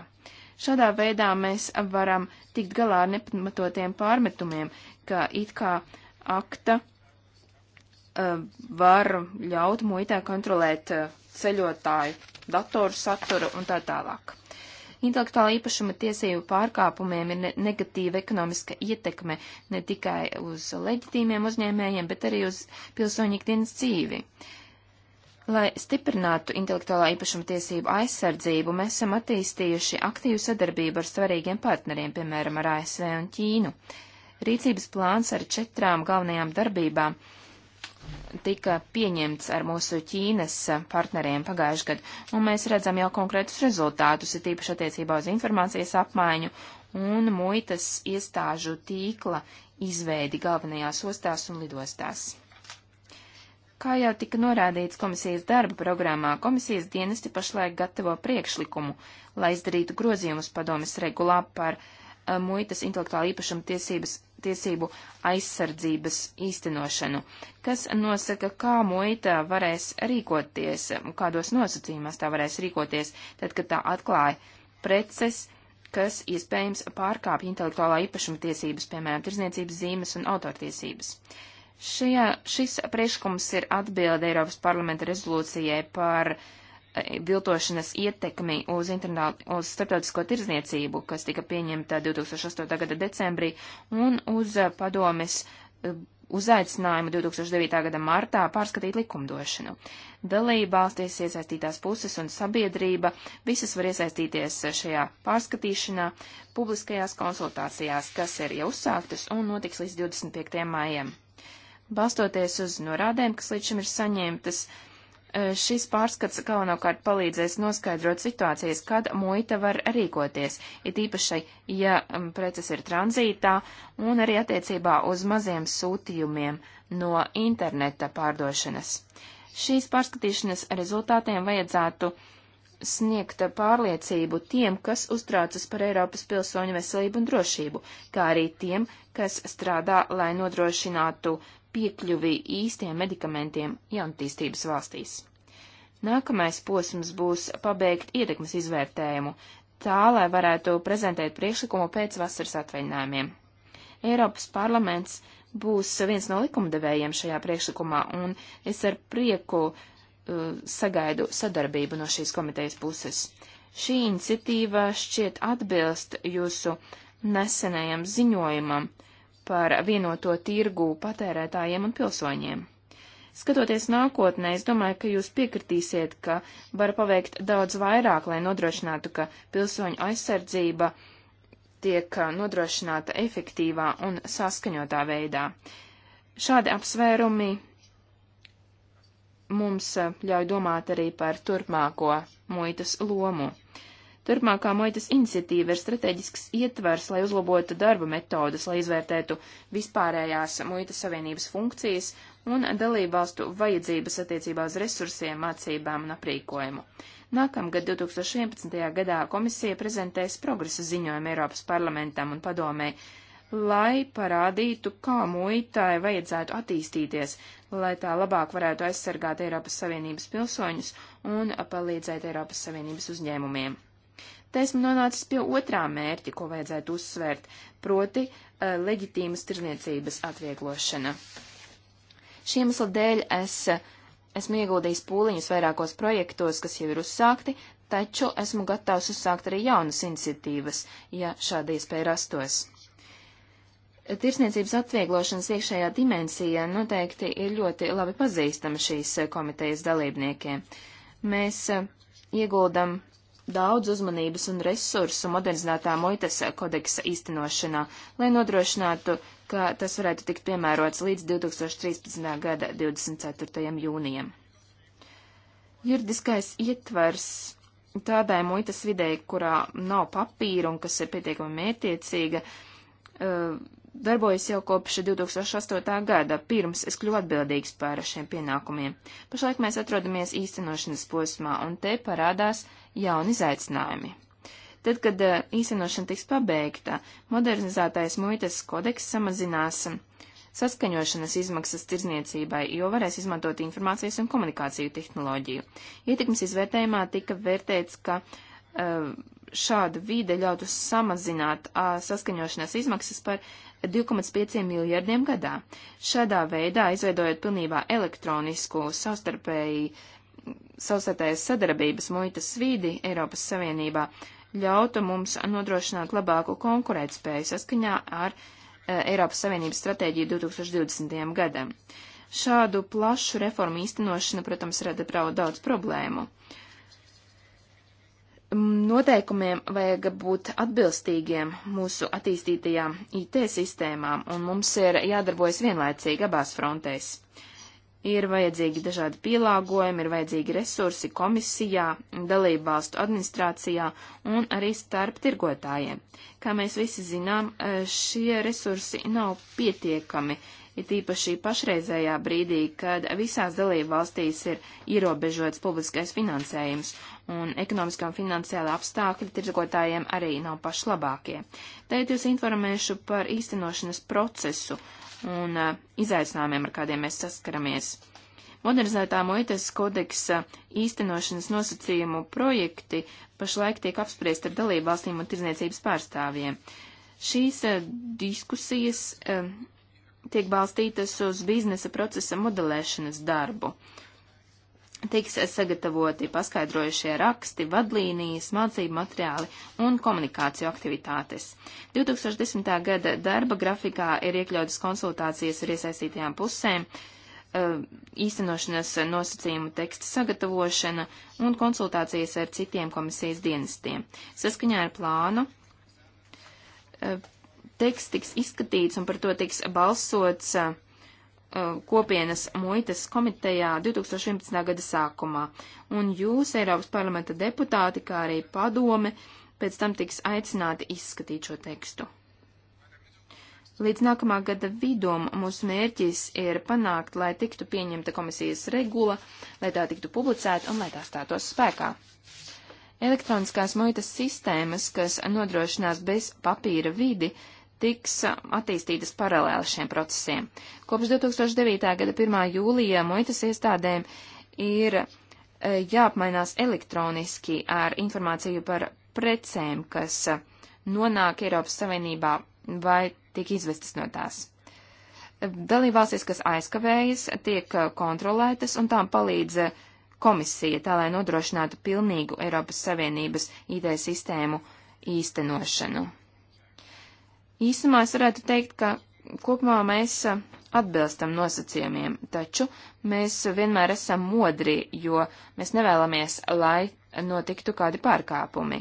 Šādā veidā mēs varam tikt galā ar nepamatotiem pārmetumiem, ka it kā akta uh, var ļaut muitē kontrolēt uh, ceļotāju datoru saturu un tā tālāk. Intelektuāla īpašuma tiesību pārkāpumiem ir ne negatīva ekonomiska ietekme ne tikai uz leģitīmiem uzņēmējiem, bet arī uz pilsoņu ikdienas dzīvi. Lai stiprinātu intelektuālā īpašuma tiesību aizsardzību, mēs esam attīstījuši aktīvu sadarbību ar svarīgiem partneriem, piemēram, ar ASV un Ķīnu. Rīcības plāns ar četrām galvenajām darbībām tika pieņemts ar mūsu Ķīnas partneriem pagājušajā gadā, un mēs redzam jau konkrētus rezultātus, ir tīpaši attiecībā uz informācijas apmaiņu un muitas iestāžu tīkla izveidi galvenajās ostās un lidostās. Kā jau tika norādīts komisijas darba programmā, komisijas dienesti pašlaik gatavo priekšlikumu, lai izdarītu grozījumus padomes regulā par uh, Eh, muitas intelektuāla īpašuma tiesības, tiesību aizsardzības īstenošanu, kas nosaka, kā muita varēs rīkoties, kādos nosacījumos tā varēs rīkoties, tad, kad tā atklāja preces, kas iespējams pārkāpj intelektuālā īpašuma tiesības, piemēram, tirzniecības zīmes un autortiesības. Šajā, šis priekšlikums ir atbilde Eiropas parlamenta rezolūcijai par uh, viltošanas ietekmi uz, uz starptautisko tirzniecību, kas tika pieņemta 2008. gada decembrī, un uz padomes eh, uzaicinājumu 2009. gada martā pārskatīt likumdošanu. Dalība valstīs iesaistītās puses un sabiedrība visas var iesaistīties šajā pārskatīšanā, publiskajās konsultācijās, kas ir jau uzsāktas un notiks līdz 25. maijam. Balstoties uz norādēm, kas līdz šim ir saņemtas, uh, E, šis pārskats galvenokārt palīdzēs noskaidrot situācijas, kad muita var rīkoties, it īpaši, ja preces ir tranzītā un arī attiecībā uz maziem sūtījumiem no interneta pārdošanas. Šīs pārskatīšanas rezultātiem vajadzētu sniegt pārliecību tiem, kas uztraucas par Eiropas pilsoņu veselību un drošību, kā arī tiem, kas strādā, lai nodrošinātu piekļuvi īstiem medikamentiem jaunatīstības valstīs. Nākamais posms būs pabeigt ietekmes izvērtējumu, tā lai varētu prezentēt priekšlikumu pēc vasaras atvaļinājumiem. Eiropas parlaments būs viens no likumdevējiem šajā priekšlikumā, un es ar prieku uh, sagaidu sadarbību no šīs komitejas puses. Šī iniciatīva šķiet atbilst jūsu nesenajam ziņojumam, par vienoto tirgu patērētājiem un pilsoņiem. Skatoties nākotnē, es domāju, ka jūs piekritīsiet, ka var paveikt daudz vairāk, lai nodrošinātu, ka pilsoņu aizsardzība tiek uh, nodrošināta efektīvā un saskaņotā veidā. Šādi apsvērumi mums uh, ļauj domāt arī par turpmāko muitas lomu. Turpmākā muitas iniciatīva ir strateģisks ietvers, lai uzlabotu darba metodas, lai izvērtētu vispārējās muitas savienības funkcijas un dalībvalstu vajadzības attiecībā uz resursiem, mācībām un aprīkojumu. Nākamgad 2011. gadā komisija prezentēs progresa ziņojumu Eiropas parlamentam un padomē, lai parādītu, kā muitai vajadzētu attīstīties, lai tā labāk varētu aizsargāt Eiropas Savienības pilsoņus un palīdzēt Eiropas Savienības uzņēmumiem. Te esmu nonācis pie otrā mērķa, ko vajadzētu uzsvērt, proti uh, leģitīmas tirzniecības atvieglošana. Šī iemesla dēļ es, esmu ieguldījis pūliņus vairākos projektos, kas jau ir uzsākti, taču esmu gatavs uzsākt arī jaunas iniciatīvas, ja šāda iespēja rastos. Tirsniecības atvieglošanas iekšējā dimensija noteikti ir ļoti labi pazīstama šīs komitejas dalībniekiem. Mēs eh, ieguldam daudz uzmanības un resursu modernizētā muitas kodeksa īstenošanā, lai nodrošinātu, ka tas varētu tikt piemērots līdz 2013. gada 24. jūnijam. Juridiskais ietvers tādai muitas videi, kurā nav papīra un kas ir pietiekami mētiecīga, eh, darbojas jau kopš 2008. gada, pirms es kļuvu atbildīgs par šiem pienākumiem. Pašlaik mēs atrodamies īstenošanas posmā, un te parādās jauni izaicinājumi. Tad, kad eh, īstenošana tiks pabeigta, modernizētais muitas kodeks samazinās saskaņošanas izmaksas tirzniecībai, jo varēs izmantot informācijas un komunikāciju tehnoloģiju. Ietekmes izvērtējumā tika vērtēts, ka eh, šāda vīde ļautu samazināt saskaņošanas izmaksas par 2,5 miljardiem gadā. Šādā veidā, izveidojot pilnībā elektronisku savstarpēji uh, savstarpējas sadarbības muitas vīdi Eiropas Savienībā ļautu mums nodrošināt labāku konkurētspēju saskaņā ar eh, Eiropas Savienības stratēģiju 2020. gadam. Šādu plašu reformu īstenošana, protams, rada daudz problēmu. Noteikumiem vajag būt atbilstīgiem mūsu attīstītajām IT sistēmām, un mums ir jādarbojas vienlaicīgi abās frontēs ir vajadzīgi dažādi pielāgojumi, ir vajadzīgi resursi komisijā, dalībvalstu administrācijā un arī starp tirgotājiem. Kā mēs visi zinām, e, šie resursi nav pietiekami, ir tīpaši pašreizējā brīdī, kad visās dalībvalstīs ir ierobežots publiskais finansējums, un ekonomiskā un finansiāla apstākļi tirgotājiem arī nav pašlabākie. Tēt jūs informēšu par īstenošanas procesu, uh, un uh, izaicinājumiem, ar kādiem mēs saskaramies. Modernizētā muitas kodeksa uh, īstenošanas nosacījumu projekti pašlaik tiek apspriest ar dalību valstīm un tirzniecības pārstāvjiem. Šīs uh, diskusijas uh, tiek balstītas uz biznesa procesa modelēšanas darbu. Uh, tiks sagatavoti paskaidrojušie raksti, vadlīnijas, mācību materiāli un komunikāciju aktivitātes. 2010. gada darba grafikā ir iekļautas konsultācijas ar iesaistītajām pusēm, eh, īstenošanas nosacījumu teksta sagatavošana un konsultācijas ar citiem komisijas dienestiem. Saskaņā ar plānu eh, teksts tiks izskatīts un par to tiks balsots eh, Uh, kopienas muitas komitejā 2011. gada sākumā, un jūs, Eiropas parlamenta deputāti, kā arī padome, pēc tam tiks aicināti izskatīt šo tekstu. Līdz nākamā gada vidum mūsu mērķis ir panākt, lai tiktu pieņemta komisijas regula, lai tā tiktu publicēta un lai tā stātos spēkā. Elektroniskās muitas sistēmas, kas nodrošinās bez papīra vidi, tiks attīstītas paralēli šiem procesiem. Kopš 2009. gada 1. jūlijā muitas iestādēm ir e, jāapmainās elektroniski ar informāciju par precēm, kas e, nonāk Eiropas Savienībā vai tiek izvestas no tās. E, dalībvalstis, kas aizkavējas, tiek kontrolētas un tām palīdz komisija, tā lai nodrošinātu pilnīgu Eiropas Savienības IT sistēmu īstenošanu. Īsumā es varētu teikt, ka kopumā mēs atbilstam nosacījumiem, taču mēs vienmēr esam modri, jo mēs nevēlamies, lai notiktu kādi pārkāpumi.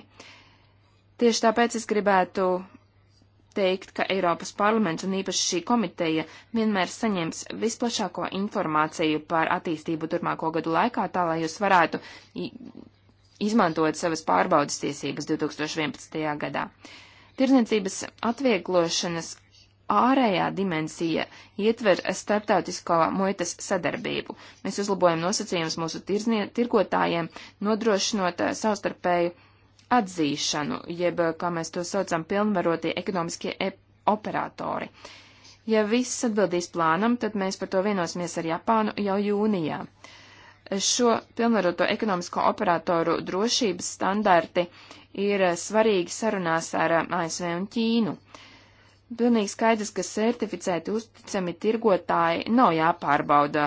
Tieši tāpēc es gribētu teikt, ka Eiropas parlaments un īpaši šī komiteja vienmēr saņems visplašāko informāciju par attīstību turpmāko gadu laikā, tā lai jūs varētu izmantot savas pārbaudas tiesības 2011. gadā. Tirzniecības atvieglošanas ārējā dimensija ietver starptautisko muitas sadarbību. Mēs uzlabojam nosacījumus mūsu tirznie, tirgotājiem, nodrošinot eh, savstarpēju atzīšanu, jeb, eh, kā mēs to saucam, pilnvarotie ekonomiskie e operatori. Ja viss atbildīs plānam, tad mēs par to vienosimies ar Japānu jau jūnijā. Šo pilnvaroto ekonomisko operatoru drošības standarti uh, ir eh, svarīgi sarunās ar eh, ASV un Ķīnu. Pilnīgi skaidrs, ka certificēti uzticami tirgotāji nav jāpārbauda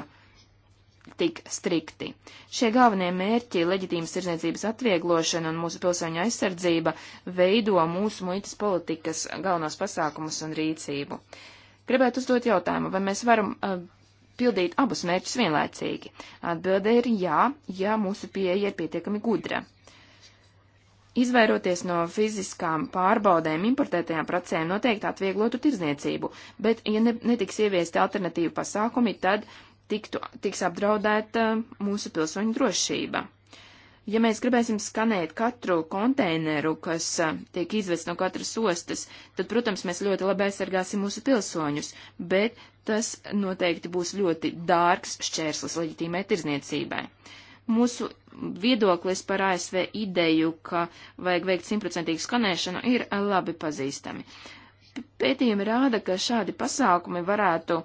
tik strikti. Šie galvenie mērķi - leģitīmas tirzniecības atvieglošana un mūsu pilsoņu aizsardzība - veido mūsu muitas politikas galvenos pasākumus un rīcību. Gribētu uzdot jautājumu, vai mēs varam uh, pildīt abus mērķus vienlaicīgi? Atbilde ir jā, ja mūsu pieeja ir pietiekami gudra. Izvairoties no fiziskām pārbaudēm importētajām precēm noteikti atvieglotu tirzniecību, bet, ja ne, netiks ieviesti alternatīvi pasākumi, tad tiktu, tiks apdraudēta mūsu pilsoņu drošība. Ja mēs gribēsim skanēt katru konteineru, kas tiek izvests no katras ostas, tad, protams, mēs ļoti labi aizsargāsim mūsu pilsoņus, bet tas noteikti būs ļoti dārgs šķērslis leģitīmai tirzniecībai. Mūsu viedoklis par ASV ideju, ka vajag veikt simtprocentīgu skanēšanu, ir eh, labi pazīstami. Pētījumi rāda, ka šādi pasākumi varētu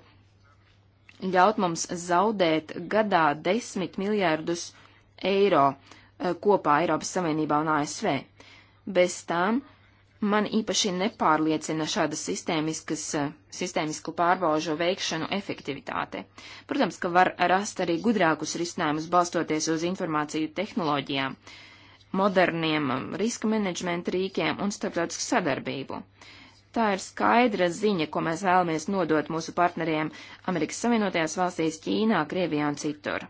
ļaut mums zaudēt gadā desmit miljārdus eiro eh, kopā Eiropas Savienībā un ASV. Bez tām Man īpaši nepārliecina šāda sistēmiskas, eh, sistēmisku pārbaužu veikšanu efektivitāte. Protams, ka var rast arī gudrākus risinājumus balstoties uz informāciju tehnoloģijām, moderniem um, riska menedžmenta rīkiem un starptautisku sadarbību. Tā ir skaidra ziņa, ko mēs vēlamies nodot mūsu partneriem Amerikas Savienotajās valstīs, Ķīnā, Krievijā un citur.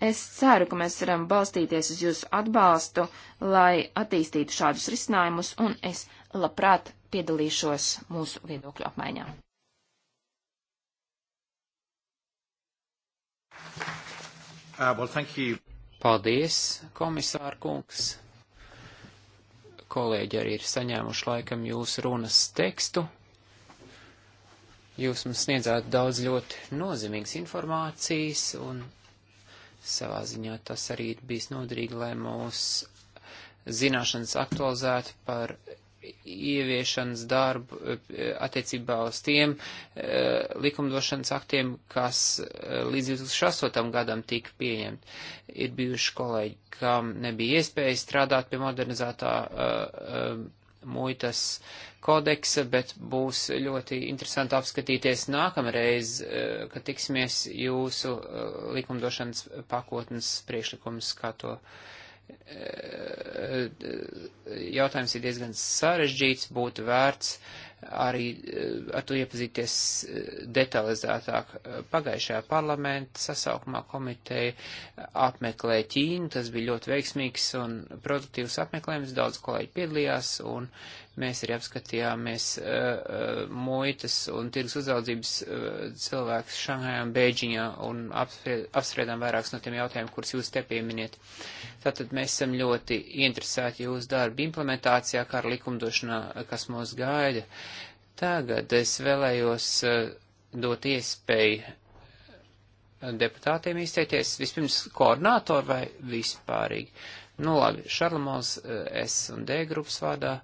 Es ceru, ka mēs varam balstīties uz jūsu atbalstu, lai attīstītu šādus risinājumus, un es labprāt piedalīšos mūsu viedokļu apmaiņā. Uh, well, thank you. Paldies, komisāra kungs. Kolēģi arī ir saņēmuši laikam jūsu runas tekstu. Jūs mums sniedzāt daudz ļoti nozīmīgas informācijas, un Savā ziņā tas arī bijis noderīgi, lai mūsu zināšanas aktualizētu par ieviešanas darbu eh, attiecībā uz tiem e, likumdošanas aktiem, kas e, līdz 2008. gadam tika pieņemti. Ir bijuši kolēģi, kam nebija iespēja strādāt pie modernizētā e, muitas kodeksa, bet būs ļoti interesanti apskatīties nākamreiz, eh, kad tiksimies jūsu eh, likumdošanas pakotnes priekšlikums, kā to. Eh, jautājums ir diezgan sarežģīts, būtu vērts uh, arī eh, ar to iepazīties eh, detalizētāk. Pagājušajā parlamenta sasaukumā komiteja apmeklēja Ķīnu, tas bija ļoti veiksmīgs un produktīvs apmeklējums, daudz kolēģi piedalījās, un Mēs arī apskatījāmies uh, muitas un tirgus uzraudzības uh, cilvēkus Šanhajā un Bēģiņā un apspriedām vairākus no tiem jautājumiem, kurus jūs te pieminiet. Tātad mēs esam ļoti interesēti jūsu darbu implementācijā, kā ar likumdošanā, kas mūs gaida. Tagad es vēlējos uh, dot iespēju deputātiem izteikties vispirms koordinātori vai vispārīgi. Nu labi, Šarlamons S un D grupas vārdā. Uh,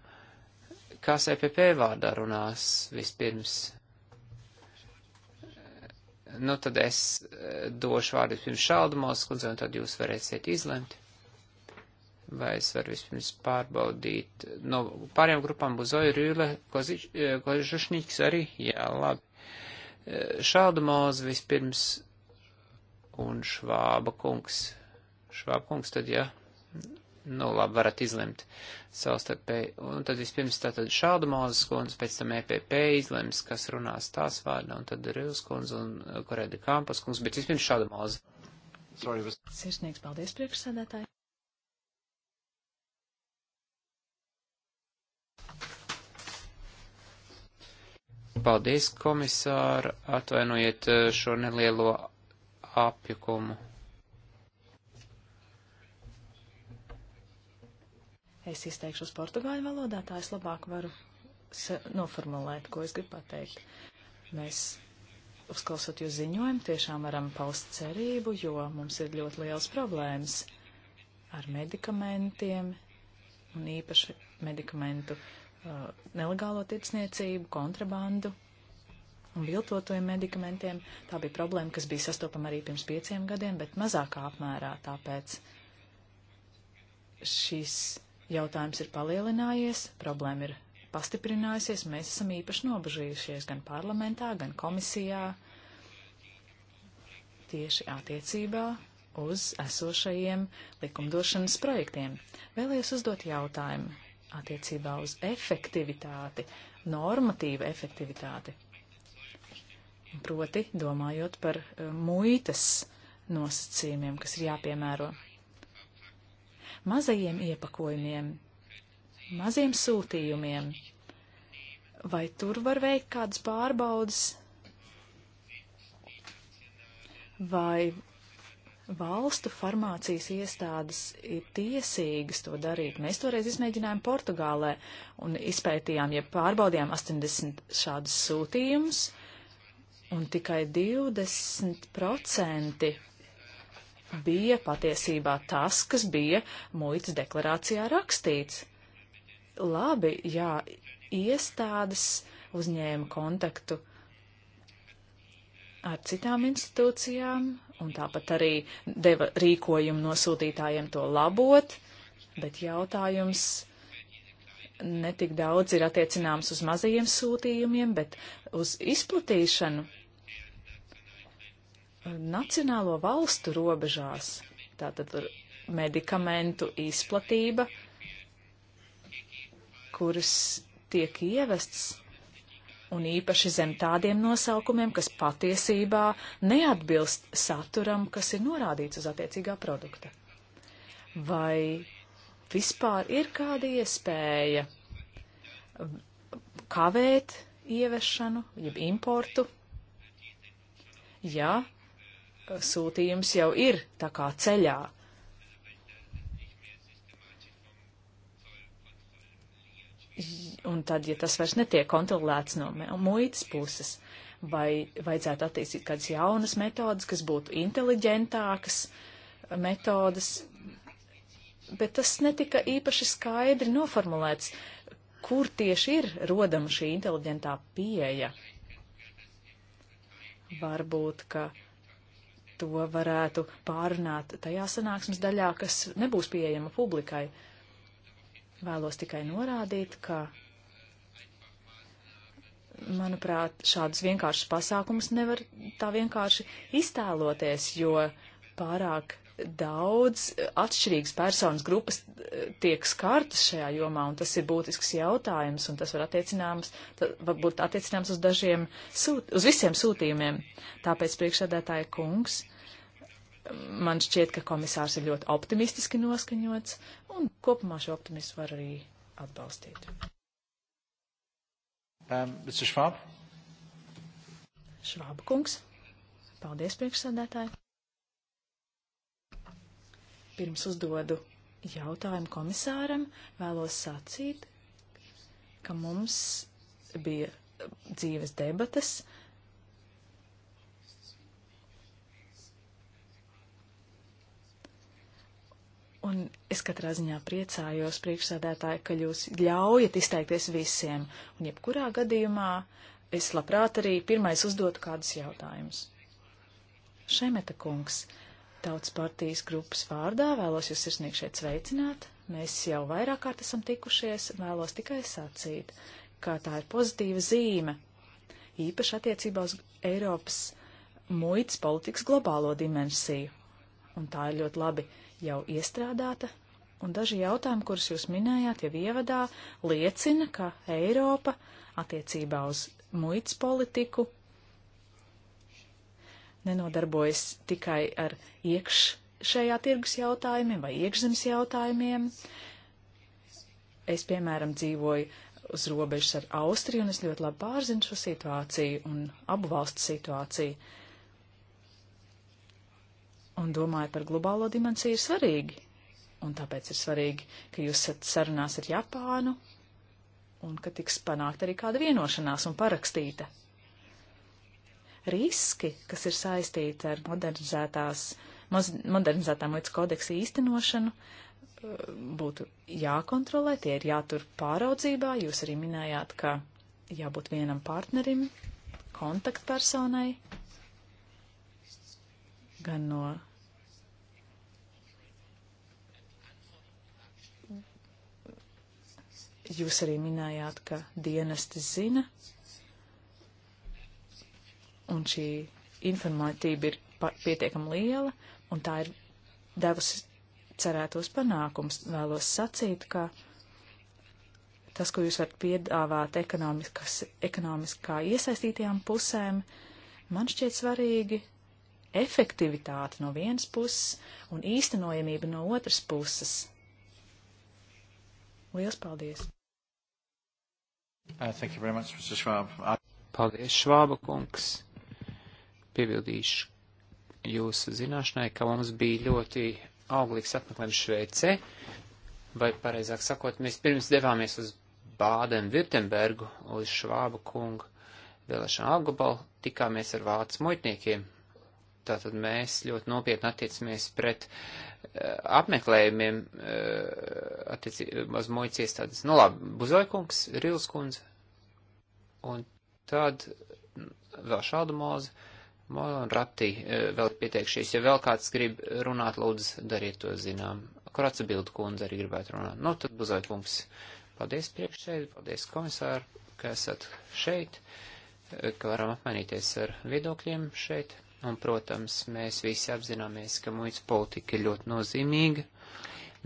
kas EPP vārdā runās vispirms. Nu, tad es eh, došu vārdu vispirms šaldumos, kundze, un tad jūs varēsiet izlemt. Vai es varu vispirms pārbaudīt. No nu, pārējām grupām Buzoja, Rīle, eh, Kožišņīgs arī? Jā, labi. Eh, Šaldumoz vispirms un Švāba kungs. Švāba kungs tad, jā. Ja nu labi, varat izlemt savstarpēji. Un tad vispirms tātad šāda mūzes kundze, pēc tam EPP izlems, kas runās tās vārdā, un tad Rīvas kundze un uh, Korēda Kampas kundze, bet vispirms šāda mūze. Was... Sirsnīgs paldies priekšsēdētāji. Paldies, komisāra, atvainojiet uh, šo nelielo apjukumu. Es izteikšos portugāļu valodā, tā es labāk varu noformulēt, ko es gribu pateikt. Mēs, uzklausot jūs ziņojumu, tiešām varam paust cerību, jo mums ir ļoti liels problēmas ar medikamentiem un īpaši medikamentu uh, nelegālo tirdzniecību, kontrabandu un viltotojiem medikamentiem. Tā bija problēma, kas bija sastopama arī pirms pieciem gadiem, bet mazākā apmērā tāpēc šīs jautājums ir palielinājies, problēma ir pastiprinājusies, mēs esam īpaši nobežījušies gan parlamentā, gan komisijā tieši attiecībā uz esošajiem likumdošanas projektiem. Vēlējos uzdot jautājumu attiecībā uz efektivitāti, normatīvu efektivitāti. Proti, domājot par eh, muitas nosacījumiem, kas ir jāpiemēro mazajiem iepakojumiem, maziem sūtījumiem. Vai tur var veikt kādas pārbaudas? Vai valstu farmācijas iestādes ir tiesīgas to darīt. Mēs toreiz izmēģinājām Portugālē un izpētījām, ja pārbaudījām 80 šādus sūtījumus, un tikai 20% bija patiesībā tas, kas bija muitas deklarācijā rakstīts. Labi, jā, iestādes uzņēma kontaktu ar citām institūcijām un tāpat arī deva rīkojumu nosūtītājiem to labot, bet jautājums netik daudz ir attiecināms uz mazajiem sūtījumiem, bet uz izplatīšanu nacionālo valstu robežās. Tātad tur medikamentu izplatība, kuras tiek ievests un īpaši zem tādiem nosaukumiem, kas patiesībā neatbilst saturam, kas ir norādīts uz attiecīgā produkta. Vai vispār ir kāda iespēja kavēt ieviešanu, jeb importu, ja sūtījums jau ir tā kā ceļā. Un tad, ja tas vairs netiek kontrolēts no muitas puses, vai vajadzētu attīstīt kādas jaunas metodas, kas būtu inteliģentākas metodas, bet tas netika īpaši skaidri noformulēts, kur tieši ir rodama šī inteliģentā pieeja. Varbūt, ka uh, to varētu pārunāt tajā sanāksmes daļā, kas nebūs pieejama publikai. Vēlos tikai norādīt, ka, manuprāt, šādus vienkāršus pasākumus nevar tā vienkārši iztēloties, jo pārāk daudz atšķirīgas personas grupas eh, tiek skartas šajā jomā, un tas ir būtisks jautājums, un tas var attiecināms, var būt attiecināms uz dažiem, sūt, uz visiem sūtījumiem. Tāpēc priekšsēdētāja kungs, man šķiet, ka komisārs ir ļoti optimistiski noskaņots, un kopumā šo optimismu var arī atbalstīt. Um, Švāb? Švāba kungs. Paldies, priekšsēdētāji pirms uzdodu jautājumu komisāram, vēlos sacīt, ka mums bija dzīves debatas. Un es katrā ziņā priecājos priekšsādētāji, ka jūs ļaujat izteikties visiem, un jebkurā gadījumā es labprāt arī pirmais uzdotu kādus jautājumus. Šemeta kungs, uh, Tautas partijas grupas vārdā vēlos jūs sirsnīgi šeit sveicināt. Mēs jau vairāk kārt esam tikušies, vēlos tikai sacīt, ka tā ir pozitīva zīme, īpaši attiecībā uz Eiropas muitas politikas globālo dimensiju. Un tā ir ļoti labi jau iestrādāta, un daži jautājumi, kurus jūs minējāt jau ievadā, liecina, ka Eiropa attiecībā uz muitas politiku nenodarbojas tikai ar iekšējā tirgus jautājumiem vai iekšzemes jautājumiem. Es, piemēram, dzīvoju uz robežas ar Austriju, un es ļoti labi pārzinu šo situāciju un abu valstu situāciju. Un domāju par globālo dimensiju ir svarīgi. Un tāpēc ir svarīgi, ka jūs esat sarunās ar Japānu, un ka tiks panākt arī kāda vienošanās un parakstīta riski, kas ir saistīti ar modernizētās, modernizētām līdz kodeksa īstenošanu, eh, būtu jākontrolē, tie ir jātur pāraudzībā. Jūs arī minējāt, ka jābūt vienam partnerim, kontaktpersonai, gan no Jūs arī minējāt, ka dienesti zina, un šī informētība ir pietiekami liela, un tā ir devusi cerētos panākums. Vēlos sacīt, ka tas, ko jūs varat piedāvāt ekonomiskā iesaistītajām pusēm, man šķiet svarīgi efektivitāte no vienas puses un īstenojamība no otras puses. Lielas paldies! Uh, much, Paldies, Švāba kungs! Piebildīšu jūsu zināšanai, ka mums bija ļoti auglīgs apmeklējums Šveicē, vai pareizāk sakot, mēs pirms devāmies uz Bādenu-Virtembergu, uz Švābu kungu vēlēšanu apgabalu, tikāmies ar vācu muitniekiem. Tātad mēs ļoti nopietni attiecamies pret uh, apmeklējumiem uh, eh, attiec, uz muitas iestādes. Nu labi, Buzoikungs, Rilskundze, un tad mm, vēl šādu mūzi. Uh, Morati e, vēl pieteikšies. Ja vēl kāds grib runāt, lūdzu, dariet to zinām. Koraca Bildu kundze arī gribētu runāt. Nu, tad buzoja kungs. Paldies priekšēji, paldies komisāri, ka esat šeit, e, ka varam apmainīties ar viedokļiem šeit. Un, protams, mēs visi apzināmies, ka mūsu politika ir ļoti nozīmīga,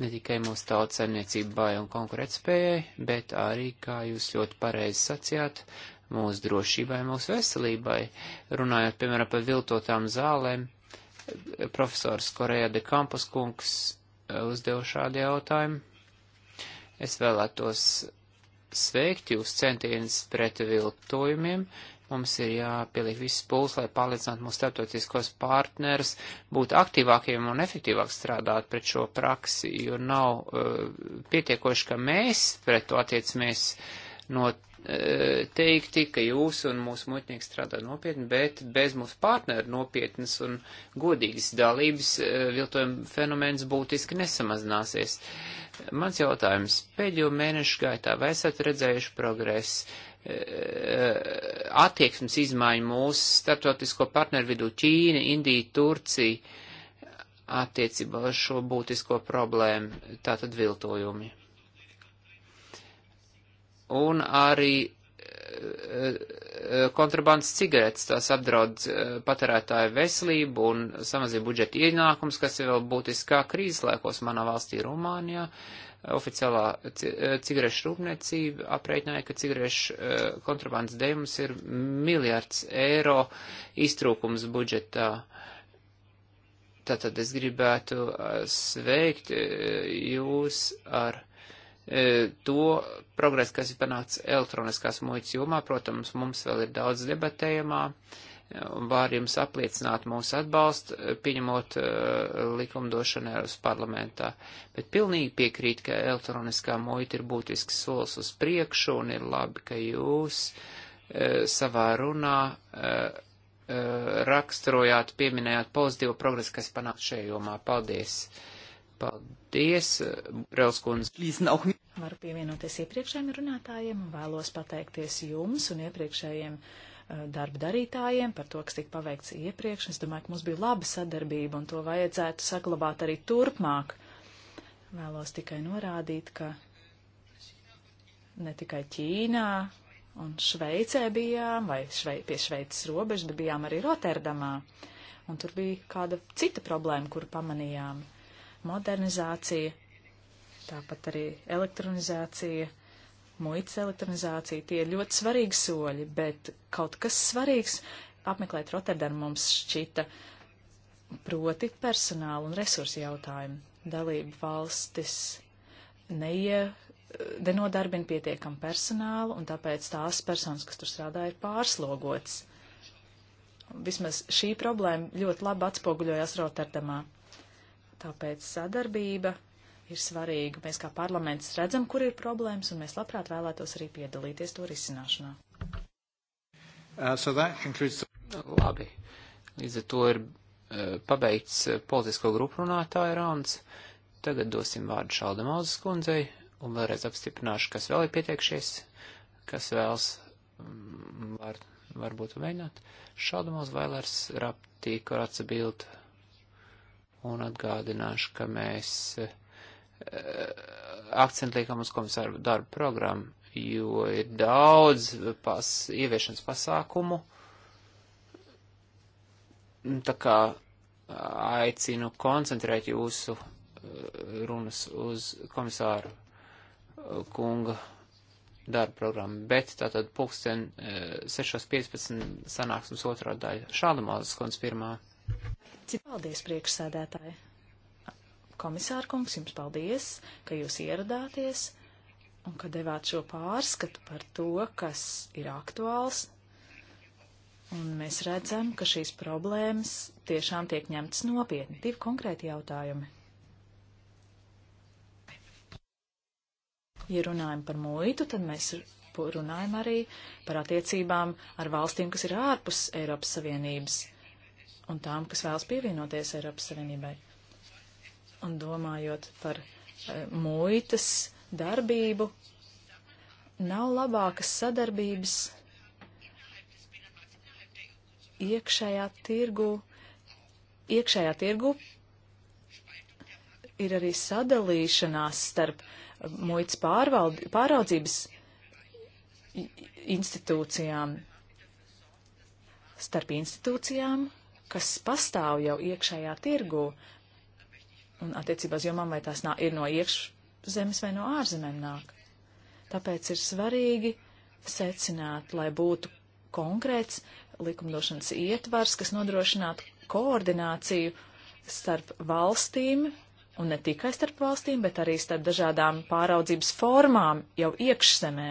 ne tikai mūsu tautas saimniecībai un konkurētspējai, bet arī, kā jūs ļoti pareizi sacījāt, mūsu drošībai, mūsu veselībai. Runājot, piemēram, par viltotām zālēm, profesors Koreja de Kampus kungs eh, uzdeva šādu jautājumu. Es vēlētos sveikt jūs centienus pret viltojumiem. Mums ir jāpieliek viss pūls, lai paliecinātu mūsu starptautiskos partnerus, būt aktīvākiem un efektīvāk strādāt pret šo praksi, jo nav uh, pietiekoši, ka mēs pret to attiecamies uh, noteikti, ka jūs un mūsu muitnieki strādā nopietni, bet bez mūsu partneru nopietnas un godīgas dalības eh, viltojuma fenomens būtiski nesamazināsies. Mans jautājums, pēdējo mēnešu gaitā vai esat redzējuši progresu? Eh, attieksmes izmaiņu mūsu starptautisko partneru vidū Ķīna, Indija, Turcija attiecībā uz šo būtisko problēmu, tātad viltojumi un arī eh, eh, kontrabandas cigaretes, tās apdraud eh, patērētāju veselību un samazina budžeta ienākums, kas ir vēl būtiskā krīzes laikos manā valstī Rumānijā. Oficiālā cigarešu rūpniecība aprēķināja, ka cigarešu kontrabandas dēļ mums ir miljards eiro iztrūkums budžetā. Tātad es gribētu sveikt jūs ar E, to progresu, kas ir panākts elektroniskās muitas jomā. Protams, mums vēl ir daudz debatējumā. E, var jums apliecināt mūsu atbalstu, e, pieņemot likumdošanu Eiropas parlamentā. Bet pilnīgi piekrīt, ka elektroniskā muita ir būtisks solis uz priekšu un ir labi, ka jūs savā runā raksturojāt, pieminējāt pozitīvu progresu, kas panākt šajā jomā. Paldies! Paldies, Brels kundze. Varu pievienoties iepriekšējiem runātājiem un vēlos pateikties jums un iepriekšējiem eh, darba darītājiem par to, kas tika paveikts iepriekš. Es domāju, ka mums bija laba sadarbība un to vajadzētu saglabāt arī turpmāk. Vēlos tikai norādīt, ka ne tikai Ķīnā un Šveicē bijām, vai švei, pie Šveices robežas, bet bijām arī Rotterdamā. Un tur bija kāda cita problēma, kuru pamanījām modernizācija, tāpat arī elektronizācija, muitas elektronizācija. Tie ir ļoti svarīgi soļi, bet kaut kas svarīgs apmeklēt Rotterdamu mums šķita proti personāla un resursu jautājumu. Dalība valstis neie, nenodarbina pietiekam personālu, un tāpēc tās personas, kas tur strādā, ir pārslogotas. Vismaz šī problēma ļoti labi atspoguļojās Rotterdamā. Tāpēc sadarbība ir svarīga. Mēs kā parlaments redzam, kur ir problēmas, un mēs labprāt vēlētos arī piedalīties to risināšanā. Uh, so concludes... Labi. Līdz ar to ir uh, pabeigts uh, politisko grupu runātāja rauns. Tagad dosim vārdu Šalda Mauzes kundzei un vēlreiz apstiprināšu, kas vēl ir pieteikšies, kas vēlas, mm, var, varbūt mēģināt. Šalda Mauzes vēlērs raptī, kur atsebild un atgādināšu, ka mēs uh, eh, akcentu liekam uz komisāru darbu programmu, jo ir daudz pas, ieviešanas pasākumu. Tā kā aicinu koncentrēt jūsu eh, runas uz komisāru eh, kunga darba programmu, bet tātad pulksten 6.15 sanāksmes otrā daļa. Šāda mazas kundze pirmā. Paldies, priekšsēdētāji! Komisārkungs, jums paldies, ka jūs ieradāties un ka devāt šo pārskatu par to, kas ir aktuāls. Un mēs redzam, ka šīs problēmas tiešām tiek ņemtas nopietni. Divi konkrēti jautājumi. Ja runājam par muitu, tad mēs runājam arī par attiecībām ar valstīm, kas ir ārpus Eiropas Savienības un tām, kas vēlas pievienoties Eiropas Savienībai. Un domājot par e, muitas darbību, nav labākas sadarbības iekšējā tirgu. Iekšējā tirgu ir arī sadalīšanās starp eh, muitas pārvaldi, pāraudzības institūcijām, starp institūcijām kas pastāv jau iekšējā tirgu, un attiecībās jomām vai tās nā, ir no iekšzemes vai no ārzemēm nāk. Tāpēc ir svarīgi secināt, lai būtu konkrēts likumdošanas ietvars, kas nodrošinātu koordināciju starp valstīm, un ne tikai starp valstīm, bet arī starp dažādām pāraudzības formām jau iekšzemē.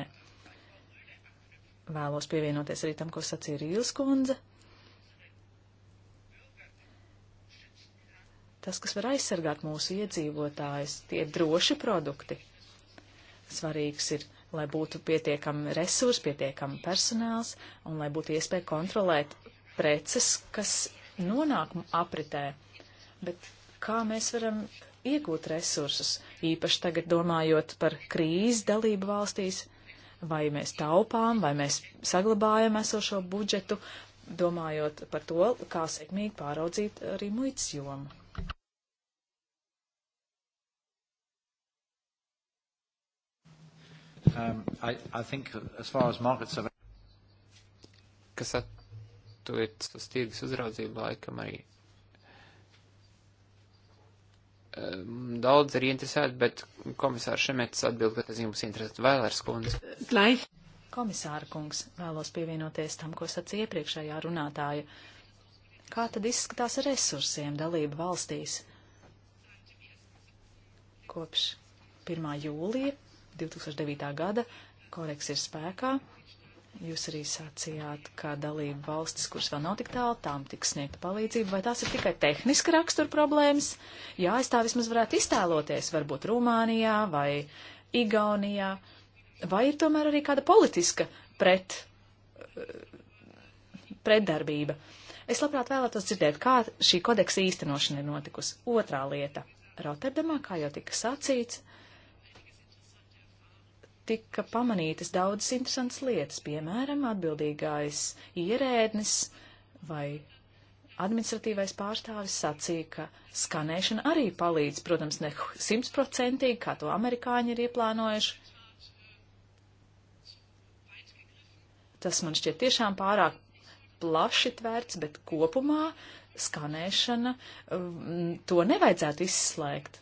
Vēlos pievienoties arī tam, ko sacīja Rīls kundze. tas, kas var aizsargāt mūsu iedzīvotājus, tie ir droši produkti. Svarīgs ir, lai būtu pietiekami resursi, pietiekami personāls un lai būtu iespēja kontrolēt preces, kas nonāk apritē. Bet kā mēs varam iegūt resursus, īpaši tagad domājot par krīzes dalību valstīs, vai mēs taupām, vai mēs saglabājam esošo budžetu, domājot par to, kā sekmīgi pāraudzīt arī muitas jomu. Um, I, I think as far as markets are... Kas attuiet uz tirgus uzraudzību laikam arī. Um, daudz ir interesēti, bet komisārs Šemets atbild, ka tas jums interesē Vēlērs kundze. Lai. Komisāra kungs, vēlos pievienoties tam, ko sacīja iepriekšējā runātāja. Kā tad izskatās ar resursiem dalību valstīs? Kopš 1. jūlija 2009. gada koreks ir spēkā. Jūs arī sacījāt, ka dalība valstis, kuras vēl nav tik tālu, tām tiks sniegta palīdzība, vai tās ir tikai tehniska rakstura problēmas? Jā, es tā vismaz varētu iztēloties, varbūt Rumānijā vai Igaunijā, vai ir tomēr arī kāda politiska pret, eh, pretdarbība. Es labprāt vēlētos dzirdēt, kā šī kodeksa īstenošana ir notikusi. Otrā lieta. Rotterdamā, kā jau tika sacīts, tika pamanītas daudzas interesantas lietas, piemēram, atbildīgais ierēdnis vai administratīvais pārstāvis sacīja, ka skanēšana arī palīdz, protams, ne simtprocentīgi, kā to amerikāņi ir ieplānojuši. Tas man šķiet tiešām pārāk plaši tvērts, bet kopumā skanēšana mm, to nevajadzētu izslēgt.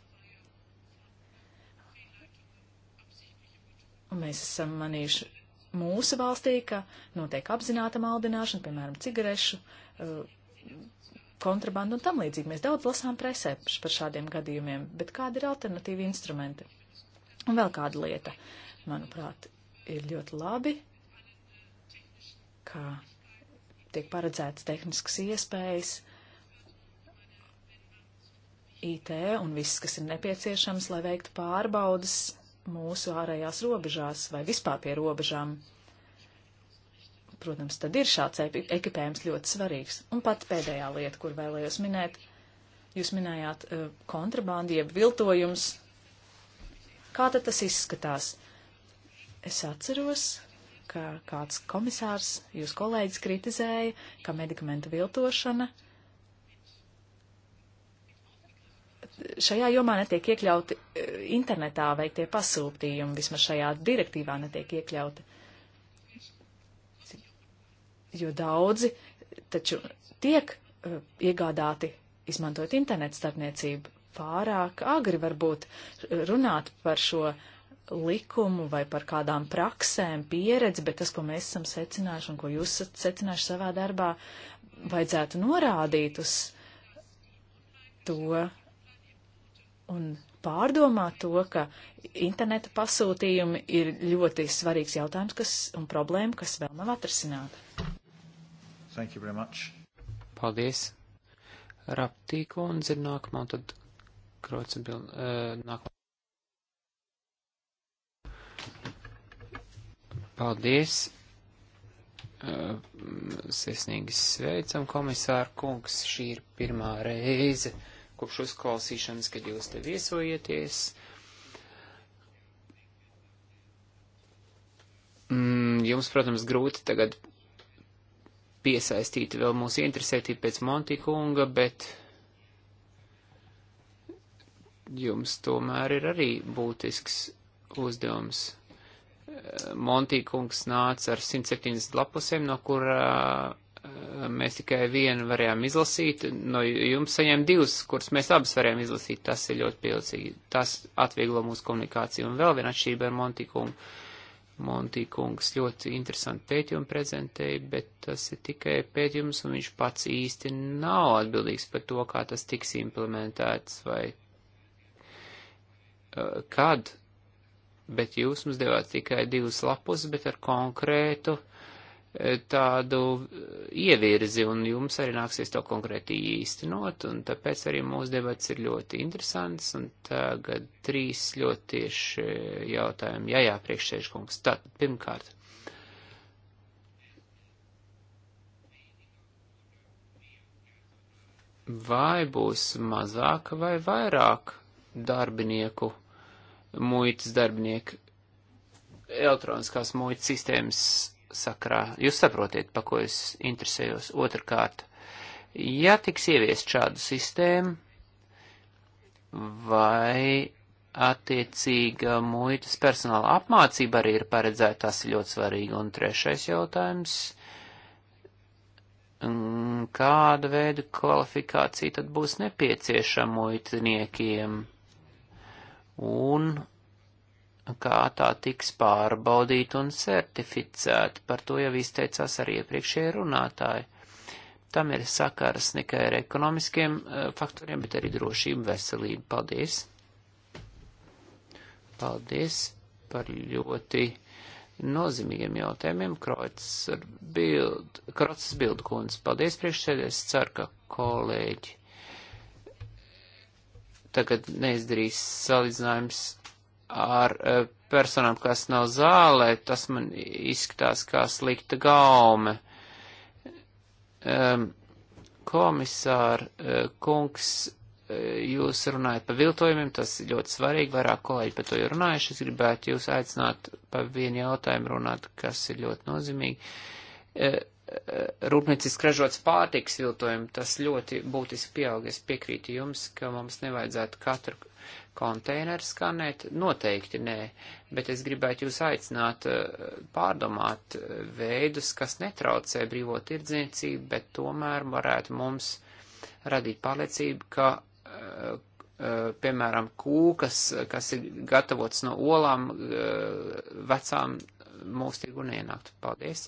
Un mēs esam manījuši mūsu valstī, ka notiek apzināta maldināšana, piemēram, cigarešu uh, kontrabandu un tam līdzīgi. Mēs daudz lasām presē par šādiem gadījumiem, bet kādi ir alternatīvi instrumenti? Un vēl kāda lieta, manuprāt, ir ļoti labi, ka tiek paredzētas tehniskas iespējas, IT un viss, kas ir nepieciešams, lai veiktu pārbaudas mūsu ārējās robežās vai vispār pie robežām. Protams, tad ir šāds ekipējums ļoti svarīgs. Un pat pēdējā lieta, kur vēlējos minēt, jūs minējāt eh, kontrabandi, jeb viltojums. Kā tad tas izskatās? Es atceros, ka kāds komisārs, jūs kolēģis kritizēja, ka medikamentu viltošana šajā jomā netiek iekļauti e, internetā veiktie pasūtījumi, vismaz šajā direktīvā netiek iekļauti. Jo daudzi taču tiek uh, iegādāti izmantojot internetu starpniecību. Pārāk agri varbūt runāt par šo likumu vai par kādām praksēm, pieredzi, bet tas, ko mēs esam secinājuši un ko jūs esat secinājuši savā darbā, vajadzētu norādīt uz to, un pārdomā to, ka interneta pasūtījumi ir ļoti svarīgs jautājums kas, un problēma, kas vēl nav atrasināta. Thank you very much. Paldies. Raptī kundze ir nākamā, tad kroca bil, uh, nākamā. Paldies. Uh, sirsnīgi sveicam, komisāra kungs. Šī ir pirmā reize. Uh, kopš uzklausīšanas, kad jūs te viesojaties. Mm, jums, protams, grūti tagad piesaistīt vēl mūsu interesētību pēc Montikunga, bet jums tomēr ir arī būtisks uzdevums. Eh, Montīkungs nāca ar 170 lapusēm, no kurā Eh, mēs tikai vienu varējām izlasīt, no jums saņēm divas, kuras mēs abas varējām izlasīt, tas ir ļoti pilcīgi, tas atvieglo mūsu komunikāciju. Un vēl viena atšķirība ar Montikumu. Montīkungs ļoti interesanti pētījumu prezentēja, bet tas ir tikai pētījums, un viņš pats īsti nav atbildīgs par to, kā tas tiks implementēts vai eh, kad. Bet jūs mums devāt tikai divus lapus, bet ar konkrētu uh, tādu eh, ievirzi, un jums arī nāksies to konkrēti īstenot, un tāpēc arī mūsu debats ir ļoti interesants, un tagad trīs ļoti tieši jautājumi. Jā, jā, priekšsēžkungs. Tātad, pirmkārt. Vai būs mazāk vai vairāk darbinieku, muitas darbinieku, elektroniskās muitas sistēmas sakrā. Jūs saprotiet, pa ko es interesējos. Otrakārt, ja tiks ieviest šādu sistēmu, vai attiecīga muitas personāla apmācība arī ir paredzēta, tas ir ļoti svarīgi. Un trešais jautājums kāda veida kvalifikācija tad būs nepieciešama muitniekiem. Un kā tā tiks pārbaudīta un certificēta. Par to jau izteicās arī iepriekšēji runātāji. Tam ir sakars ne tikai ar ekonomiskiem e, faktoriem, bet arī drošību, veselību. Paldies! Paldies par ļoti nozīmīgiem jautājumiem. Krocis bild, Krocis bild kundze, paldies priekšsēdēs, ceru, ka kolēģi tagad neizdarīs salīdzinājums ar e, personām, kas nav zālē, tas man izskatās kā slikta gaume. Um, komisār, e, kungs, e, jūs runājat par viltojumiem, tas ir ļoti svarīgi, vairāk kolēģi par to ir runājuši, es gribētu jūs aicināt par vienu jautājumu runāt, kas ir ļoti nozīmīgi. Rūpnieciski ražots pārtiks viltojumi, tas ļoti būtiski pieaug, es piekrītu jums, ka mums nevajadzētu katru konteineru skanēt? Noteikti nē, bet es gribētu jūs aicināt eh, pārdomāt eh, veidus, kas netraucē brīvo tirdzniecību, bet tomēr varētu mums radīt pārliecību, ka, eh, piemēram, kūkas, kas ir gatavots no olām, vecām mūsu tirgu neienāktu. Paldies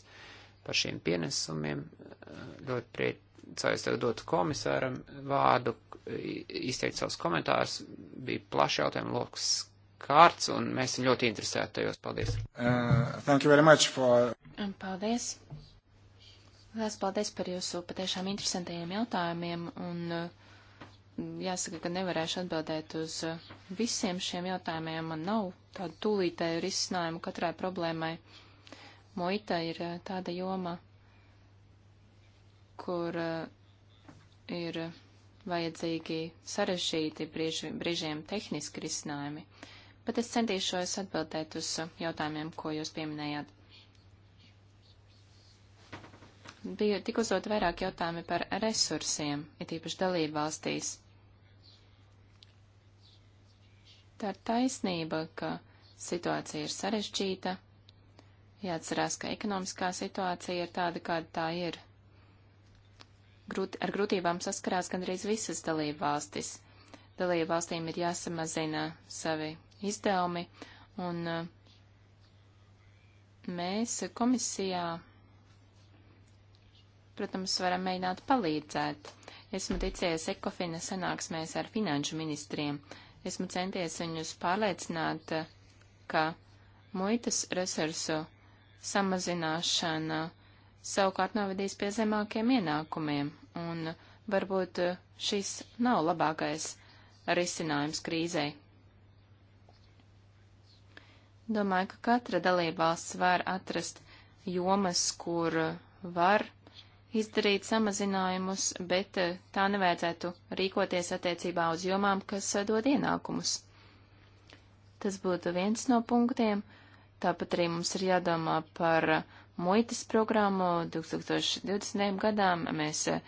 par šiem pienesumiem. Ļoti priecīgi es tagad dotu komisāram vārdu, izteikt savus komentārus, bija plaši jautājumu lokus kārts, un mēs esam ļoti interesēti tajos. Paldies! Uh, thank you very much for... Paldies! Lielas paldies par jūsu patiešām interesantajiem jautājumiem, un uh, jāsaka, ka nevarēšu atbildēt uz uh, visiem šiem jautājumiem. Man nav tādu tūlītēju risinājumu katrai problēmai. Moita ir uh, tāda joma kur eh, ir vajadzīgi sarežģīti brīži, brīžiem tehniski risinājumi, bet es centīšos atbildēt uz jautājumiem, ko jūs pieminējāt. Bija tik uzdot vairāk jautājumi par resursiem, it īpaši dalību valstīs. Tā ir taisnība, ka situācija ir sarežģīta. Jāatcerās, ka ekonomiskā situācija ir tāda, kāda tā ir grūti, ar grūtībām saskarās gandrīz visas dalību valstis. Dalību valstīm ir jāsamazina savi izdevumi, un uh, mēs komisijā, protams, varam mēģināt palīdzēt. Esmu ticies Ekofina sanāksmēs ar finanšu ministriem. Esmu centies viņus pārliecināt, ka muitas resursu samazināšana savukārt novedīs pie zemākiem ienākumiem, un varbūt eh, šis nav labākais risinājums krīzei. Domāju, ka katra dalībvalsts var atrast jomas, kur var izdarīt samazinājumus, bet eh, tā nevajadzētu rīkoties attiecībā uz jomām, kas eh, dod ienākumus. Tas būtu viens no punktiem. Tāpat arī mums ir jādomā par muitas programmu 2020. gadām. Mēs eh,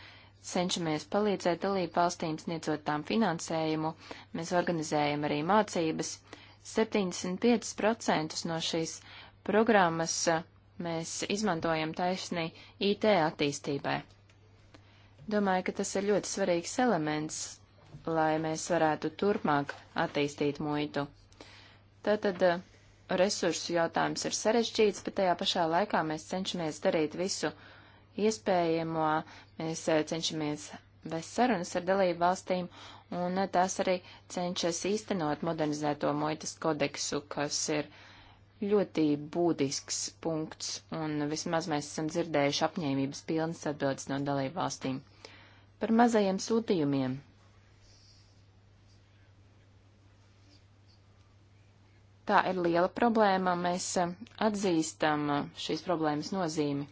cenšamies palīdzēt dalību valstīm sniedzot tām finansējumu. Mēs organizējam arī mācības. 75% no šīs programmas eh, mēs izmantojam taisnī IT attīstībai. Domāju, ka tas ir ļoti svarīgs elements, lai mēs varētu turpmāk attīstīt muitu. Tātad eh, resursu jautājums ir sarežģīts, bet tajā pašā laikā mēs cenšamies darīt visu iespējamo, mēs eh, cenšamies vest sarunas ar dalību valstīm, un eh, tās arī cenšas īstenot modernizēto muitas kodeksu, kas ir ļoti būtisks punkts, un vismaz mēs esam dzirdējuši apņēmības pilnas atbildes no dalību valstīm. Par mazajiem sūtījumiem. Tā ir liela problēma, mēs eh, atzīstam eh, šīs problēmas nozīmi.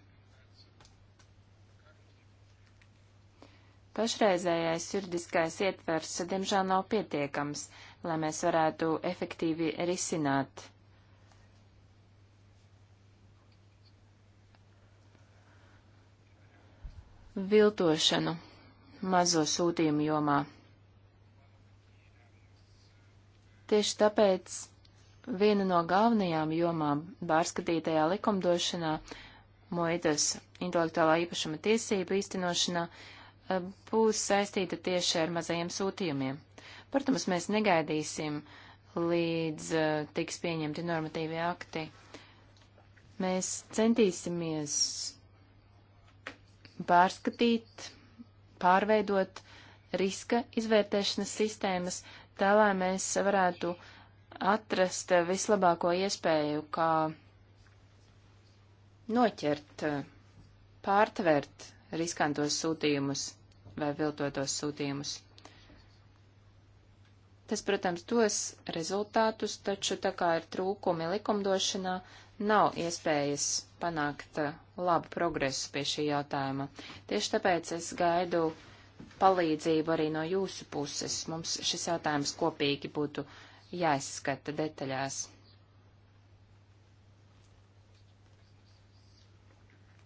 Pašreizējais sirdiskais ietvers, diemžēl, nav pietiekams, lai mēs varētu efektīvi risināt. Viltošanu mazo sūtījumu jomā. Tieši tāpēc viena no galvenajām jomām pārskatītajā likumdošanā, muitas intelektuālā īpašuma tiesību īstenošanā, e, būs saistīta tieši ar mazajiem sūtījumiem. Protams, mēs negaidīsim, līdz e, tiks pieņemti normatīvie akti. Mēs centīsimies pārskatīt, pārveidot riska izvērtēšanas sistēmas, tā lai mēs varētu uh, atrast vislabāko iespēju, kā noķert, pārtvert riskantos sūtījumus vai viltotos sūtījumus. Tas, protams, dos rezultātus, taču tā kā ir trūkumi likumdošanā, nav iespējas panākt eh, labu progresu pie šī jautājuma. Tieši tāpēc es gaidu palīdzību arī no jūsu puses. Mums šis jautājums kopīgi būtu jāizskata detaļās.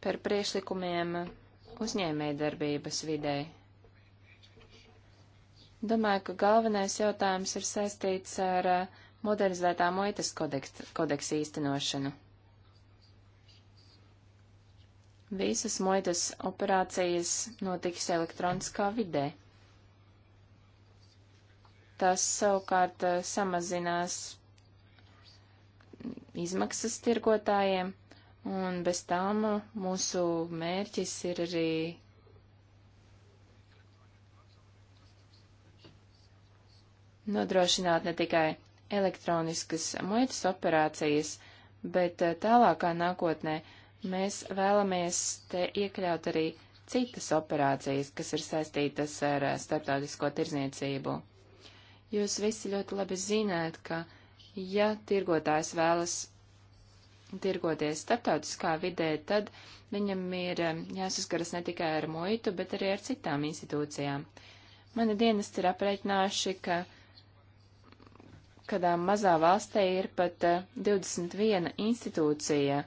Par priešlikumiem uzņēmēja darbības vidē. Domāju, ka galvenais jautājums ir saistīts ar eh, modernizētā muitas kodeksa kodeks īstenošanu. Visas muitas operācijas notiks elektroniskā vidē. Tas savukārt eh, samazinās izmaksas tirgotājiem, un bez tām mūsu mērķis ir arī nodrošināt ne tikai elektroniskas muitas operācijas, bet eh, tālākā nākotnē mēs vēlamies te iekļaut arī citas operācijas, kas ir saistītas ar eh, starptautisko tirzniecību. Jūs visi ļoti labi zināt, ka ja tirgotājs vēlas tirgoties starptautiskā vidē, tad viņam ir um, jāsaskaras ne tikai ar muitu, bet arī ar citām institūcijām. Mani dienas ir apreikinājuši, ka kādā mazā valstī ir pat 21 uh, institūcija,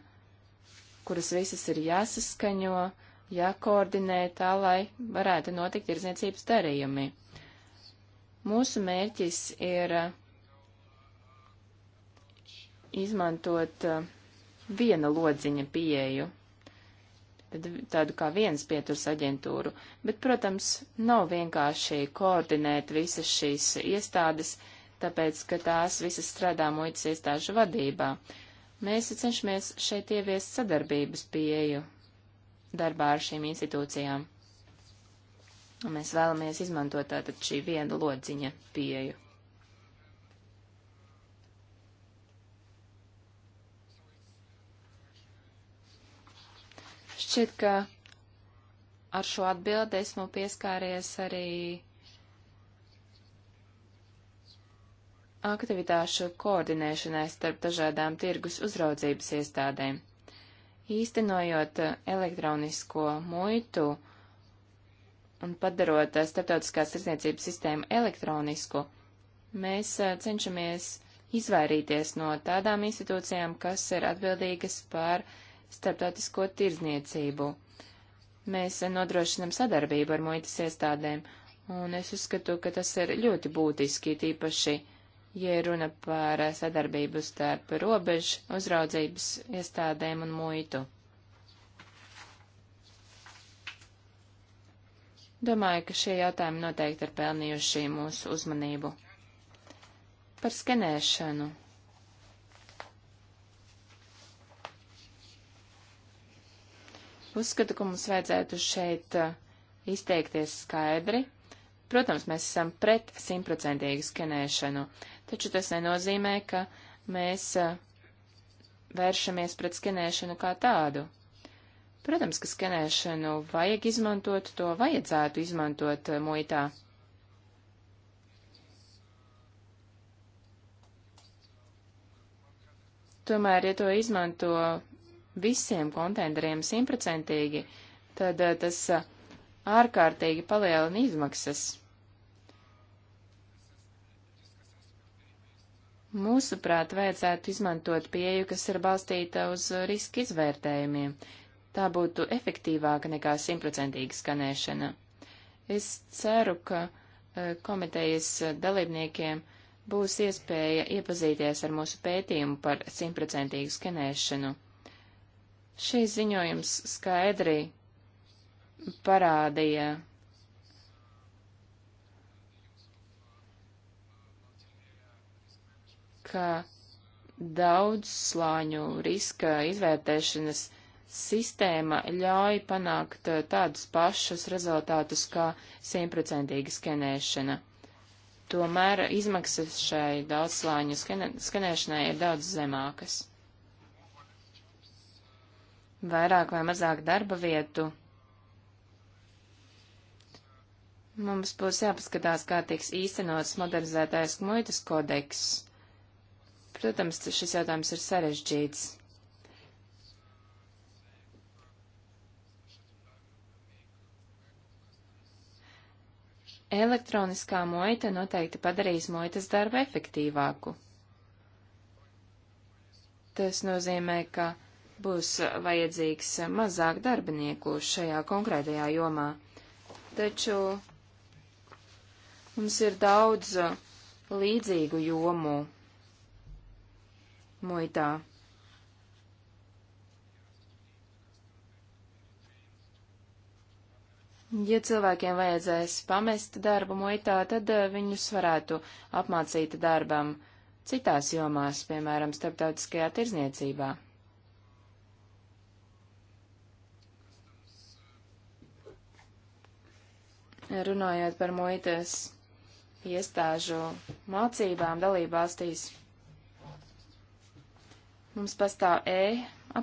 kuras visas ir jāsaskaņo, jākoordinē tā, lai varētu notikt tirdzniecības darījumi. Mūsu mērķis ir uh, izmantot uh, viena lodziņa pieeju, tādu kā viens pieturs aģentūru, bet, protams, nav vienkārši koordinēt visas šīs iestādes, tāpēc, ka tās visas strādā muitas iestāžu vadībā. Mēs cenšamies šeit ieviest sadarbības pieeju darbā ar šīm institūcijām. Un mēs vēlamies izmantot tātad šī viena lodziņa pieju. Šķiet, ka ar šo atbildi esmu pieskāries arī aktivitāšu koordinēšanai starp dažādām tirgus uzraudzības iestādēm. Īstenojot elektronisko muitu, uh, un padarot eh, starptautiskās tirsniecības sistēmu elektronisku, mēs eh, cenšamies izvairīties no tādām institūcijām, kas ir atbildīgas par starptautisko tirzniecību. Mēs eh, nodrošinam sadarbību ar muitas iestādēm, un es uzskatu, ka tas ir ļoti būtiski, tīpaši, ja runa par sadarbību starp robežu uzraudzības iestādēm un muitu. Domāju, ka šie jautājumi noteikti ir pelnījuši mūsu uzmanību. Par skenēšanu. Uzskatu, ka mums vajadzētu šeit uh, izteikties skaidri. Protams, mēs esam pret simtprocentīgu skenēšanu, taču tas nenozīmē, ka mēs uh, vēršamies pret skenēšanu kā tādu. Protams, ka skenēšanu vajag izmantot, to vajadzētu izmantot eh, muitā. Tomēr, ja to izmanto visiem konteineriem simtprocentīgi, tad eh, tas eh, ārkārtīgi palielina izmaksas. Mūsuprāt, vajadzētu izmantot pieju, kas ir balstīta uz riska izvērtējumiem tā būtu efektīvāka nekā simtprocentīga skanēšana. Es ceru, ka e, komitejas dalībniekiem būs iespēja iepazīties ar mūsu pētījumu par simtprocentīgu skanēšanu. Šīs ziņojums skaidri parādīja ka daudz slāņu riska izvērtēšanas uh, sistēma ļauj panākt eh, tādus pašus rezultātus kā simtprocentīga skenēšana. Tomēr izmaksas šai daudzslāņu skenē, skenēšanai ir daudz zemākas. Vairāk vai mazāk darba vietu Mums būs jāpaskatās, kā tiks īstenots modernizētais muitas kodeks. Protams, šis jautājums ir sarežģīts. Elektroniskā moita noteikti padarīs moitas darbu efektīvāku. Tas nozīmē, ka būs vajadzīgs mazāk darbinieku šajā konkrētajā jomā. Taču mums ir daudz līdzīgu jomu muitā. Ja cilvēkiem vajadzēs pamest darbu muitā, tad eh, viņus varētu apmācīt darbam citās jomās, piemēram, starptautiskajā tirzniecībā. Runājot par muitas iestāžu mācībām dalībvalstīs, mums pastāv E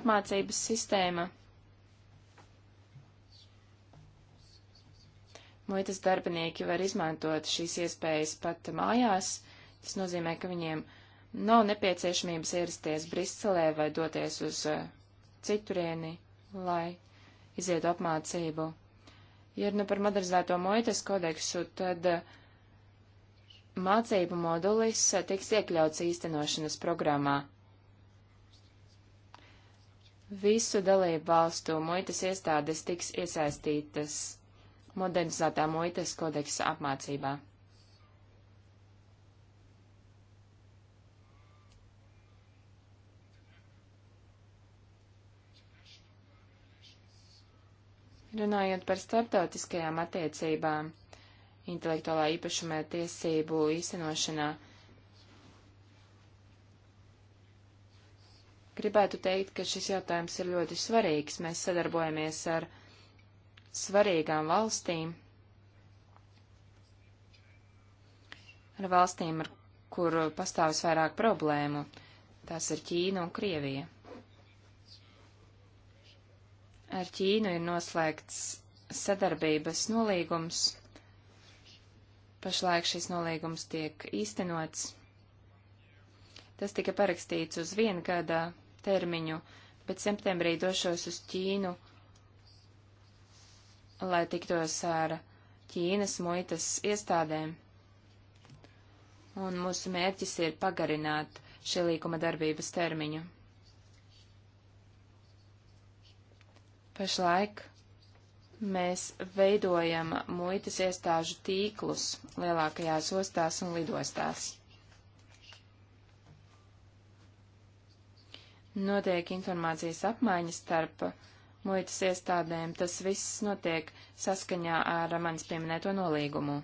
apmācības sistēma. muitas darbinieki var izmantot šīs iespējas pat mājās. Tas nozīmē, ka viņiem nav nepieciešamības ierasties Briselē vai doties uz eh, citurieni, lai izietu apmācību. Ja runa par modernizēto muitas kodeksu, tad eh, mācību modulis eh, tiks iekļauts īstenošanas programmā. Visu dalību valstu muitas iestādes tiks iesaistītas modernizētā muitas kodeksa apmācībā. Runājot par starptautiskajām attiecībām, intelektuālā īpašumē tiesību īstenošanā, gribētu teikt, ka šis jautājums ir ļoti svarīgs. Mēs sadarbojamies ar svarīgām valstīm, ar valstīm, ar kur pastāv visvairāk problēmu. Tās ir Ķīna un Krievija. Ar Ķīnu ir noslēgts sadarbības nolīgums. Pašlaik šis nolīgums tiek īstenots. Tas tika parakstīts uz viena gada termiņu, bet septembrī došos uz Ķīnu lai tiktos ar Ķīnas muitas iestādēm. Un mūsu mērķis ir pagarināt šī līguma darbības termiņu. Pašlaik mēs veidojam muitas iestāžu tīklus lielākajās ostās un lidostās. Notiek informācijas apmaiņas starp uh, muitas iestādēm. Tas viss notiek saskaņā ar manis pieminēto nolīgumu.